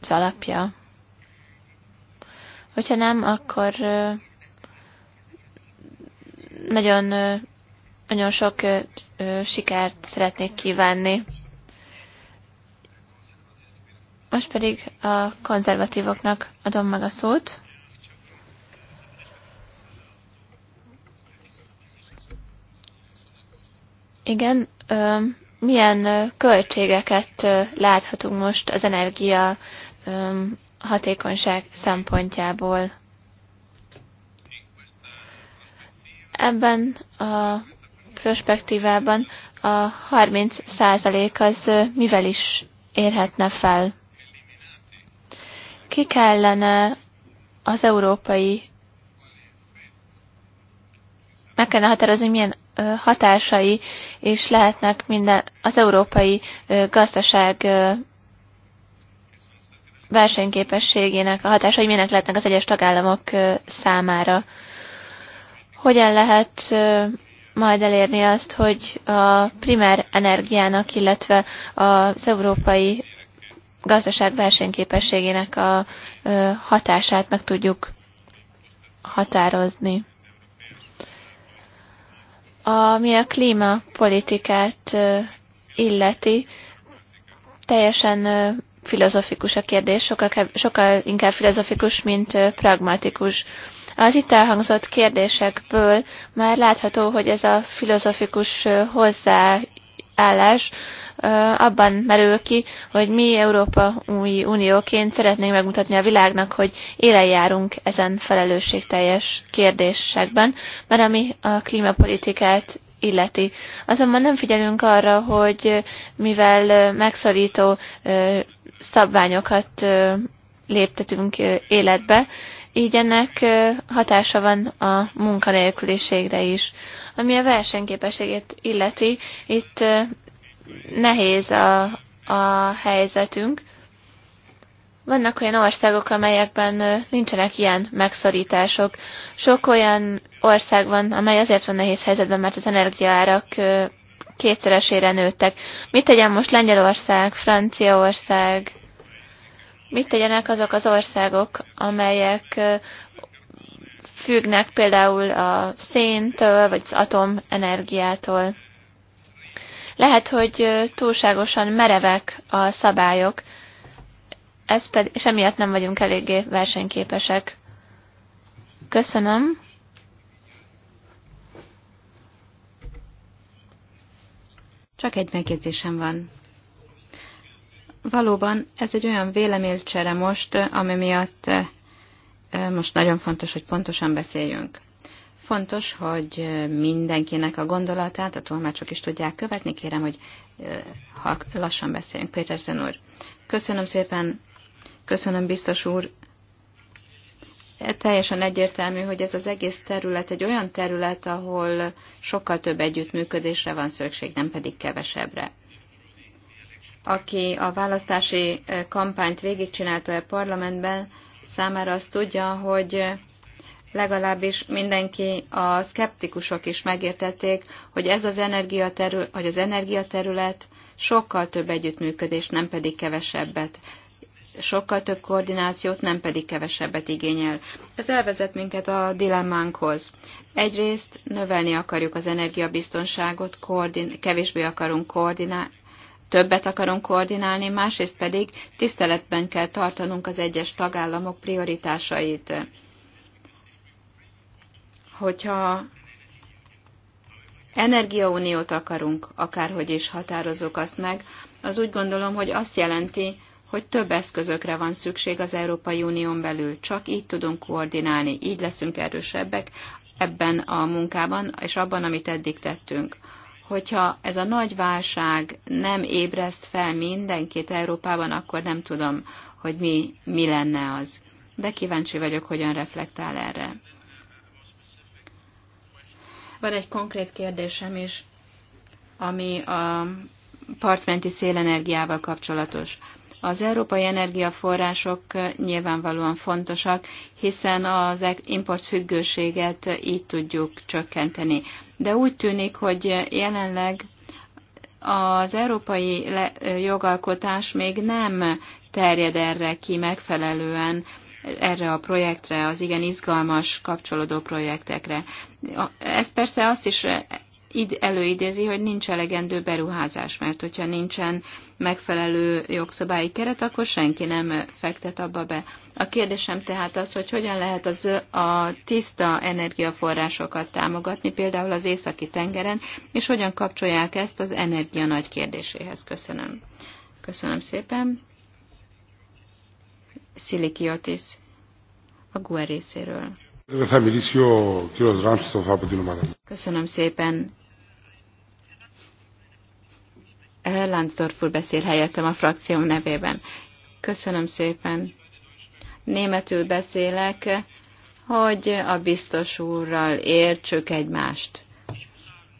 az alapja? Hogyha nem, akkor nagyon nagyon sok sikert szeretnék kívánni. Most pedig a konzervatívoknak adom meg a szót. Igen, milyen költségeket láthatunk most az energia hatékonyság szempontjából? Ebben a prospektívában a 30% az mivel is érhetne fel? Ki kellene az európai meg kellene határozni, milyen hatásai és lehetnek minden az európai gazdaság versenyképességének a hatásai, milyenek lehetnek az egyes tagállamok számára. Hogyan lehet majd elérni azt, hogy a primer energiának, illetve az európai gazdaság versenyképességének a hatását meg tudjuk határozni. Ami a klímapolitikát illeti, teljesen filozofikus a kérdés, sokkal, sokkal inkább filozofikus, mint pragmatikus. Az itt elhangzott kérdésekből már látható, hogy ez a filozofikus hozzáállás abban merül ki, hogy mi Európa új unióként szeretnénk megmutatni a világnak, hogy élen járunk ezen felelősségteljes kérdésekben, mert ami a klímapolitikát illeti. Azonban nem figyelünk arra, hogy mivel megszorító szabványokat léptetünk életbe, így ennek hatása van a munkanélküliségre is. Ami a versenyképességét illeti, itt nehéz a, a helyzetünk. Vannak olyan országok, amelyekben nincsenek ilyen megszorítások. Sok olyan ország van, amely azért van nehéz helyzetben, mert az energiaárak kétszeresére nőttek. Mit tegyen most Lengyelország, Franciaország, Mit tegyenek azok az országok, amelyek függnek például a széntől, vagy az atomenergiától? Lehet, hogy túlságosan merevek a szabályok, ez pedig, és emiatt nem vagyunk eléggé versenyképesek. Köszönöm.
Csak egy megjegyzésem van. Valóban ez egy olyan véleménycsere most, ami miatt most nagyon fontos, hogy pontosan beszéljünk. Fontos, hogy mindenkinek a gondolatát a tolmácsok is tudják követni. Kérem, hogy ha lassan beszéljünk. Péter úr, köszönöm szépen, köszönöm biztos úr. E, teljesen egyértelmű, hogy ez az egész terület egy olyan terület, ahol sokkal több együttműködésre van szükség, nem pedig kevesebbre aki a választási kampányt végigcsinálta a parlamentben, számára azt tudja, hogy legalábbis mindenki, a szkeptikusok is megértették, hogy ez az energiaterület, hogy az energiaterület sokkal több együttműködést, nem pedig kevesebbet sokkal több koordinációt, nem pedig kevesebbet igényel. Ez elvezet minket a dilemmánkhoz. Egyrészt növelni akarjuk az energiabiztonságot, koordin- kevésbé akarunk koordinálni. Többet akarunk koordinálni, másrészt pedig tiszteletben kell tartanunk az egyes tagállamok prioritásait. Hogyha energiauniót akarunk, akárhogy is határozzuk azt meg, az úgy gondolom, hogy azt jelenti, hogy több eszközökre van szükség az Európai Unión belül. Csak így tudunk koordinálni, így leszünk erősebbek ebben a munkában és abban, amit eddig tettünk hogyha ez a nagy válság nem ébreszt fel mindenkit Európában, akkor nem tudom, hogy mi, mi lenne az. De kíváncsi vagyok, hogyan reflektál erre. Van egy konkrét kérdésem is, ami a partmenti szélenergiával kapcsolatos. Az európai energiaforrások nyilvánvalóan fontosak, hiszen az e- import függőséget így tudjuk csökkenteni. De úgy tűnik, hogy jelenleg az európai jogalkotás még nem terjed erre ki megfelelően, erre a projektre, az igen izgalmas kapcsolódó projektekre. Ez persze azt is id előidézi, hogy nincs elegendő beruházás, mert hogyha nincsen megfelelő jogszabályi keret, akkor senki nem fektet abba be. A kérdésem tehát az, hogy hogyan lehet az, a tiszta energiaforrásokat támogatni, például az északi tengeren, és hogyan kapcsolják ezt az energia nagy kérdéséhez. Köszönöm. Köszönöm szépen. Szilikiotis, a GUER részéről. Köszönöm szépen. Lánzdorf úr beszél helyettem a frakcióm nevében. Köszönöm szépen. Németül beszélek, hogy a biztos úrral értsük egymást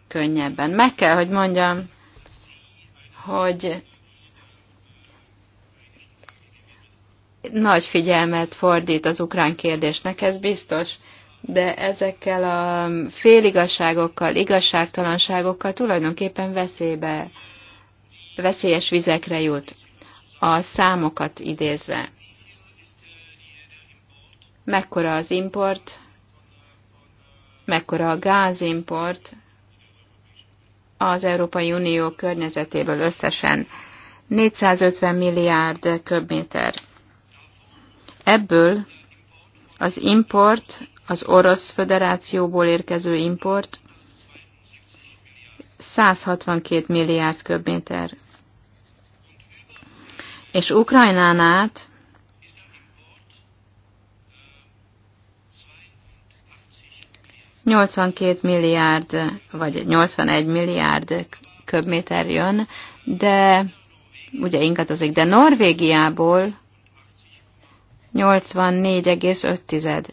könnyebben. Meg kell, hogy mondjam, hogy nagy figyelmet fordít az ukrán kérdésnek, ez biztos de ezekkel a féligasságokkal, igazságtalanságokkal tulajdonképpen veszélybe, veszélyes vizekre jut a számokat idézve. Mekkora az import, mekkora a gázimport az Európai Unió környezetéből összesen 450 milliárd köbméter. Ebből az import az Orosz Föderációból érkező import 162 milliárd köbméter. És Ukrajnán át ...82 milliárd, vagy 81 milliárd köbméter jön, de ugye ingatozik, de Norvégiából 84,5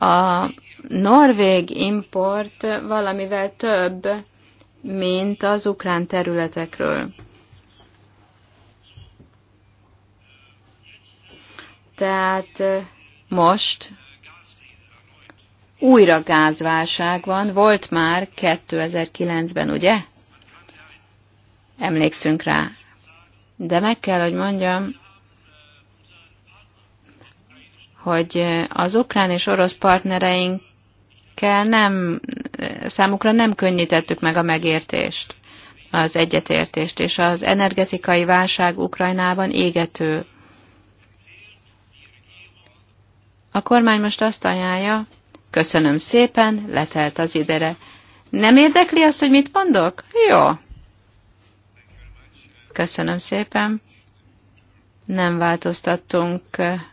a norvég import valamivel több, mint az ukrán területekről. Tehát most újra gázválság van, volt már 2009-ben, ugye? Emlékszünk rá. De meg kell, hogy mondjam, hogy az ukrán és orosz partnereinkkel nem, számukra nem könnyítettük meg a megértést, az egyetértést, és az energetikai válság Ukrajnában égető. A kormány most azt ajánlja, köszönöm szépen, letelt az idere. Nem érdekli azt, hogy mit mondok? Jó. Köszönöm szépen. Nem változtattunk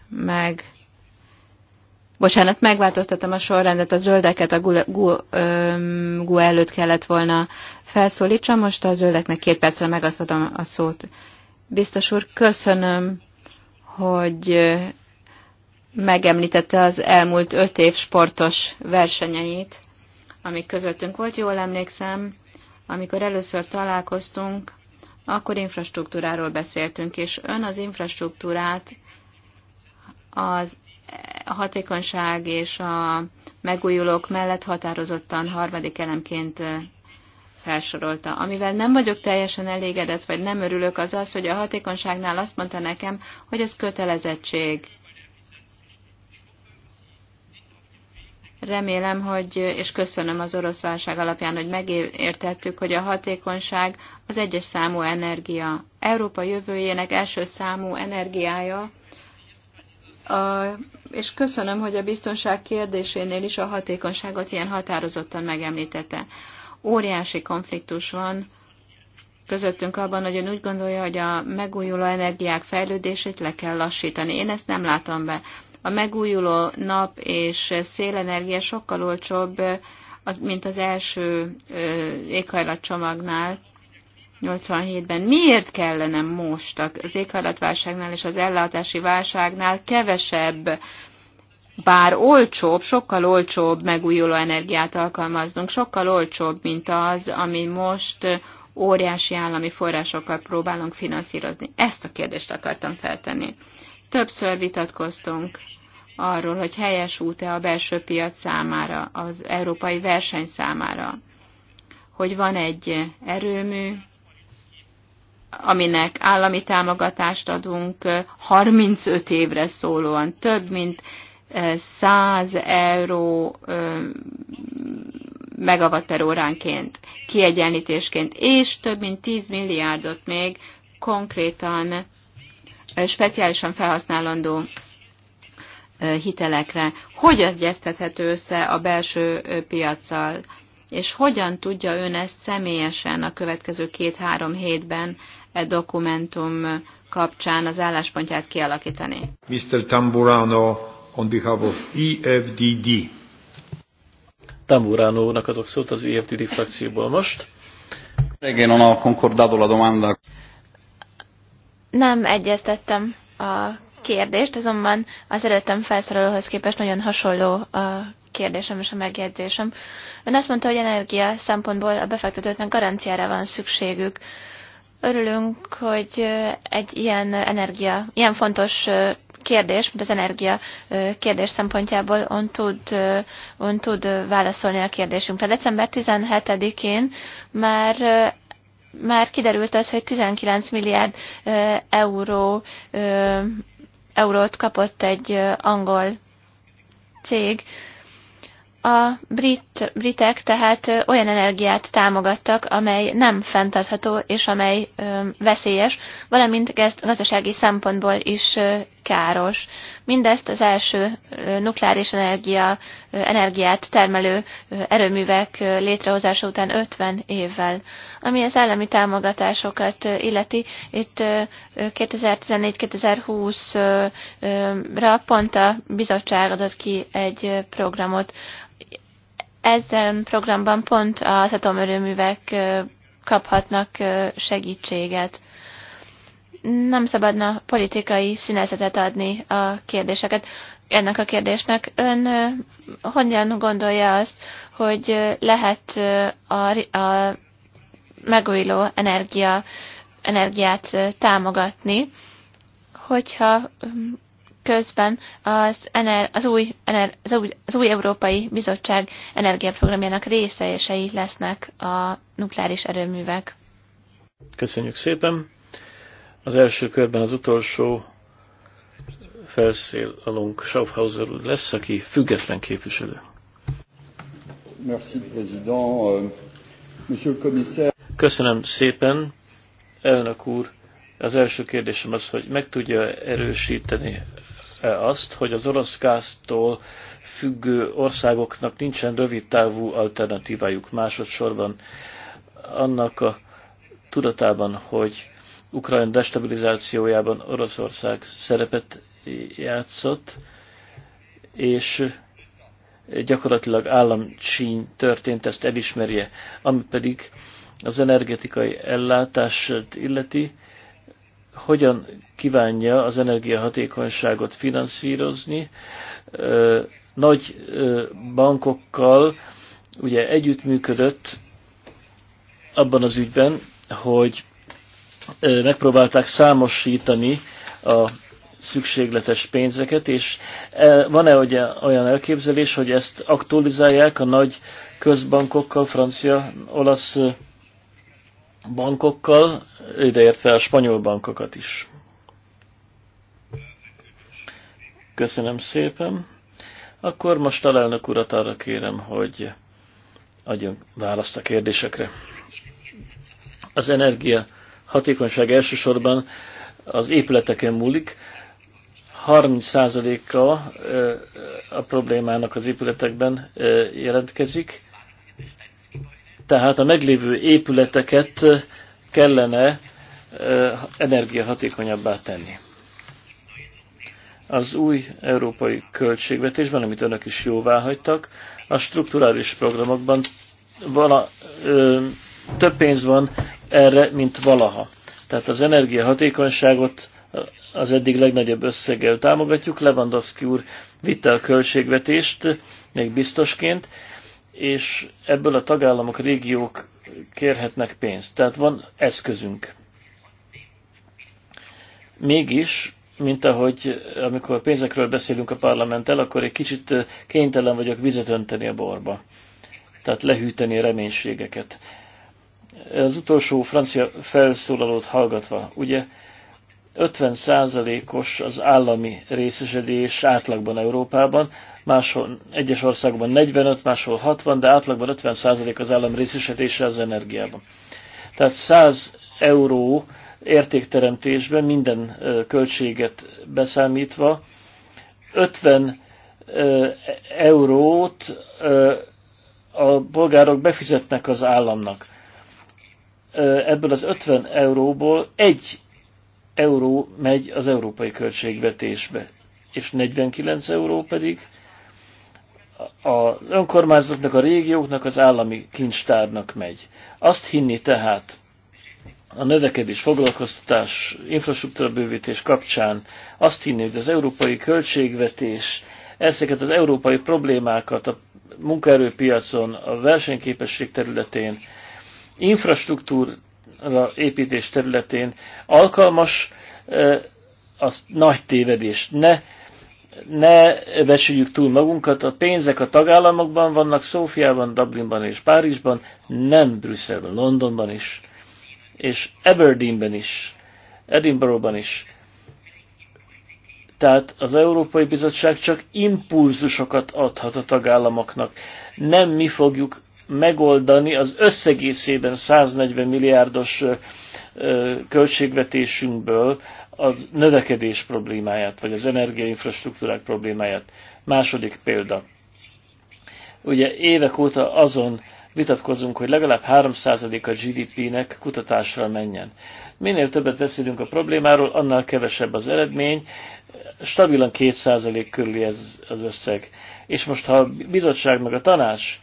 meg Bocsánat, megváltoztattam a sorrendet, a zöldeket a GU, GU előtt kellett volna felszólítsam, most a zöldeknek két percre megadom a szót. Biztos úr, köszönöm, hogy megemlítette az elmúlt öt év sportos versenyeit, amik közöttünk volt, jól emlékszem, amikor először találkoztunk, akkor infrastruktúráról beszéltünk, és ön az infrastruktúrát az a hatékonyság és a megújulók mellett határozottan harmadik elemként felsorolta. Amivel nem vagyok teljesen elégedett, vagy nem örülök, az az, hogy a hatékonyságnál azt mondta nekem, hogy ez kötelezettség. Remélem, hogy, és köszönöm az orosz válság alapján, hogy megértettük, hogy a hatékonyság az egyes számú energia. Európa jövőjének első számú energiája, a, és köszönöm, hogy a biztonság kérdésénél is a hatékonyságot ilyen határozottan megemlítette. Óriási konfliktus van közöttünk abban, hogy ön úgy gondolja, hogy a megújuló energiák fejlődését le kell lassítani. Én ezt nem látom be. A megújuló nap és szélenergia sokkal olcsóbb, mint az első éghajlatcsomagnál, 87-ben. Miért kellene most az éghajlatválságnál és az ellátási válságnál kevesebb, bár olcsóbb, sokkal olcsóbb megújuló energiát alkalmaznunk, sokkal olcsóbb, mint az, ami most óriási állami forrásokkal próbálunk finanszírozni. Ezt a kérdést akartam feltenni. Többször vitatkoztunk arról, hogy helyes út-e a belső piac számára, az európai verseny számára, hogy van egy erőmű, aminek állami támogatást adunk 35 évre szólóan, több mint 100 euró megawatt per óránként, kiegyenlítésként, és több mint 10 milliárdot még konkrétan speciálisan felhasználandó hitelekre. Hogy egyeztethető össze a belső piaccal? és hogyan tudja ön ezt személyesen a következő két-három hétben e dokumentum kapcsán az álláspontját kialakítani?
Mr. Tamburano on behalf of EFDD.
Tamburano nak adok szót az EFDD frakcióból most. Regén
a concordado la domanda.
Nem egyeztettem a kérdést, azonban az előttem felszorolóhoz képest nagyon hasonló a kérdésem és a megjegyzésem. Ön azt mondta, hogy energia szempontból a befektetőknek garanciára van szükségük. Örülünk, hogy egy ilyen energia, ilyen fontos kérdés, mint az energia kérdés szempontjából on tud, on tud válaszolni a kérdésünkre. December 17-én már már kiderült az, hogy 19 milliárd euró, eurót kapott egy angol cég a brit, britek tehát olyan energiát támogattak, amely nem fenntartható és amely ö, veszélyes, valamint gazdasági szempontból is ö, káros. Mindezt az első nukleáris energia, energiát termelő erőművek létrehozása után 50 évvel. Ami az állami támogatásokat illeti, itt 2014-2020-ra pont a bizottság adott ki egy programot. Ezen programban pont az atomerőművek kaphatnak segítséget nem szabadna politikai színezetet adni a kérdéseket. Ennek a kérdésnek ön hogyan gondolja azt, hogy lehet a, a megújuló energia, energiát támogatni, hogyha közben az, ener, az, új, ener, az, új, az új Európai Bizottság energiaprogramjának részei lesznek a nukleáris erőművek.
Köszönjük szépen! Az első körben az utolsó felszélalunk Schaufhauser úr lesz, aki független képviselő. Euh, Köszönöm szépen, elnök úr. Az első kérdésem az, hogy meg tudja erősíteni -e azt, hogy az orosz gáztól függő országoknak nincsen rövidtávú alternatívájuk másodszorban annak a tudatában, hogy Ukrajna destabilizációjában Oroszország szerepet játszott, és gyakorlatilag államcsíny történt, ezt elismerje. Ami pedig az energetikai ellátást illeti, hogyan kívánja az energiahatékonyságot finanszírozni. Nagy bankokkal ugye együttműködött abban az ügyben, hogy megpróbálták számosítani a szükségletes pénzeket, és e, van-e olyan elképzelés, hogy ezt aktualizálják a nagy közbankokkal, francia, olasz bankokkal, ideértve a spanyol bankokat is? Köszönöm szépen. Akkor most lelnök urat arra kérem, hogy adjon választ a kérdésekre. Az energia hatékonyság elsősorban az épületeken múlik. 30%-a a problémának az épületekben jelentkezik, tehát a meglévő épületeket kellene energiahatékonyabbá tenni. Az új európai költségvetésben, amit önök is jóvá hagytak, a strukturális programokban vala, ö, több pénz van erre, mint valaha. Tehát az energiahatékonyságot az eddig legnagyobb összeggel támogatjuk. Lewandowski úr vitte a költségvetést, még biztosként, és ebből a tagállamok, régiók kérhetnek pénzt. Tehát van eszközünk. Mégis, mint ahogy amikor pénzekről beszélünk a parlamenttel, akkor egy kicsit kénytelen vagyok vizet önteni a borba. Tehát lehűteni a reménységeket az utolsó francia felszólalót hallgatva, ugye 50%-os az állami részesedés átlagban Európában, máshol egyes országban 45, máshol 60, de átlagban 50% az állam részesedése az energiában. Tehát 100 euró értékteremtésben minden költséget beszámítva 50 eurót a polgárok befizetnek az államnak ebből az 50 euróból egy euró megy az európai költségvetésbe, és 49 euró pedig az önkormányzatnak, a régióknak, az állami kincstárnak megy. Azt hinni tehát a növekedés, foglalkoztatás, infrastruktúra bővítés kapcsán, azt hinni, hogy az európai költségvetés ezeket az európai problémákat a munkaerőpiacon, a versenyképesség területén, infrastruktúra építés területén alkalmas, az nagy tévedés. Ne, ne becsüljük túl magunkat, a pénzek a tagállamokban vannak, Szófiában, Dublinban és Párizsban, nem Brüsszelben, Londonban is, és Aberdeenben is, Edinburghban is. Tehát az Európai Bizottság csak impulzusokat adhat a tagállamoknak. Nem mi fogjuk megoldani az összegészében 140 milliárdos költségvetésünkből a növekedés problémáját, vagy az energiainfrastruktúrák problémáját. Második példa. Ugye évek óta azon vitatkozunk, hogy legalább 3% a GDP-nek kutatásra menjen. Minél többet beszélünk a problémáról, annál kevesebb az eredmény, stabilan 2% körül ez az összeg. És most, ha a bizottság meg a tanács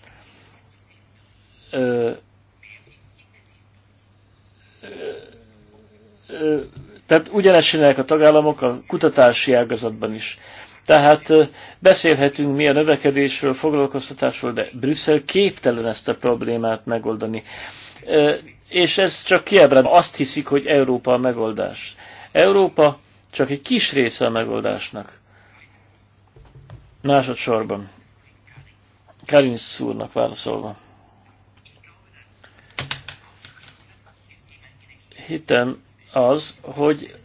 tehát ugyanezt csinálják a tagállamok a kutatási ágazatban is. Tehát beszélhetünk mi a növekedésről, foglalkoztatásról, de Brüsszel képtelen ezt a problémát megoldani. És ez csak kiebred. Azt hiszik, hogy Európa a megoldás. Európa csak egy kis része a megoldásnak. Másodszorban. Karin úrnak válaszolva. hitem az, hogy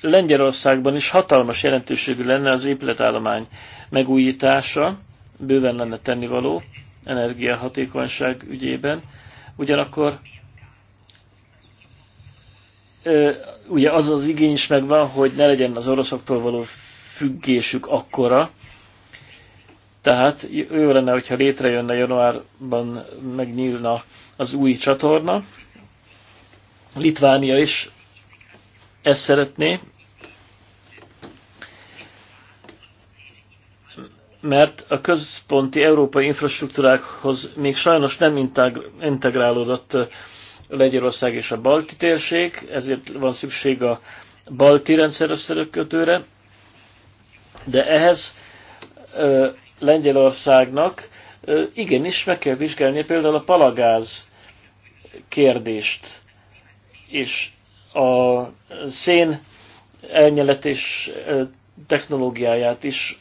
Lengyelországban is hatalmas jelentőségű lenne az épületállomány megújítása, bőven lenne tennivaló energiahatékonyság ügyében. Ugyanakkor ugye az az igény is megvan, hogy ne legyen az oroszoktól való függésük akkora, tehát jó lenne, hogyha létrejönne januárban megnyílna az új csatorna, Litvánia is ezt szeretné, mert a központi európai infrastruktúrákhoz még sajnos nem integrálódott Lengyelország és a balti térség, ezért van szükség a balti rendszer összerökötőre, de ehhez Lengyelországnak igenis meg kell vizsgálni például a palagáz kérdést és a szén elnyeletés technológiáját is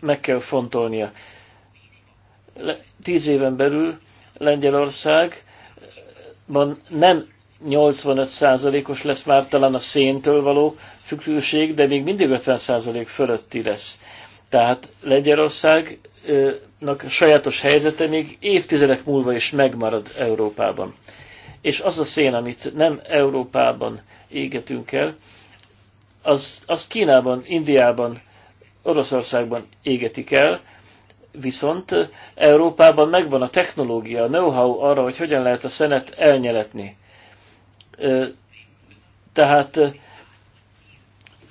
meg kell fontolnia. Tíz éven belül Lengyelországban nem 85%-os lesz már talán a széntől való függőség, de még mindig 50% fölötti lesz. Tehát Lengyelországnak sajátos helyzete még évtizedek múlva is megmarad Európában és az a szén, amit nem Európában égetünk el, az, az Kínában, Indiában, Oroszországban égetik el, viszont Európában megvan a technológia, a know-how arra, hogy hogyan lehet a szenet elnyeletni. Tehát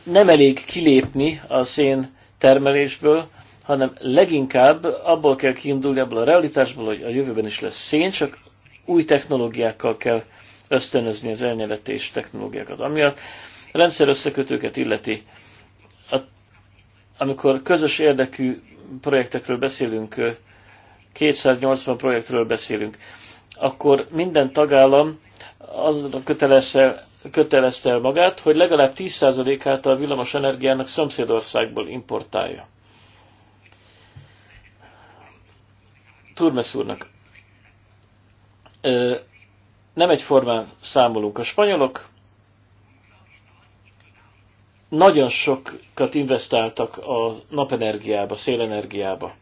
nem elég kilépni a szén termelésből, hanem leginkább abból kell kiindulni, abból a realitásból, hogy a jövőben is lesz szén, csak új technológiákkal kell ösztönözni az elnyeletés technológiákat. Ami a rendszer összekötőket illeti, a, amikor közös érdekű projektekről beszélünk, 280 projektről beszélünk, akkor minden tagállam azon kötelezte, kötelezte el magát, hogy legalább 10%-át a villamos energiának szomszédországból importálja. Turmes úrnak nem egyformán számolunk. A spanyolok nagyon sokat investáltak a napenergiába, szélenergiába.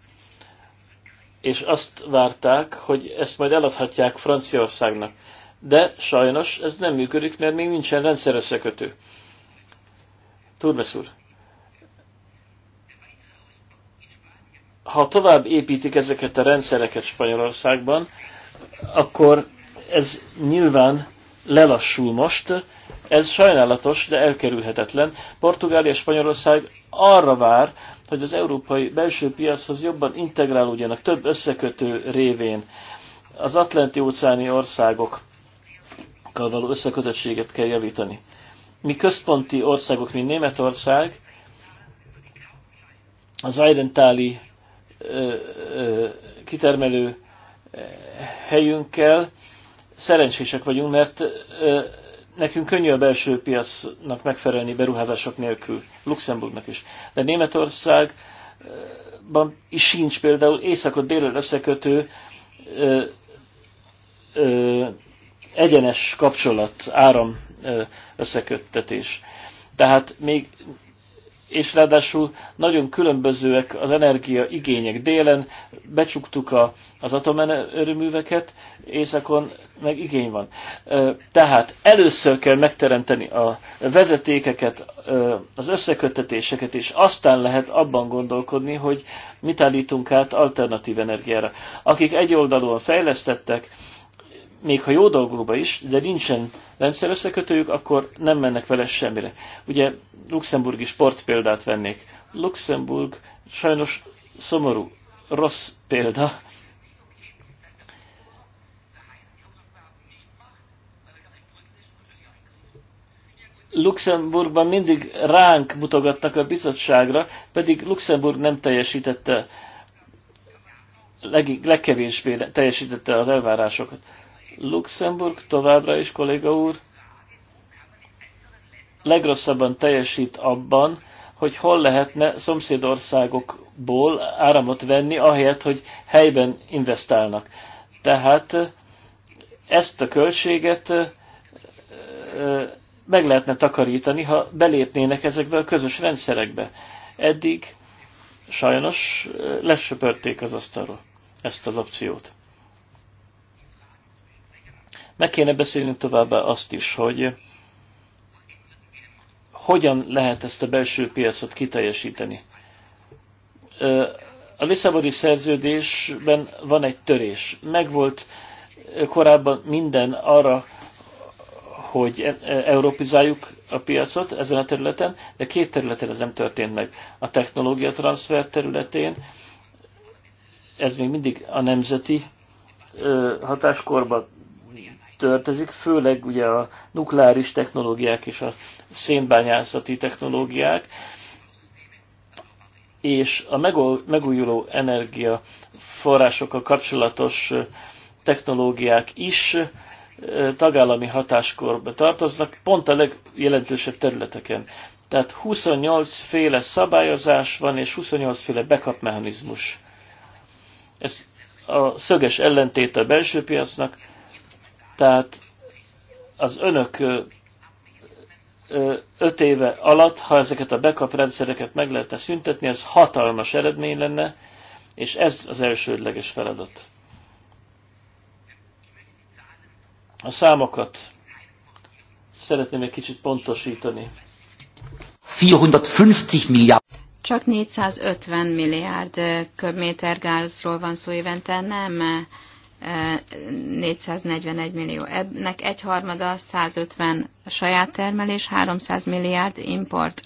És azt várták, hogy ezt majd eladhatják Franciaországnak. De sajnos ez nem működik, mert még nincsen rendszer összekötő. Turmes úr, ha tovább építik ezeket a rendszereket Spanyolországban, akkor ez nyilván lelassul most. Ez sajnálatos, de elkerülhetetlen. Portugália és Spanyolország arra vár, hogy az európai belső piachoz jobban integrálódjanak, több összekötő révén. Az atlanti óceáni országokkal való összekötöttséget kell javítani. Mi központi országok, mint Németország, az ajdentáli kitermelő helyünkkel. Szerencsések vagyunk, mert nekünk könnyű a belső piacnak megfelelni beruházások nélkül, Luxemburgnak is. De Németországban is sincs például északot délről összekötő egyenes kapcsolat, áram összeköttetés. Tehát még és ráadásul nagyon különbözőek az energia igények. Délen becsuktuk a, az atomerőműveket, északon meg igény van. Tehát először kell megteremteni a vezetékeket, az összeköttetéseket, és aztán lehet abban gondolkodni, hogy mit állítunk át alternatív energiára. Akik egyoldalúan fejlesztettek, még ha jó dolgokba is, de nincsen rendszer összekötőjük, akkor nem mennek vele semmire. Ugye luxemburgi sport példát vennék. Luxemburg sajnos szomorú, rossz példa. Luxemburgban mindig ránk mutogattak a bizottságra, pedig Luxemburg nem teljesítette leg, legkevésbé teljesítette az elvárásokat. Luxemburg továbbra is, kolléga úr, legrosszabban teljesít abban, hogy hol lehetne szomszédországokból áramot venni, ahelyett, hogy helyben investálnak. Tehát ezt a költséget meg lehetne takarítani, ha belépnének ezekbe a közös rendszerekbe. Eddig sajnos lesöpörték az asztalról ezt az opciót. Meg kéne beszélni továbbá azt is, hogy hogyan lehet ezt a belső piacot kiteljesíteni. A Lisszaboni szerződésben van egy törés. Megvolt korábban minden arra, hogy e, e, európizáljuk a piacot ezen a területen, de két területen ez nem történt meg. A technológia transfer területén, ez még mindig a nemzeti hatáskorba történik, főleg ugye a nukleáris technológiák és a szénbányászati technológiák, és a megújuló energia forrásokkal kapcsolatos technológiák is tagállami hatáskörbe tartoznak, pont a legjelentősebb területeken. Tehát 28 féle szabályozás van, és 28 féle backup mechanizmus. Ez a szöges ellentét a belső piacnak, tehát az önök öt éve alatt, ha ezeket a backup rendszereket meg lehetne szüntetni, ez hatalmas eredmény lenne, és ez az elsődleges feladat. A számokat szeretném egy kicsit pontosítani.
450 milliárd.
Csak 450 milliárd köbméter gázról van szó évente, nem 441 millió. Ennek egyharmada 150 saját termelés, 300 milliárd import.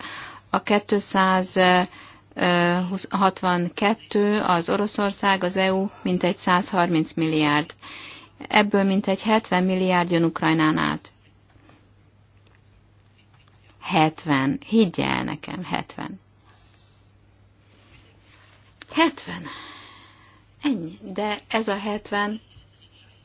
A 262 az Oroszország, az EU mintegy 130 milliárd. Ebből mintegy 70 milliárd jön Ukrajnán át. 70. Higgy el nekem, 70. 70. Ennyi. De ez a 70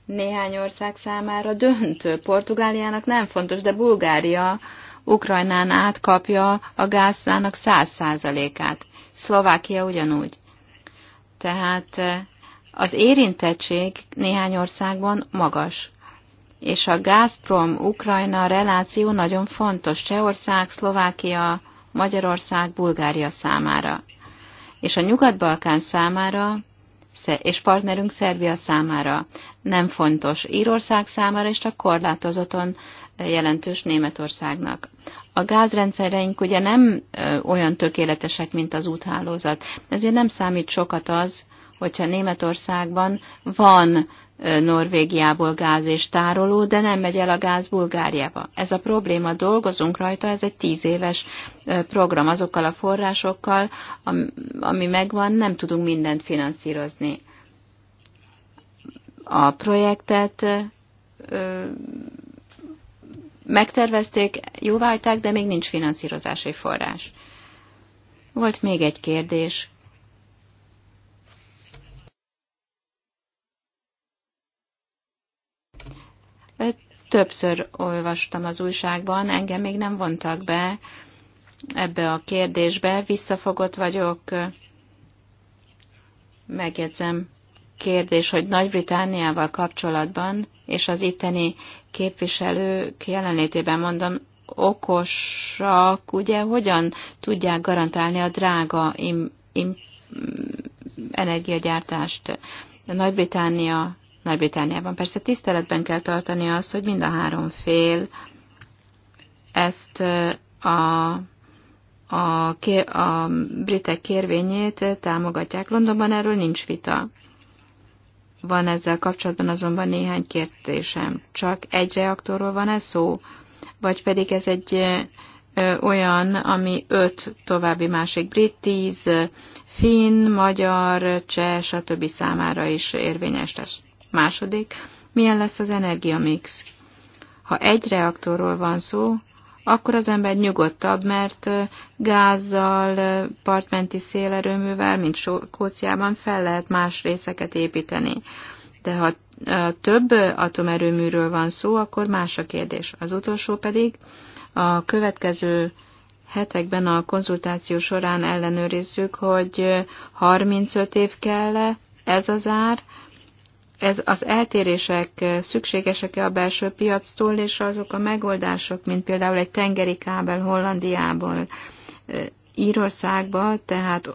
néhány ország számára döntő. Portugáliának nem fontos, de Bulgária Ukrajnán átkapja a gázának 100%-át. Szlovákia ugyanúgy. Tehát eh, az érintettség néhány országban magas. És a Gazprom-Ukrajna reláció nagyon fontos Csehország, Szlovákia, Magyarország, Bulgária számára. És a Nyugat-Balkán számára és partnerünk Szerbia számára. Nem fontos Írország számára, és csak korlátozaton jelentős Németországnak. A gázrendszereink ugye nem olyan tökéletesek, mint az úthálózat, ezért nem számít sokat az, hogyha Németországban van Norvégiából gáz és tároló, de nem megy el a gáz Bulgáriába. Ez a probléma, dolgozunk rajta, ez egy tíz éves program. Azokkal a forrásokkal, ami megvan, nem tudunk mindent finanszírozni. A projektet megtervezték, jóváhagyták, de még nincs finanszírozási forrás. Volt még egy kérdés. Többször olvastam az újságban, engem még nem vontak be ebbe a kérdésbe, visszafogott vagyok, megjegyzem, kérdés, hogy Nagy-Britániával kapcsolatban, és az itteni képviselők jelenlétében mondom, okosak, ugye, hogyan tudják garantálni a drága im, im, energiagyártást. Nagy-Británia nagy-Britániában. Persze tiszteletben kell tartani azt, hogy mind a három fél ezt a, a, kér, a britek kérvényét támogatják. Londonban erről nincs vita. Van ezzel kapcsolatban azonban néhány kérdésem. Csak egy reaktorról van ez szó? Vagy pedig ez egy ö, olyan, ami öt további másik brit, tíz finn, magyar, cseh, stb. számára is érvényes lesz? Második, milyen lesz az energiamix? Ha egy reaktorról van szó, akkor az ember nyugodtabb, mert gázzal, partmenti szélerőművel, mint Skóciában fel lehet más részeket építeni. De ha több atomerőműről van szó, akkor más a kérdés. Az utolsó pedig a következő hetekben a konzultáció során ellenőrizzük, hogy 35 év kell -e ez az ár, ez az eltérések szükségesek-e a belső piactól, és azok a megoldások, mint például egy tengeri kábel Hollandiából Írországba, tehát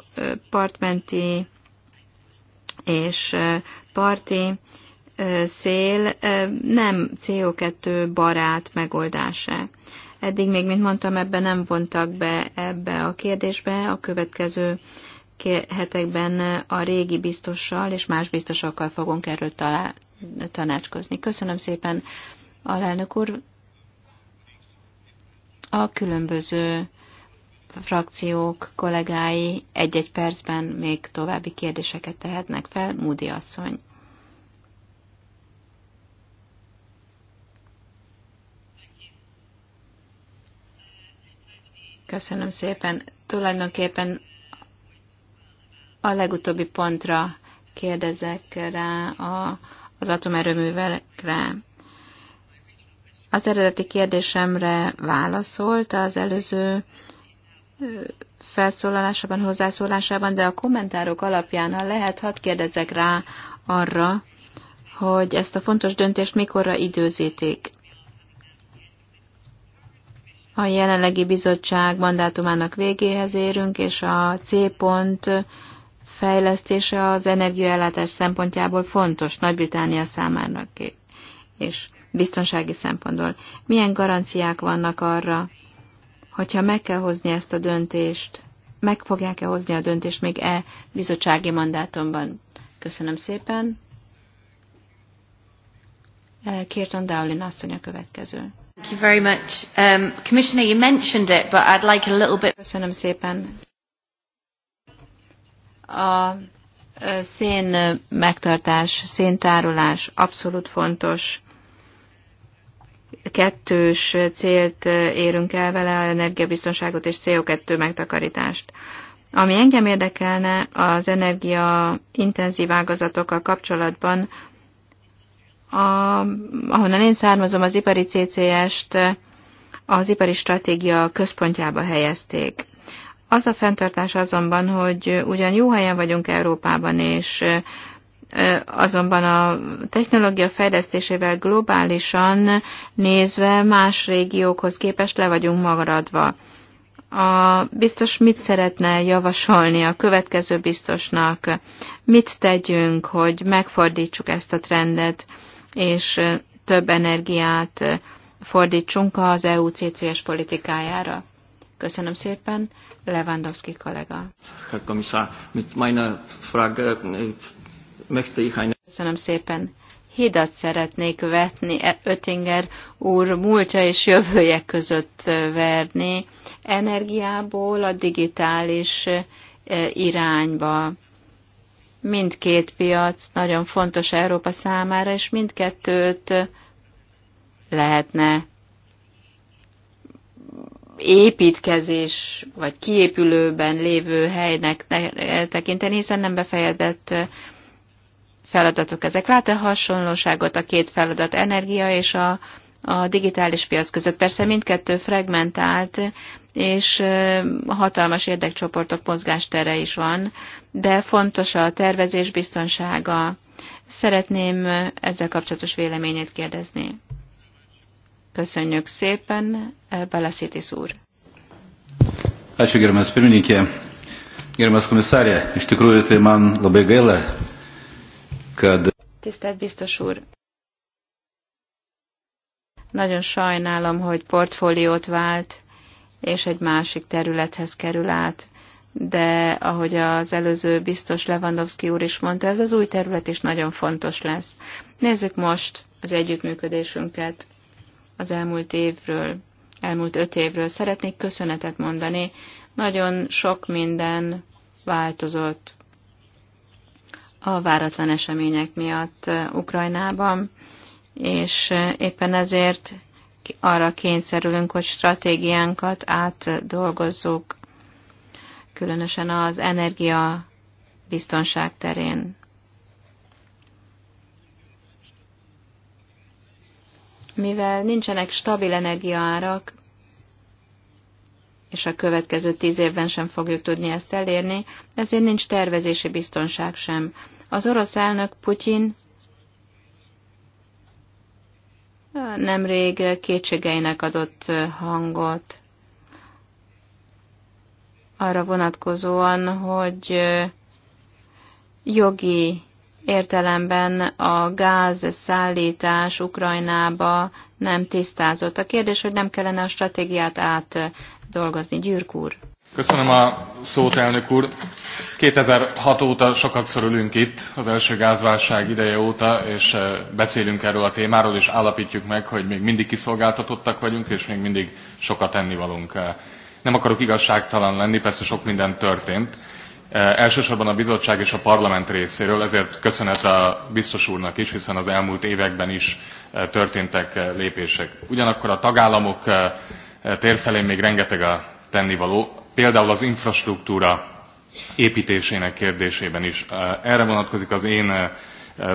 partmenti és parti szél nem CO2 barát megoldása. Eddig még, mint mondtam, ebben nem vontak be ebbe a kérdésbe, a következő hetekben a régi biztossal és más biztosokkal fogunk erről talál, tanácskozni. Köszönöm szépen, alelnök úr. A különböző frakciók, kollégái egy-egy percben még további kérdéseket tehetnek fel. Múdi asszony. Köszönöm szépen. Tulajdonképpen a legutóbbi pontra kérdezek rá a, az atomerőművekre. Az eredeti kérdésemre válaszolt az előző felszólalásában, hozzászólásában, de a kommentárok alapján, ha lehet, hadd kérdezek rá arra, hogy ezt a fontos döntést mikorra időzítik. A jelenlegi bizottság mandátumának végéhez érünk, és a C pont fejlesztése az energiaellátás szempontjából fontos Nagy-Británia számára és biztonsági szempontból. Milyen garanciák vannak arra, hogyha meg kell hozni ezt a döntést, meg fogják-e hozni a döntést még e bizottsági mandátumban? Köszönöm szépen. E, Kirton Dowling asszony a következő. Thank you very much. Um, Commissioner, you mentioned it, but I'd like a little bit... Köszönöm szépen. A szén megtartás, széntárolás abszolút fontos. Kettős célt érünk el vele, energiabiztonságot és CO2 megtakarítást. Ami engem érdekelne az energia intenzív ágazatokkal kapcsolatban, a, ahonnan én származom, az ipari CCS-t az ipari stratégia központjába helyezték. Az a fenntartás azonban, hogy ugyan jó helyen vagyunk Európában, és azonban a technológia fejlesztésével globálisan nézve más régiókhoz képest le vagyunk maradva. A biztos mit szeretne javasolni a következő biztosnak? Mit tegyünk, hogy megfordítsuk ezt a trendet, és több energiát fordítsunk az EU CCS politikájára? Köszönöm szépen. Lewandowski kollega.
Herr Kommissar, mit meiner Frage äh, möchte ich eine...
Köszönöm szépen. Hidat szeretnék vetni, Öttinger e- úr múltja és jövője között äh, verni, energiából a digitális äh, irányba. Mindkét piac nagyon fontos Európa számára, és mindkettőt lehetne építkezés vagy kiépülőben lévő helynek tekinteni, hiszen nem befejezett eh, feladatok ezek. Lát-e hasonlóságot a két feladat, energia és a, a digitális piac között? Persze mindkettő fragmentált, és eh, hatalmas érdekcsoportok mozgástere is van, de fontos a tervezés biztonsága. Szeretném eh, ezzel kapcsolatos véleményét kérdezni. Köszönjük szépen, Balasitis úr.
Ačiū, gerbiamas pirmininkė. Gerbiamas komisarė, iš tikrųjų tai man labai gaila, kad...
Tisztelt biztos úr! Nagyon sajnálom, hogy portfóliót vált, és egy másik területhez kerül át. De ahogy az előző biztos Lewandowski úr is mondta, ez az új terület is nagyon fontos lesz. Nézzük most az együttműködésünket az elmúlt évről, elmúlt öt évről. Szeretnék köszönetet mondani. Nagyon sok minden változott a váratlan események miatt eh, Ukrajnában, és eh, éppen ezért arra kényszerülünk, hogy stratégiánkat átdolgozzuk, különösen az energia biztonság terén. mivel nincsenek stabil energiaárak, és a következő tíz évben sem fogjuk tudni ezt elérni, ezért nincs tervezési biztonság sem. Az orosz elnök Putyin nemrég kétségeinek adott hangot arra vonatkozóan, hogy jogi értelemben a gáz szállítás Ukrajnába nem tisztázott. A kérdés, hogy nem kellene a stratégiát átdolgozni. Gyűrk úr.
Köszönöm a szót, elnök úr. 2006 óta sokat szorülünk itt, az első gázválság ideje óta, és eh, beszélünk erről a témáról, és állapítjuk meg, hogy még mindig kiszolgáltatottak vagyunk, és még mindig sokat ennivalunk. Eh, nem akarok igazságtalan lenni, persze sok minden történt, Eh, elsősorban a bizottság és a parlament részéről, ezért köszönet a biztos úrnak is, hiszen az elmúlt években is eh, történtek eh, lépések. Ugyanakkor a tagállamok térfelén még rengeteg a tennivaló, például az infrastruktúra építésének kérdésében is. Erre vonatkozik az én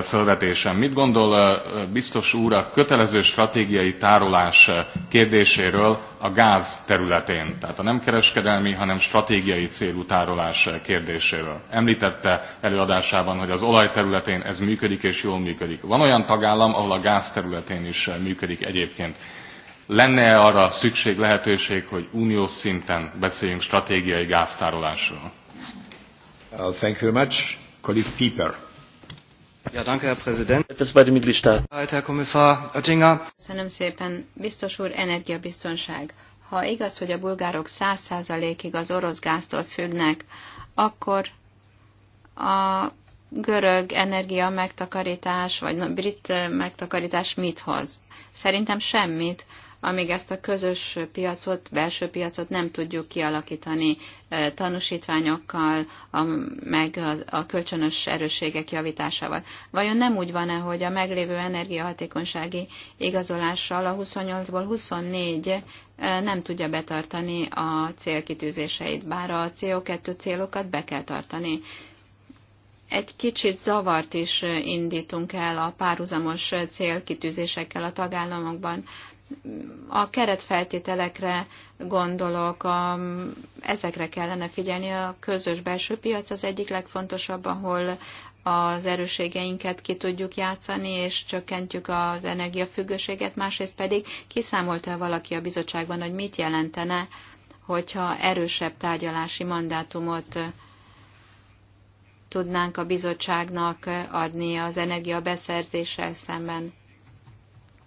felvetésem. Mit gondol biztos úr a kötelező stratégiai tárolás kérdéséről a gáz területén? Tehát a nem kereskedelmi, hanem stratégiai célú tárolás kérdéséről. Említette előadásában, hogy az olaj területén ez működik és jól működik. Van olyan tagállam, ahol a gáz területén is működik egyébként. Lenne -e arra szükség, lehetőség, hogy uniós szinten beszéljünk stratégiai gáztárolásról?
Uh, thank you very much. Colleague Pieper.
Ja, danke, Herr
Präsident. Das
Herr Kommissar
Oettinger.
Köszönöm szépen. Biztos úr, energiabiztonság. Ha igaz, hogy a bulgárok 100%-ig az orosz gáztól függnek, akkor a görög energia megtakarítás, vagy brit megtakarítás mit hoz? Szerintem semmit, amíg ezt a közös piacot, belső piacot nem tudjuk kialakítani tanúsítványokkal, a, meg a, a kölcsönös erősségek javításával. Vajon nem úgy van-e, hogy a meglévő energiahatékonysági igazolással a 28-ból 24 nem tudja betartani a célkitűzéseit, bár a CO2 célokat be kell tartani egy kicsit zavart is indítunk el a párhuzamos célkitűzésekkel a tagállamokban a keretfeltételekre gondolok, a, ezekre kellene figyelni. A közös belső piac az egyik legfontosabb, ahol az erőségeinket ki tudjuk játszani, és csökkentjük az energiafüggőséget, másrészt pedig kiszámolta valaki a bizottságban, hogy mit jelentene, hogyha erősebb tárgyalási mandátumot tudnánk a bizottságnak adni az energiabeszerzéssel szemben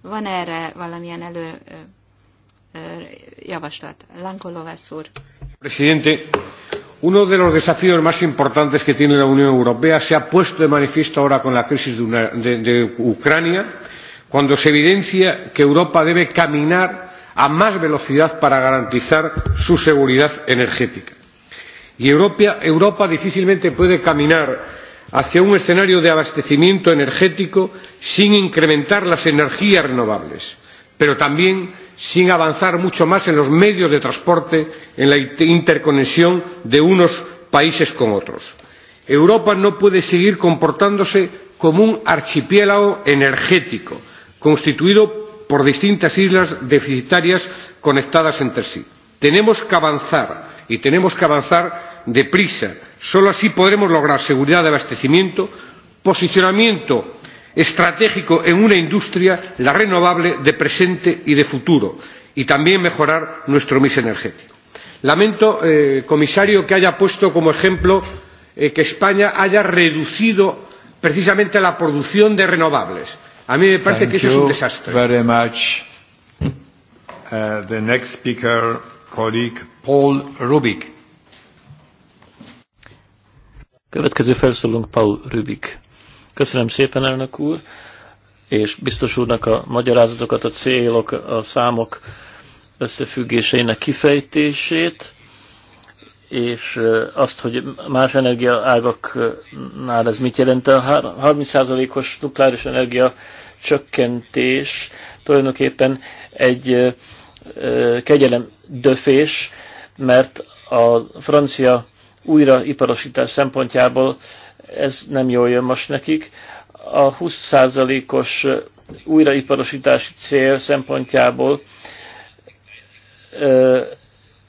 van erre valamilyen elő javaslat? Lankolovesz úr.
Presidente, uno de los desafíos más importantes que tiene la Unión Europea se ha puesto de manifiesto ahora con la crisis de, una, de, de Ucrania, cuando se evidencia que Europa debe caminar a más velocidad para garantizar su seguridad energética. Y Europa, Europa difícilmente puede caminar hacia un escenario de abastecimiento energético sin incrementar las energías renovables pero también sin avanzar mucho más en los medios de transporte en la interconexión de unos países con otros. europa no puede seguir comportándose como un archipiélago energético constituido por distintas islas deficitarias conectadas entre sí. tenemos que avanzar y tenemos que avanzar deprisa. Solo así podremos lograr seguridad de abastecimiento, posicionamiento estratégico en una industria, la renovable, de presente y de futuro, y también mejorar nuestro mix energético. Lamento, eh, comisario, que haya puesto como ejemplo eh, que España haya reducido precisamente la producción de renovables. A mí me parece Thank que eso es un desastre. Very much. Uh, the next speaker, colleague Paul Rubik.
Következő felszólunk Paul Rübik. Köszönöm szépen, elnök úr, és biztos úrnak a magyarázatokat, a célok, a számok összefüggéseinek kifejtését, és azt, hogy más energiaágaknál ez mit jelent. A 30%-os nukleáris energia csökkentés tulajdonképpen egy kegyelem döfés, mert a francia újraiparosítás szempontjából ez nem jól jön most nekik. A 20%-os újraiparosítási cél szempontjából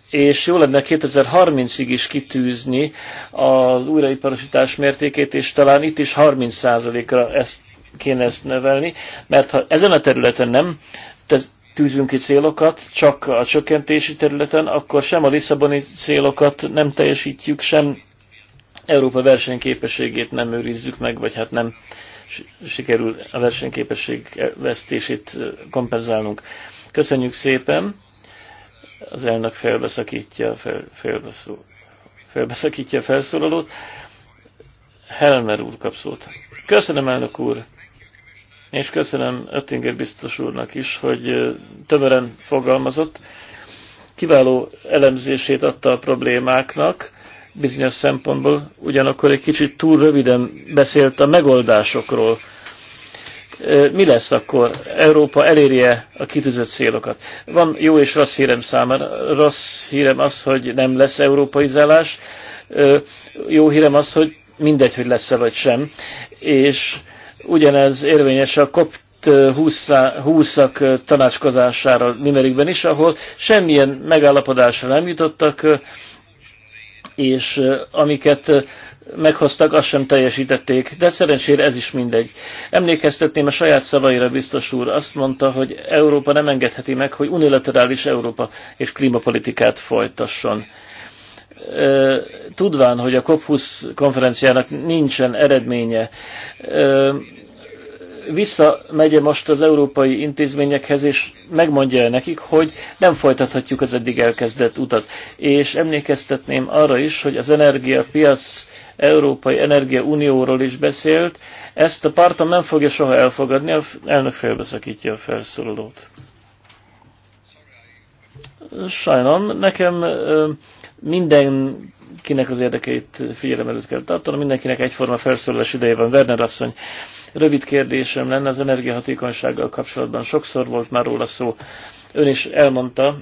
és jó lenne 2030-ig is kitűzni az újraiparosítás mértékét, és talán itt is 30%-ra ezt kéne ezt növelni, mert ha ezen a területen nem tűzünk ki célokat, csak a csökkentési területen, akkor sem a Lisszaboni célokat nem teljesítjük, sem Európa versenyképességét nem őrizzük meg, vagy hát nem sikerül a versenyképesség vesztését kompenzálnunk. Köszönjük szépen! Az elnök felbeszakítja, fel, felbeszó, felbeszakítja a felszólalót. Helmer úr kap szót. Köszönöm, elnök úr! és köszönöm Öttinger biztos úrnak is, hogy tömören fogalmazott. Kiváló elemzését adta a problémáknak bizonyos szempontból, ugyanakkor egy kicsit túl röviden beszélt a megoldásokról. Mi lesz akkor? Európa elérje a kitűzött célokat? Van jó és rossz hírem számára. Rossz hírem az, hogy nem lesz európaizálás. Jó hírem az, hogy mindegy, hogy lesz-e vagy sem. És Ugyanez érvényes a kopt 20-ak tanácskozására Nimerikben is, ahol semmilyen megállapodásra nem jutottak, és amiket meghoztak, azt sem teljesítették, de szerencsére ez is mindegy. Emlékeztetném a saját szavaira, biztos úr, azt mondta, hogy Európa nem engedheti meg, hogy unilaterális Európa és klímapolitikát folytasson tudván, hogy a COP20 konferenciának nincsen eredménye, visszamegye most az európai intézményekhez, és megmondja nekik, hogy nem folytathatjuk az eddig elkezdett utat. És emlékeztetném arra is, hogy az energiapiac Európai Energia Unióról is beszélt, ezt a pártam nem fogja soha elfogadni, a elnök félbeszakítja a felszólalót sajnálom, nekem mindenkinek az érdekeit figyelem előtt kell tartanom, mindenkinek egyforma felszólalás ideje van. Werner asszony, rövid kérdésem lenne az energiahatékonysággal kapcsolatban. Sokszor volt már róla szó. Ön is elmondta,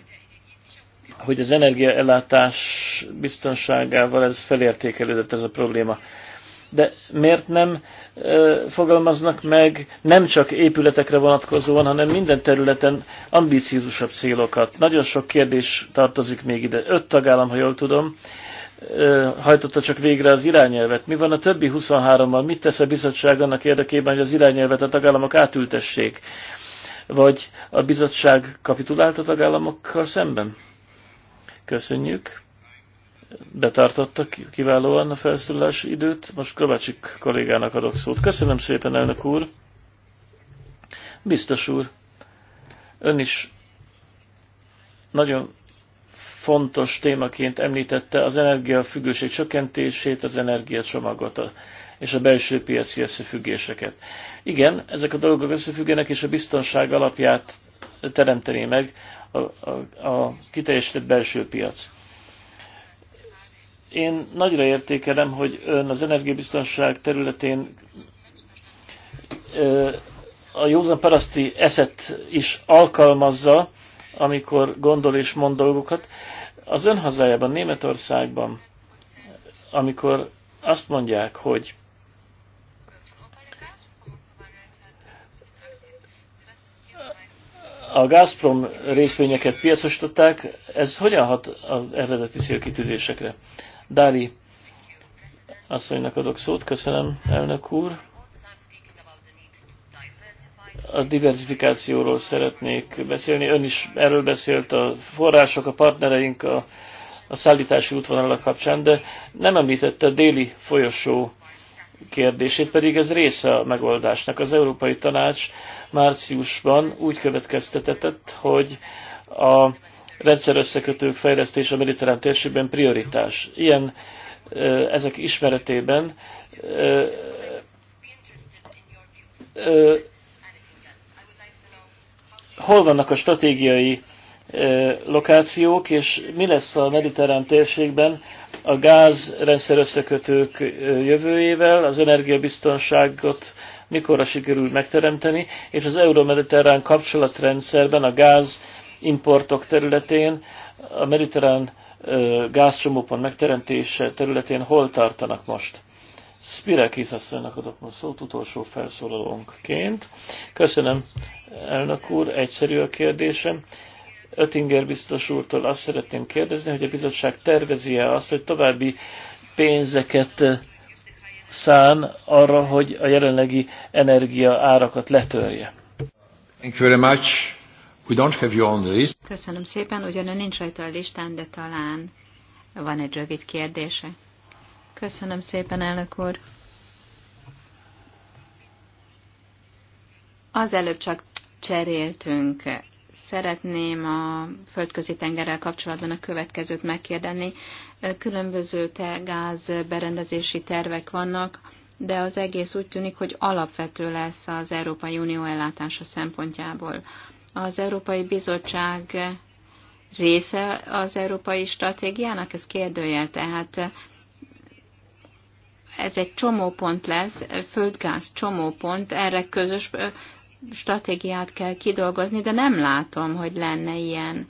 hogy az energiaellátás biztonságával ez felértékelődött ez a probléma de miért nem fogalmaznak meg nem csak épületekre vonatkozóan, hanem minden területen ambíciózusabb célokat. Nagyon sok kérdés tartozik még ide. Öt tagállam, ha jól tudom, hajtotta csak végre az irányelvet. Mi van a többi 23-mal? Mit tesz a bizottság annak érdekében, hogy az irányelvet a tagállamok átültessék? Vagy a bizottság kapitulált a tagállamokkal szemben? Köszönjük betartotta kiválóan a felszólalás időt. Most Kovácsik kollégának adok szót. Köszönöm szépen, elnök úr. Biztos úr, ön is nagyon fontos témaként említette az energiafüggőség csökkentését, az energiacsomagot és a belső piaci összefüggéseket. Igen, ezek a dolgok összefüggenek, és a biztonság alapját teremteni meg a, a, a kiteljesített belső piac. Én nagyra értékelem, hogy ön az energiabiztonság területén a józan paraszti eszet is alkalmazza, amikor gondol és mond dolgokat. Az ön hazájában, Németországban, amikor azt mondják, hogy a Gazprom részvényeket piacosították, ez hogyan hat az eredeti célkitűzésekre? Dali asszonynak adok szót. Köszönöm, elnök úr. A diversifikációról szeretnék beszélni. Ön is erről beszélt a források, a partnereink, a, a szállítási útvonalak kapcsán, de nem említette a déli folyosó kérdését, pedig ez része a megoldásnak. Az Európai Tanács márciusban úgy következtetett, hogy a rendszerösszekötők fejlesztése a mediterrán térségben prioritás. Ilyen ezek ismeretében hol vannak a stratégiai lokációk, és mi lesz a mediterrán térségben a gáz rendszerösszekötők jövőjével, az energiabiztonságot mikorra sikerül megteremteni, és az euró euró-mediterrán kapcsolatrendszerben a gáz importok területén, a mediterrán gázcsomópont megteremtése területén hol tartanak most? Spirekis asszonynak adok most szót utolsó felszólalónkként. Köszönöm, elnök úr, egyszerű a kérdésem. Ötinger biztos úrtól azt szeretném kérdezni, hogy a bizottság tervezi-e azt, hogy további pénzeket szán arra, hogy a jelenlegi energia árakat letörje.
Thank you very much. We don't have you on the list.
Köszönöm
szépen, ő nincs rajta a listán, de talán van egy rövid kérdése. Köszönöm szépen, elnök úr. Az előbb csak cseréltünk. Szeretném a földközi tengerrel kapcsolatban a következőt megkérdeni. Különböző te gáz berendezési tervek vannak, de az egész úgy tűnik, hogy alapvető lesz az Európai Unió ellátása szempontjából az Európai Bizottság része az európai stratégiának? Ez kérdője. tehát ez egy csomópont lesz, földgáz csomópont, erre közös stratégiát kell kidolgozni, de nem látom, hogy lenne ilyen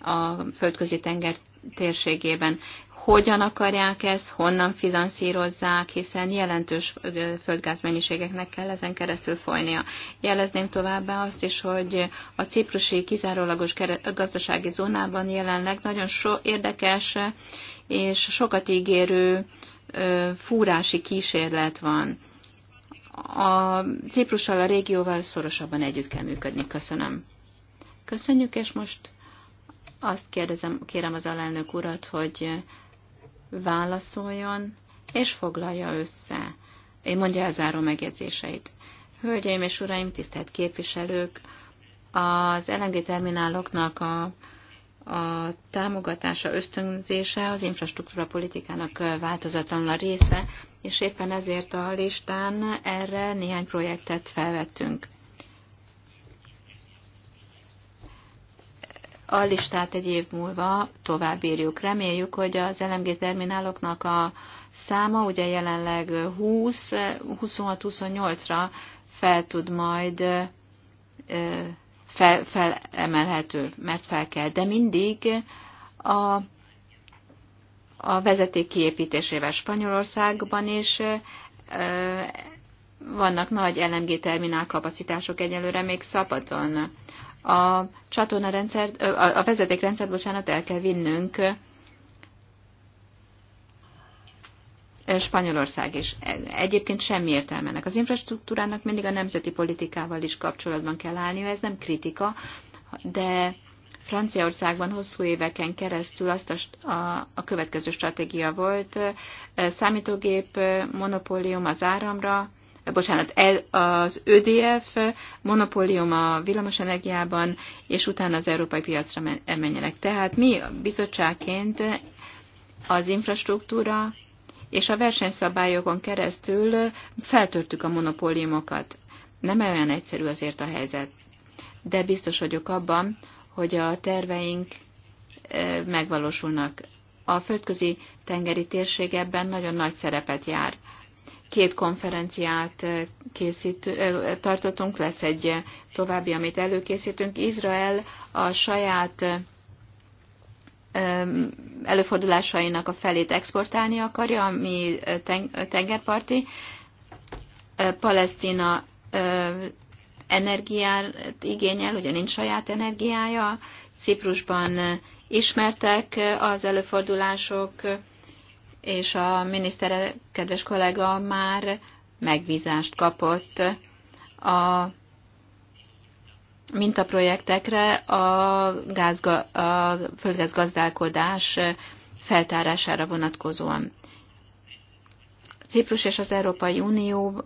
a földközi tenger térségében hogyan akarják ezt, honnan finanszírozzák, hiszen jelentős földgázmennyiségeknek kell ezen keresztül folynia. Jelezném továbbá azt is, hogy a ciprusi kizárólagos gazdasági zónában jelenleg nagyon so érdekes és sokat ígérő fúrási kísérlet van. A Ciprussal, a régióval szorosabban együtt kell működni. Köszönöm. Köszönjük, és most azt kérdezem, kérem az alelnök urat, hogy válaszoljon és foglalja össze. Én mondja a záró megjegyzéseit. Hölgyeim és uraim, tisztelt képviselők, az LNG termináloknak a, a támogatása, ösztönzése az infrastruktúra politikának változatlanul a része, és éppen ezért a listán erre néhány projektet felvettünk. A listát egy év múlva tovább írjuk. Reméljük, hogy az LMG termináloknak a száma ugye jelenleg 20, 26-28-ra fel tud majd fel, felemelhető, mert fel kell. De mindig a, a vezeték kiépítésével Spanyolországban is vannak nagy LNG terminál kapacitások egyelőre még szabadon a csatorna rendszer, a vezetékrendszert, bocsánat, el kell vinnünk Spanyolország is. Egyébként semmi értelme Az infrastruktúrának mindig a nemzeti politikával is kapcsolatban kell állni, ez nem kritika, de Franciaországban hosszú éveken keresztül azt a, a, a következő stratégia volt, számítógép monopólium az áramra, bocsánat, el, az ÖDF monopólium a villamosenergiában, és utána az európai piacra menjenek. Tehát mi bizottságként az infrastruktúra és a versenyszabályokon keresztül feltörtük a monopóliumokat. Nem olyan egyszerű azért a helyzet, de biztos vagyok abban, hogy a terveink megvalósulnak. A földközi tengeri térség ebben nagyon nagy szerepet jár két konferenciát készít, tartottunk, lesz egy további, amit előkészítünk. Izrael a saját előfordulásainak a felét exportálni akarja, ami tengerparti. Palesztina energiát igényel, ugye nincs saját energiája. Ciprusban ismertek az előfordulások, és a miniszter kedves kollega már megbízást kapott a mintaprojektekre a, gázga, a földgázgazdálkodás feltárására vonatkozóan. Ciprus és az Európai Unió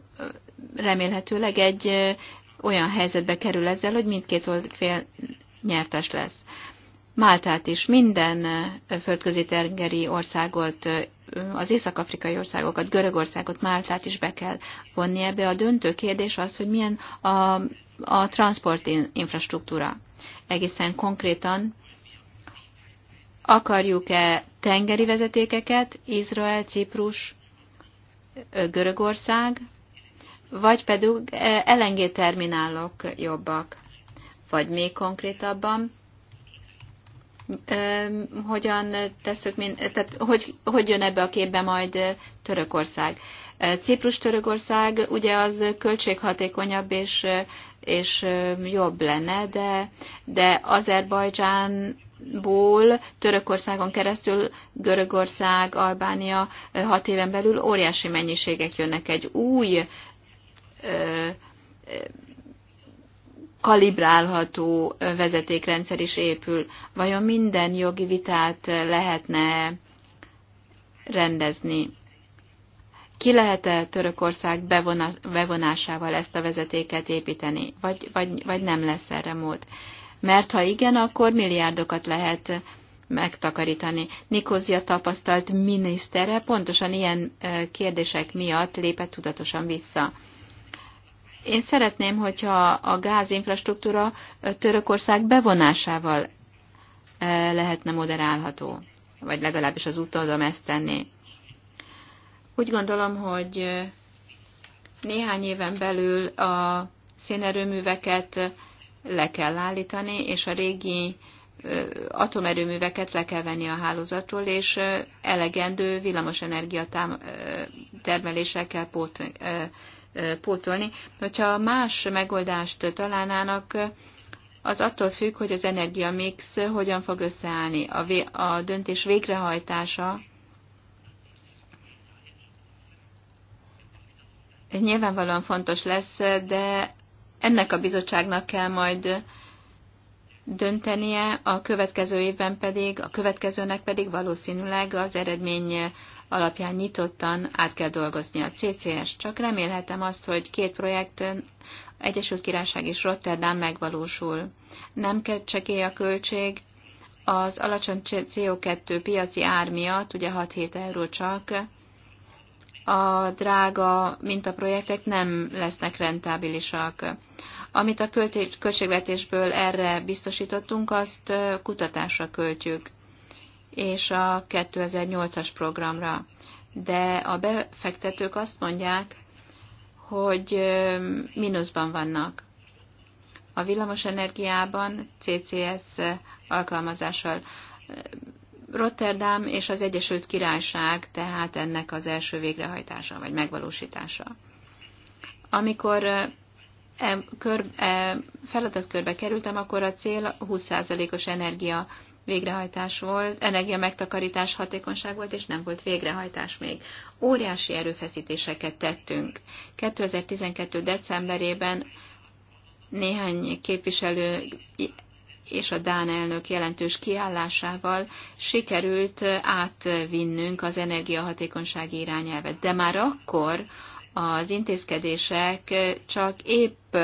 remélhetőleg egy olyan helyzetbe kerül ezzel, hogy mindkét fél nyertes lesz. Máltát is minden földközi tengeri országot az észak-afrikai országokat, Görögországot, Máltát is be kell vonni ebbe. A döntő kérdés az, hogy milyen a, a transport infrastruktúra. Egészen konkrétan akarjuk-e tengeri vezetékeket, Izrael, Ciprus, Görögország, vagy pedig LNG terminálok jobbak, vagy még konkrétabban hogyan tesszük, tehát hogy, hogy jön ebbe a képbe majd Törökország. Ciprus-Törökország ugye az költséghatékonyabb és, és jobb lenne, de, de Azerbajdzsán ból Törökországon keresztül Görögország, Albánia hat éven belül óriási mennyiségek jönnek egy új ö, ö, kalibrálható vezetékrendszer is épül. Vajon minden jogi vitát lehetne rendezni? Ki lehet-e Törökország bevonásával ezt a vezetéket építeni, vagy, vagy, vagy nem lesz erre mód? Mert ha igen, akkor milliárdokat lehet megtakarítani. Nikózia tapasztalt minisztere pontosan ilyen kérdések miatt lépett tudatosan vissza. Én szeretném, hogyha a gázinfrastruktúra Törökország bevonásával lehetne moderálható, vagy legalábbis az utódom ezt tenni. Úgy gondolom, hogy néhány éven belül a szénerőműveket le kell állítani, és a régi atomerőműveket le kell venni a hálózatról, és elegendő villamosenergia termeléssel kell pótolni. Hogyha más megoldást találnának, az attól függ, hogy az energiamix hogyan fog összeállni. A, vé- a döntés végrehajtása nyilvánvalóan fontos lesz, de ennek a bizottságnak kell majd döntenie, a következő évben pedig, a következőnek pedig valószínűleg az eredmény alapján nyitottan át kell dolgozni a CCS. Csak remélhetem azt, hogy két projekt Egyesült Királyság és Rotterdam megvalósul. Nem kell csekély a költség, az alacsony CO2 piaci ár miatt, ugye 6-7 euró csak, a drága mintaprojektek nem lesznek rentábilisak. Amit a költségvetésből erre biztosítottunk, azt kutatásra költjük és a 2008-as programra. De a befektetők azt mondják, hogy mínuszban vannak. A villamosenergiában CCS alkalmazással Rotterdam és az Egyesült Királyság tehát ennek az első végrehajtása vagy megvalósítása. Amikor e, kör, e, feladatkörbe kerültem, akkor a cél 20%-os energia végrehajtás volt, energia megtakarítás hatékonyság volt, és nem volt végrehajtás még. Óriási erőfeszítéseket tettünk. 2012. decemberében néhány képviselő és a Dán elnök jelentős kiállásával sikerült átvinnünk az energiahatékonysági irányelvet. De már akkor az intézkedések csak épp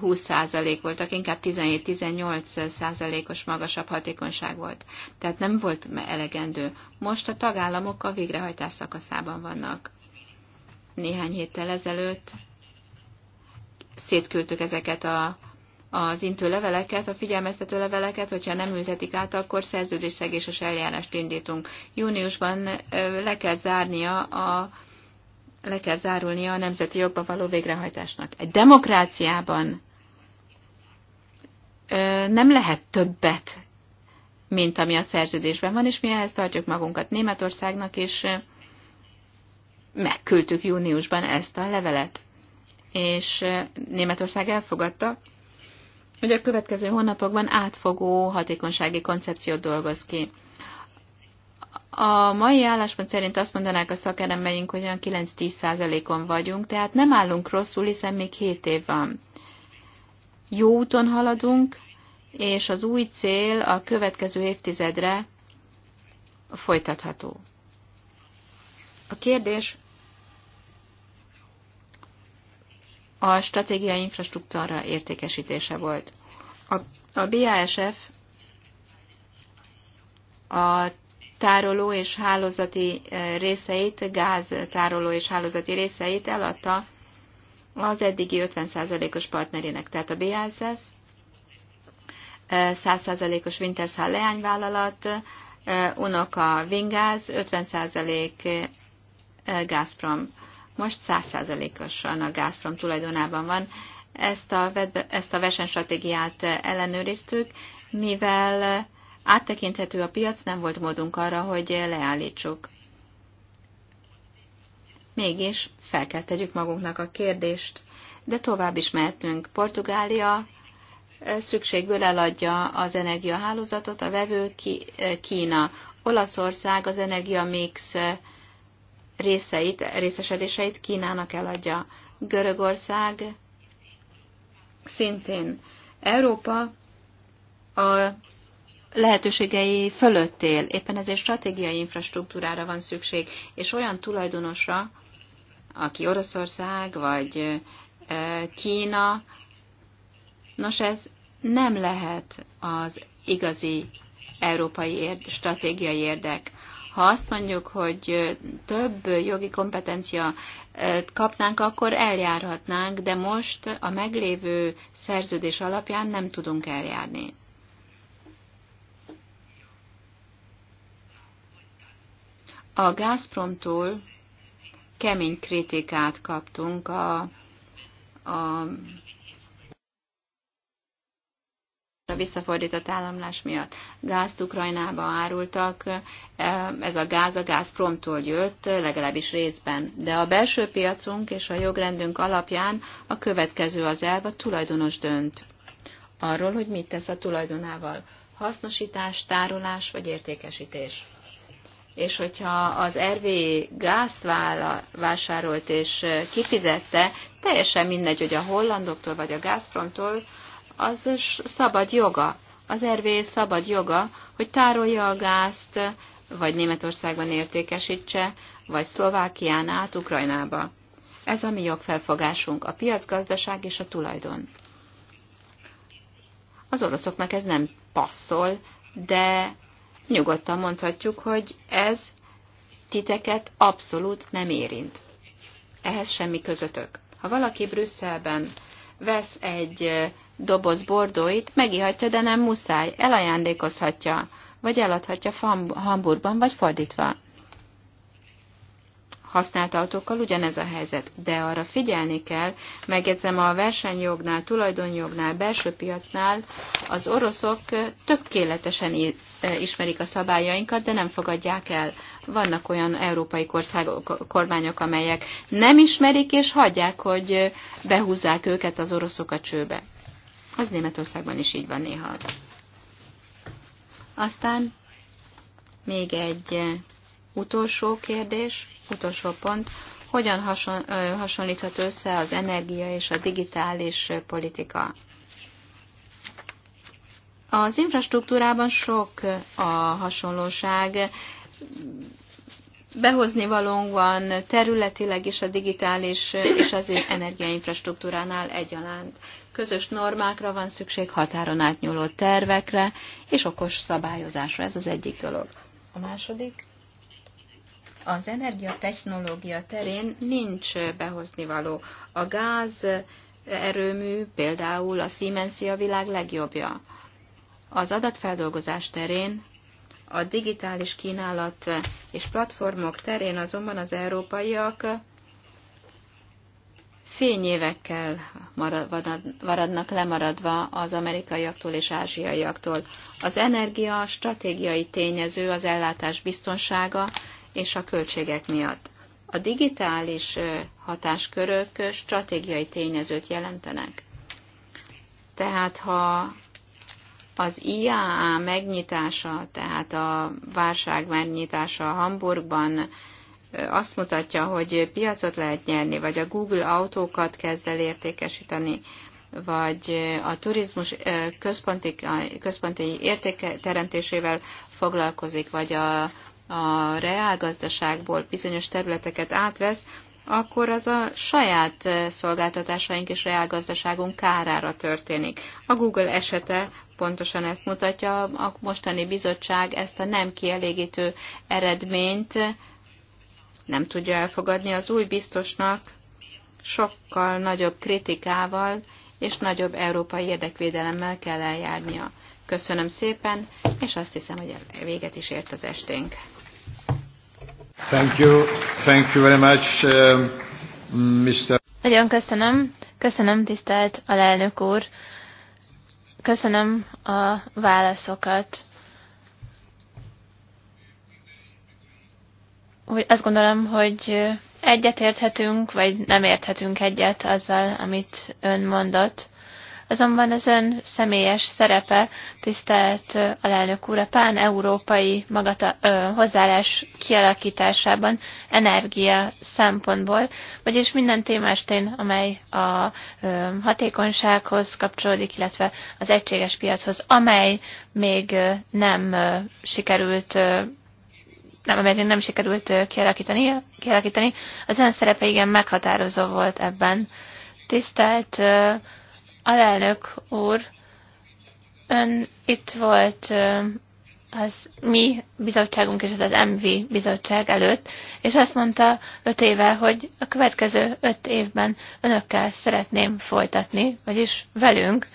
20% voltak, inkább 17-18%-os magasabb hatékonyság volt. Tehát nem volt elegendő. Most a tagállamok a végrehajtás szakaszában vannak. Néhány héttel ezelőtt szétküldtük ezeket a, az intő leveleket, a figyelmeztető leveleket, hogyha nem ültetik át, akkor szerződésszegéses eljárást indítunk. Júniusban le kell zárnia a le kell zárulnia a nemzeti jogba való végrehajtásnak. Egy demokráciában nem lehet többet, mint ami a szerződésben van, és mi ehhez tartjuk magunkat Németországnak, és megküldtük júniusban ezt a levelet. És Németország elfogadta, hogy a következő hónapokban átfogó hatékonysági koncepciót dolgoz ki. A mai álláspont szerint azt mondanák a szakeremeink, hogy olyan 9-10 on vagyunk, tehát nem állunk rosszul, hiszen még 7 év van. Jó úton haladunk, és az új cél a következő évtizedre folytatható. A kérdés a stratégiai infrastruktúra értékesítése volt. A, a BASF a tároló és hálózati részeit, gáz tároló és hálózati részeit eladta az eddigi 50%-os partnerének, tehát a BASF, 100%-os Wintershall leányvállalat, unoka Vingáz, 50% Gazprom. Most 100%-osan a Gazprom tulajdonában van. Ezt a, ezt a versenystratégiát ellenőriztük, mivel áttekinthető a piac, nem volt módunk arra, hogy leállítsuk. Mégis fel kell tegyük magunknak a kérdést, de tovább is mehetünk. Portugália eh, szükségből eladja az energiahálózatot, a vevő eh, Kína. Olaszország az energiamix eh, részeit, részesedéseit Kínának eladja. Görögország szintén. Európa a lehetőségei fölött él. Éppen ezért stratégiai infrastruktúrára van szükség, és olyan tulajdonosra, aki Oroszország vagy Kína, nos ez nem lehet az igazi európai érd, stratégiai érdek. Ha azt mondjuk, hogy több jogi kompetencia kapnánk, akkor eljárhatnánk, de most a meglévő szerződés alapján nem tudunk eljárni. A Gazpromtól kemény kritikát kaptunk a, a a visszafordított államlás miatt gázt Ukrajnába árultak, e, ez a gáz a Gazpromtól jött, legalábbis részben. De a belső piacunk és a jogrendünk alapján a következő az elv, a tulajdonos dönt. Arról, hogy mit tesz a tulajdonával. Hasznosítás, tárolás vagy értékesítés és hogyha az RV gázt vásárolt és kifizette, teljesen mindegy, hogy a hollandoktól vagy a Gazpromtól, az szabad joga. Az RV szabad joga, hogy tárolja a gázt, vagy Németországban értékesítse, vagy Szlovákián át Ukrajnába. Ez a mi jogfelfogásunk, a piacgazdaság és a tulajdon. Az oroszoknak ez nem passzol, de nyugodtan mondhatjuk, hogy ez titeket abszolút nem érint. Ehhez semmi közötök. Ha valaki Brüsszelben vesz egy doboz bordóit, megihatja, de nem muszáj, elajándékozhatja, vagy eladhatja Hamburgban, vagy fordítva használt autókkal ugyanez a helyzet, de arra figyelni kell, megjegyzem a versenyjognál, tulajdonjognál, belső piacnál az oroszok tökéletesen e, ismerik a szabályainkat, de nem fogadják el. Vannak olyan európai országok, kormányok, amelyek nem ismerik, és hagyják, hogy behúzzák őket az oroszok a csőbe. Az Németországban is így van néha. Aztán még egy utolsó kérdés, utolsó pont, hogyan hason, hasonlítható össze az energia és a digitális politika? Az infrastruktúrában sok a hasonlóság, behozni valónk van területileg is a digitális és az energiainfrastruktúránál egyaránt. Közös normákra van szükség, határon átnyúló tervekre és okos szabályozásra. Ez az egyik dolog. A második? az energiatechnológia terén nincs behozni való. A gáz erőmű például a siemens a világ legjobbja. Az adatfeldolgozás terén, a digitális kínálat és platformok terén azonban az európaiak fényévekkel maradnak lemaradva az amerikaiaktól és ázsiaiaktól. Az energia stratégiai tényező, az ellátás biztonsága, és a költségek miatt. A digitális hatáskörök stratégiai tényezőt jelentenek. Tehát ha az IAA megnyitása, tehát a válság megnyitása Hamburgban azt mutatja, hogy piacot lehet nyerni, vagy a Google autókat kezd el értékesíteni, vagy a turizmus központi, központi értékteremtésével foglalkozik, vagy a a reálgazdaságból bizonyos területeket átvesz, akkor az a saját szolgáltatásaink és reálgazdaságunk kárára történik. A Google esete pontosan ezt mutatja, a mostani bizottság ezt a nem kielégítő eredményt nem tudja elfogadni az új biztosnak sokkal nagyobb kritikával és nagyobb európai érdekvédelemmel kell eljárnia. Köszönöm szépen, és azt hiszem, hogy véget is ért az esténk.
Thank you. Thank you very much, uh, um, Mr.
Nagyon köszönöm. Köszönöm, tisztelt
alelnök úr. Köszönöm a válaszokat. Úgy azt gondolom, hogy egyet érthetünk, vagy nem érthetünk egyet azzal, amit ön mondott. Azonban az ön személyes szerepe, tisztelt alelnök úr, a pán-európai magata, ö, hozzáállás kialakításában energia szempontból, vagyis minden témástén, amely a ö, hatékonysághoz kapcsolódik, illetve az egységes piachoz, amely még nem ö, sikerült ö, nem, amelyet nem sikerült kialakítani, kialakítani, az ön szerepe igen meghatározó volt ebben. Tisztelt Alelnök úr, ön itt volt az mi bizottságunk és az, az MV bizottság előtt, és azt mondta öt éve, hogy a következő öt évben önökkel szeretném folytatni, vagyis velünk,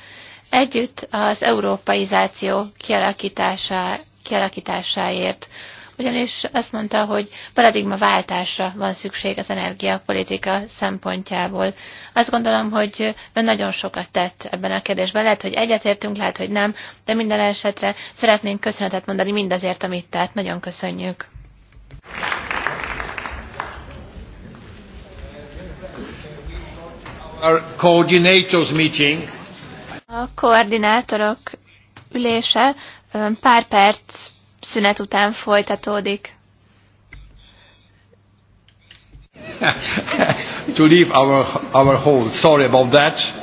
együtt az európaizáció kialakítása kialakításáért, ugyanis azt mondta, hogy paradigmaváltásra van szükség az energiapolitika szempontjából. Azt gondolom, hogy ön nagyon sokat tett ebben a kérdésben. Lehet, hogy egyetértünk, lehet, hogy nem, de minden esetre szeretnénk köszönetet mondani mindazért, amit tett. Nagyon köszönjük. A koordinátorok ülése pár perc szünet után folytatódik.
to leave our, our home. Sorry about that.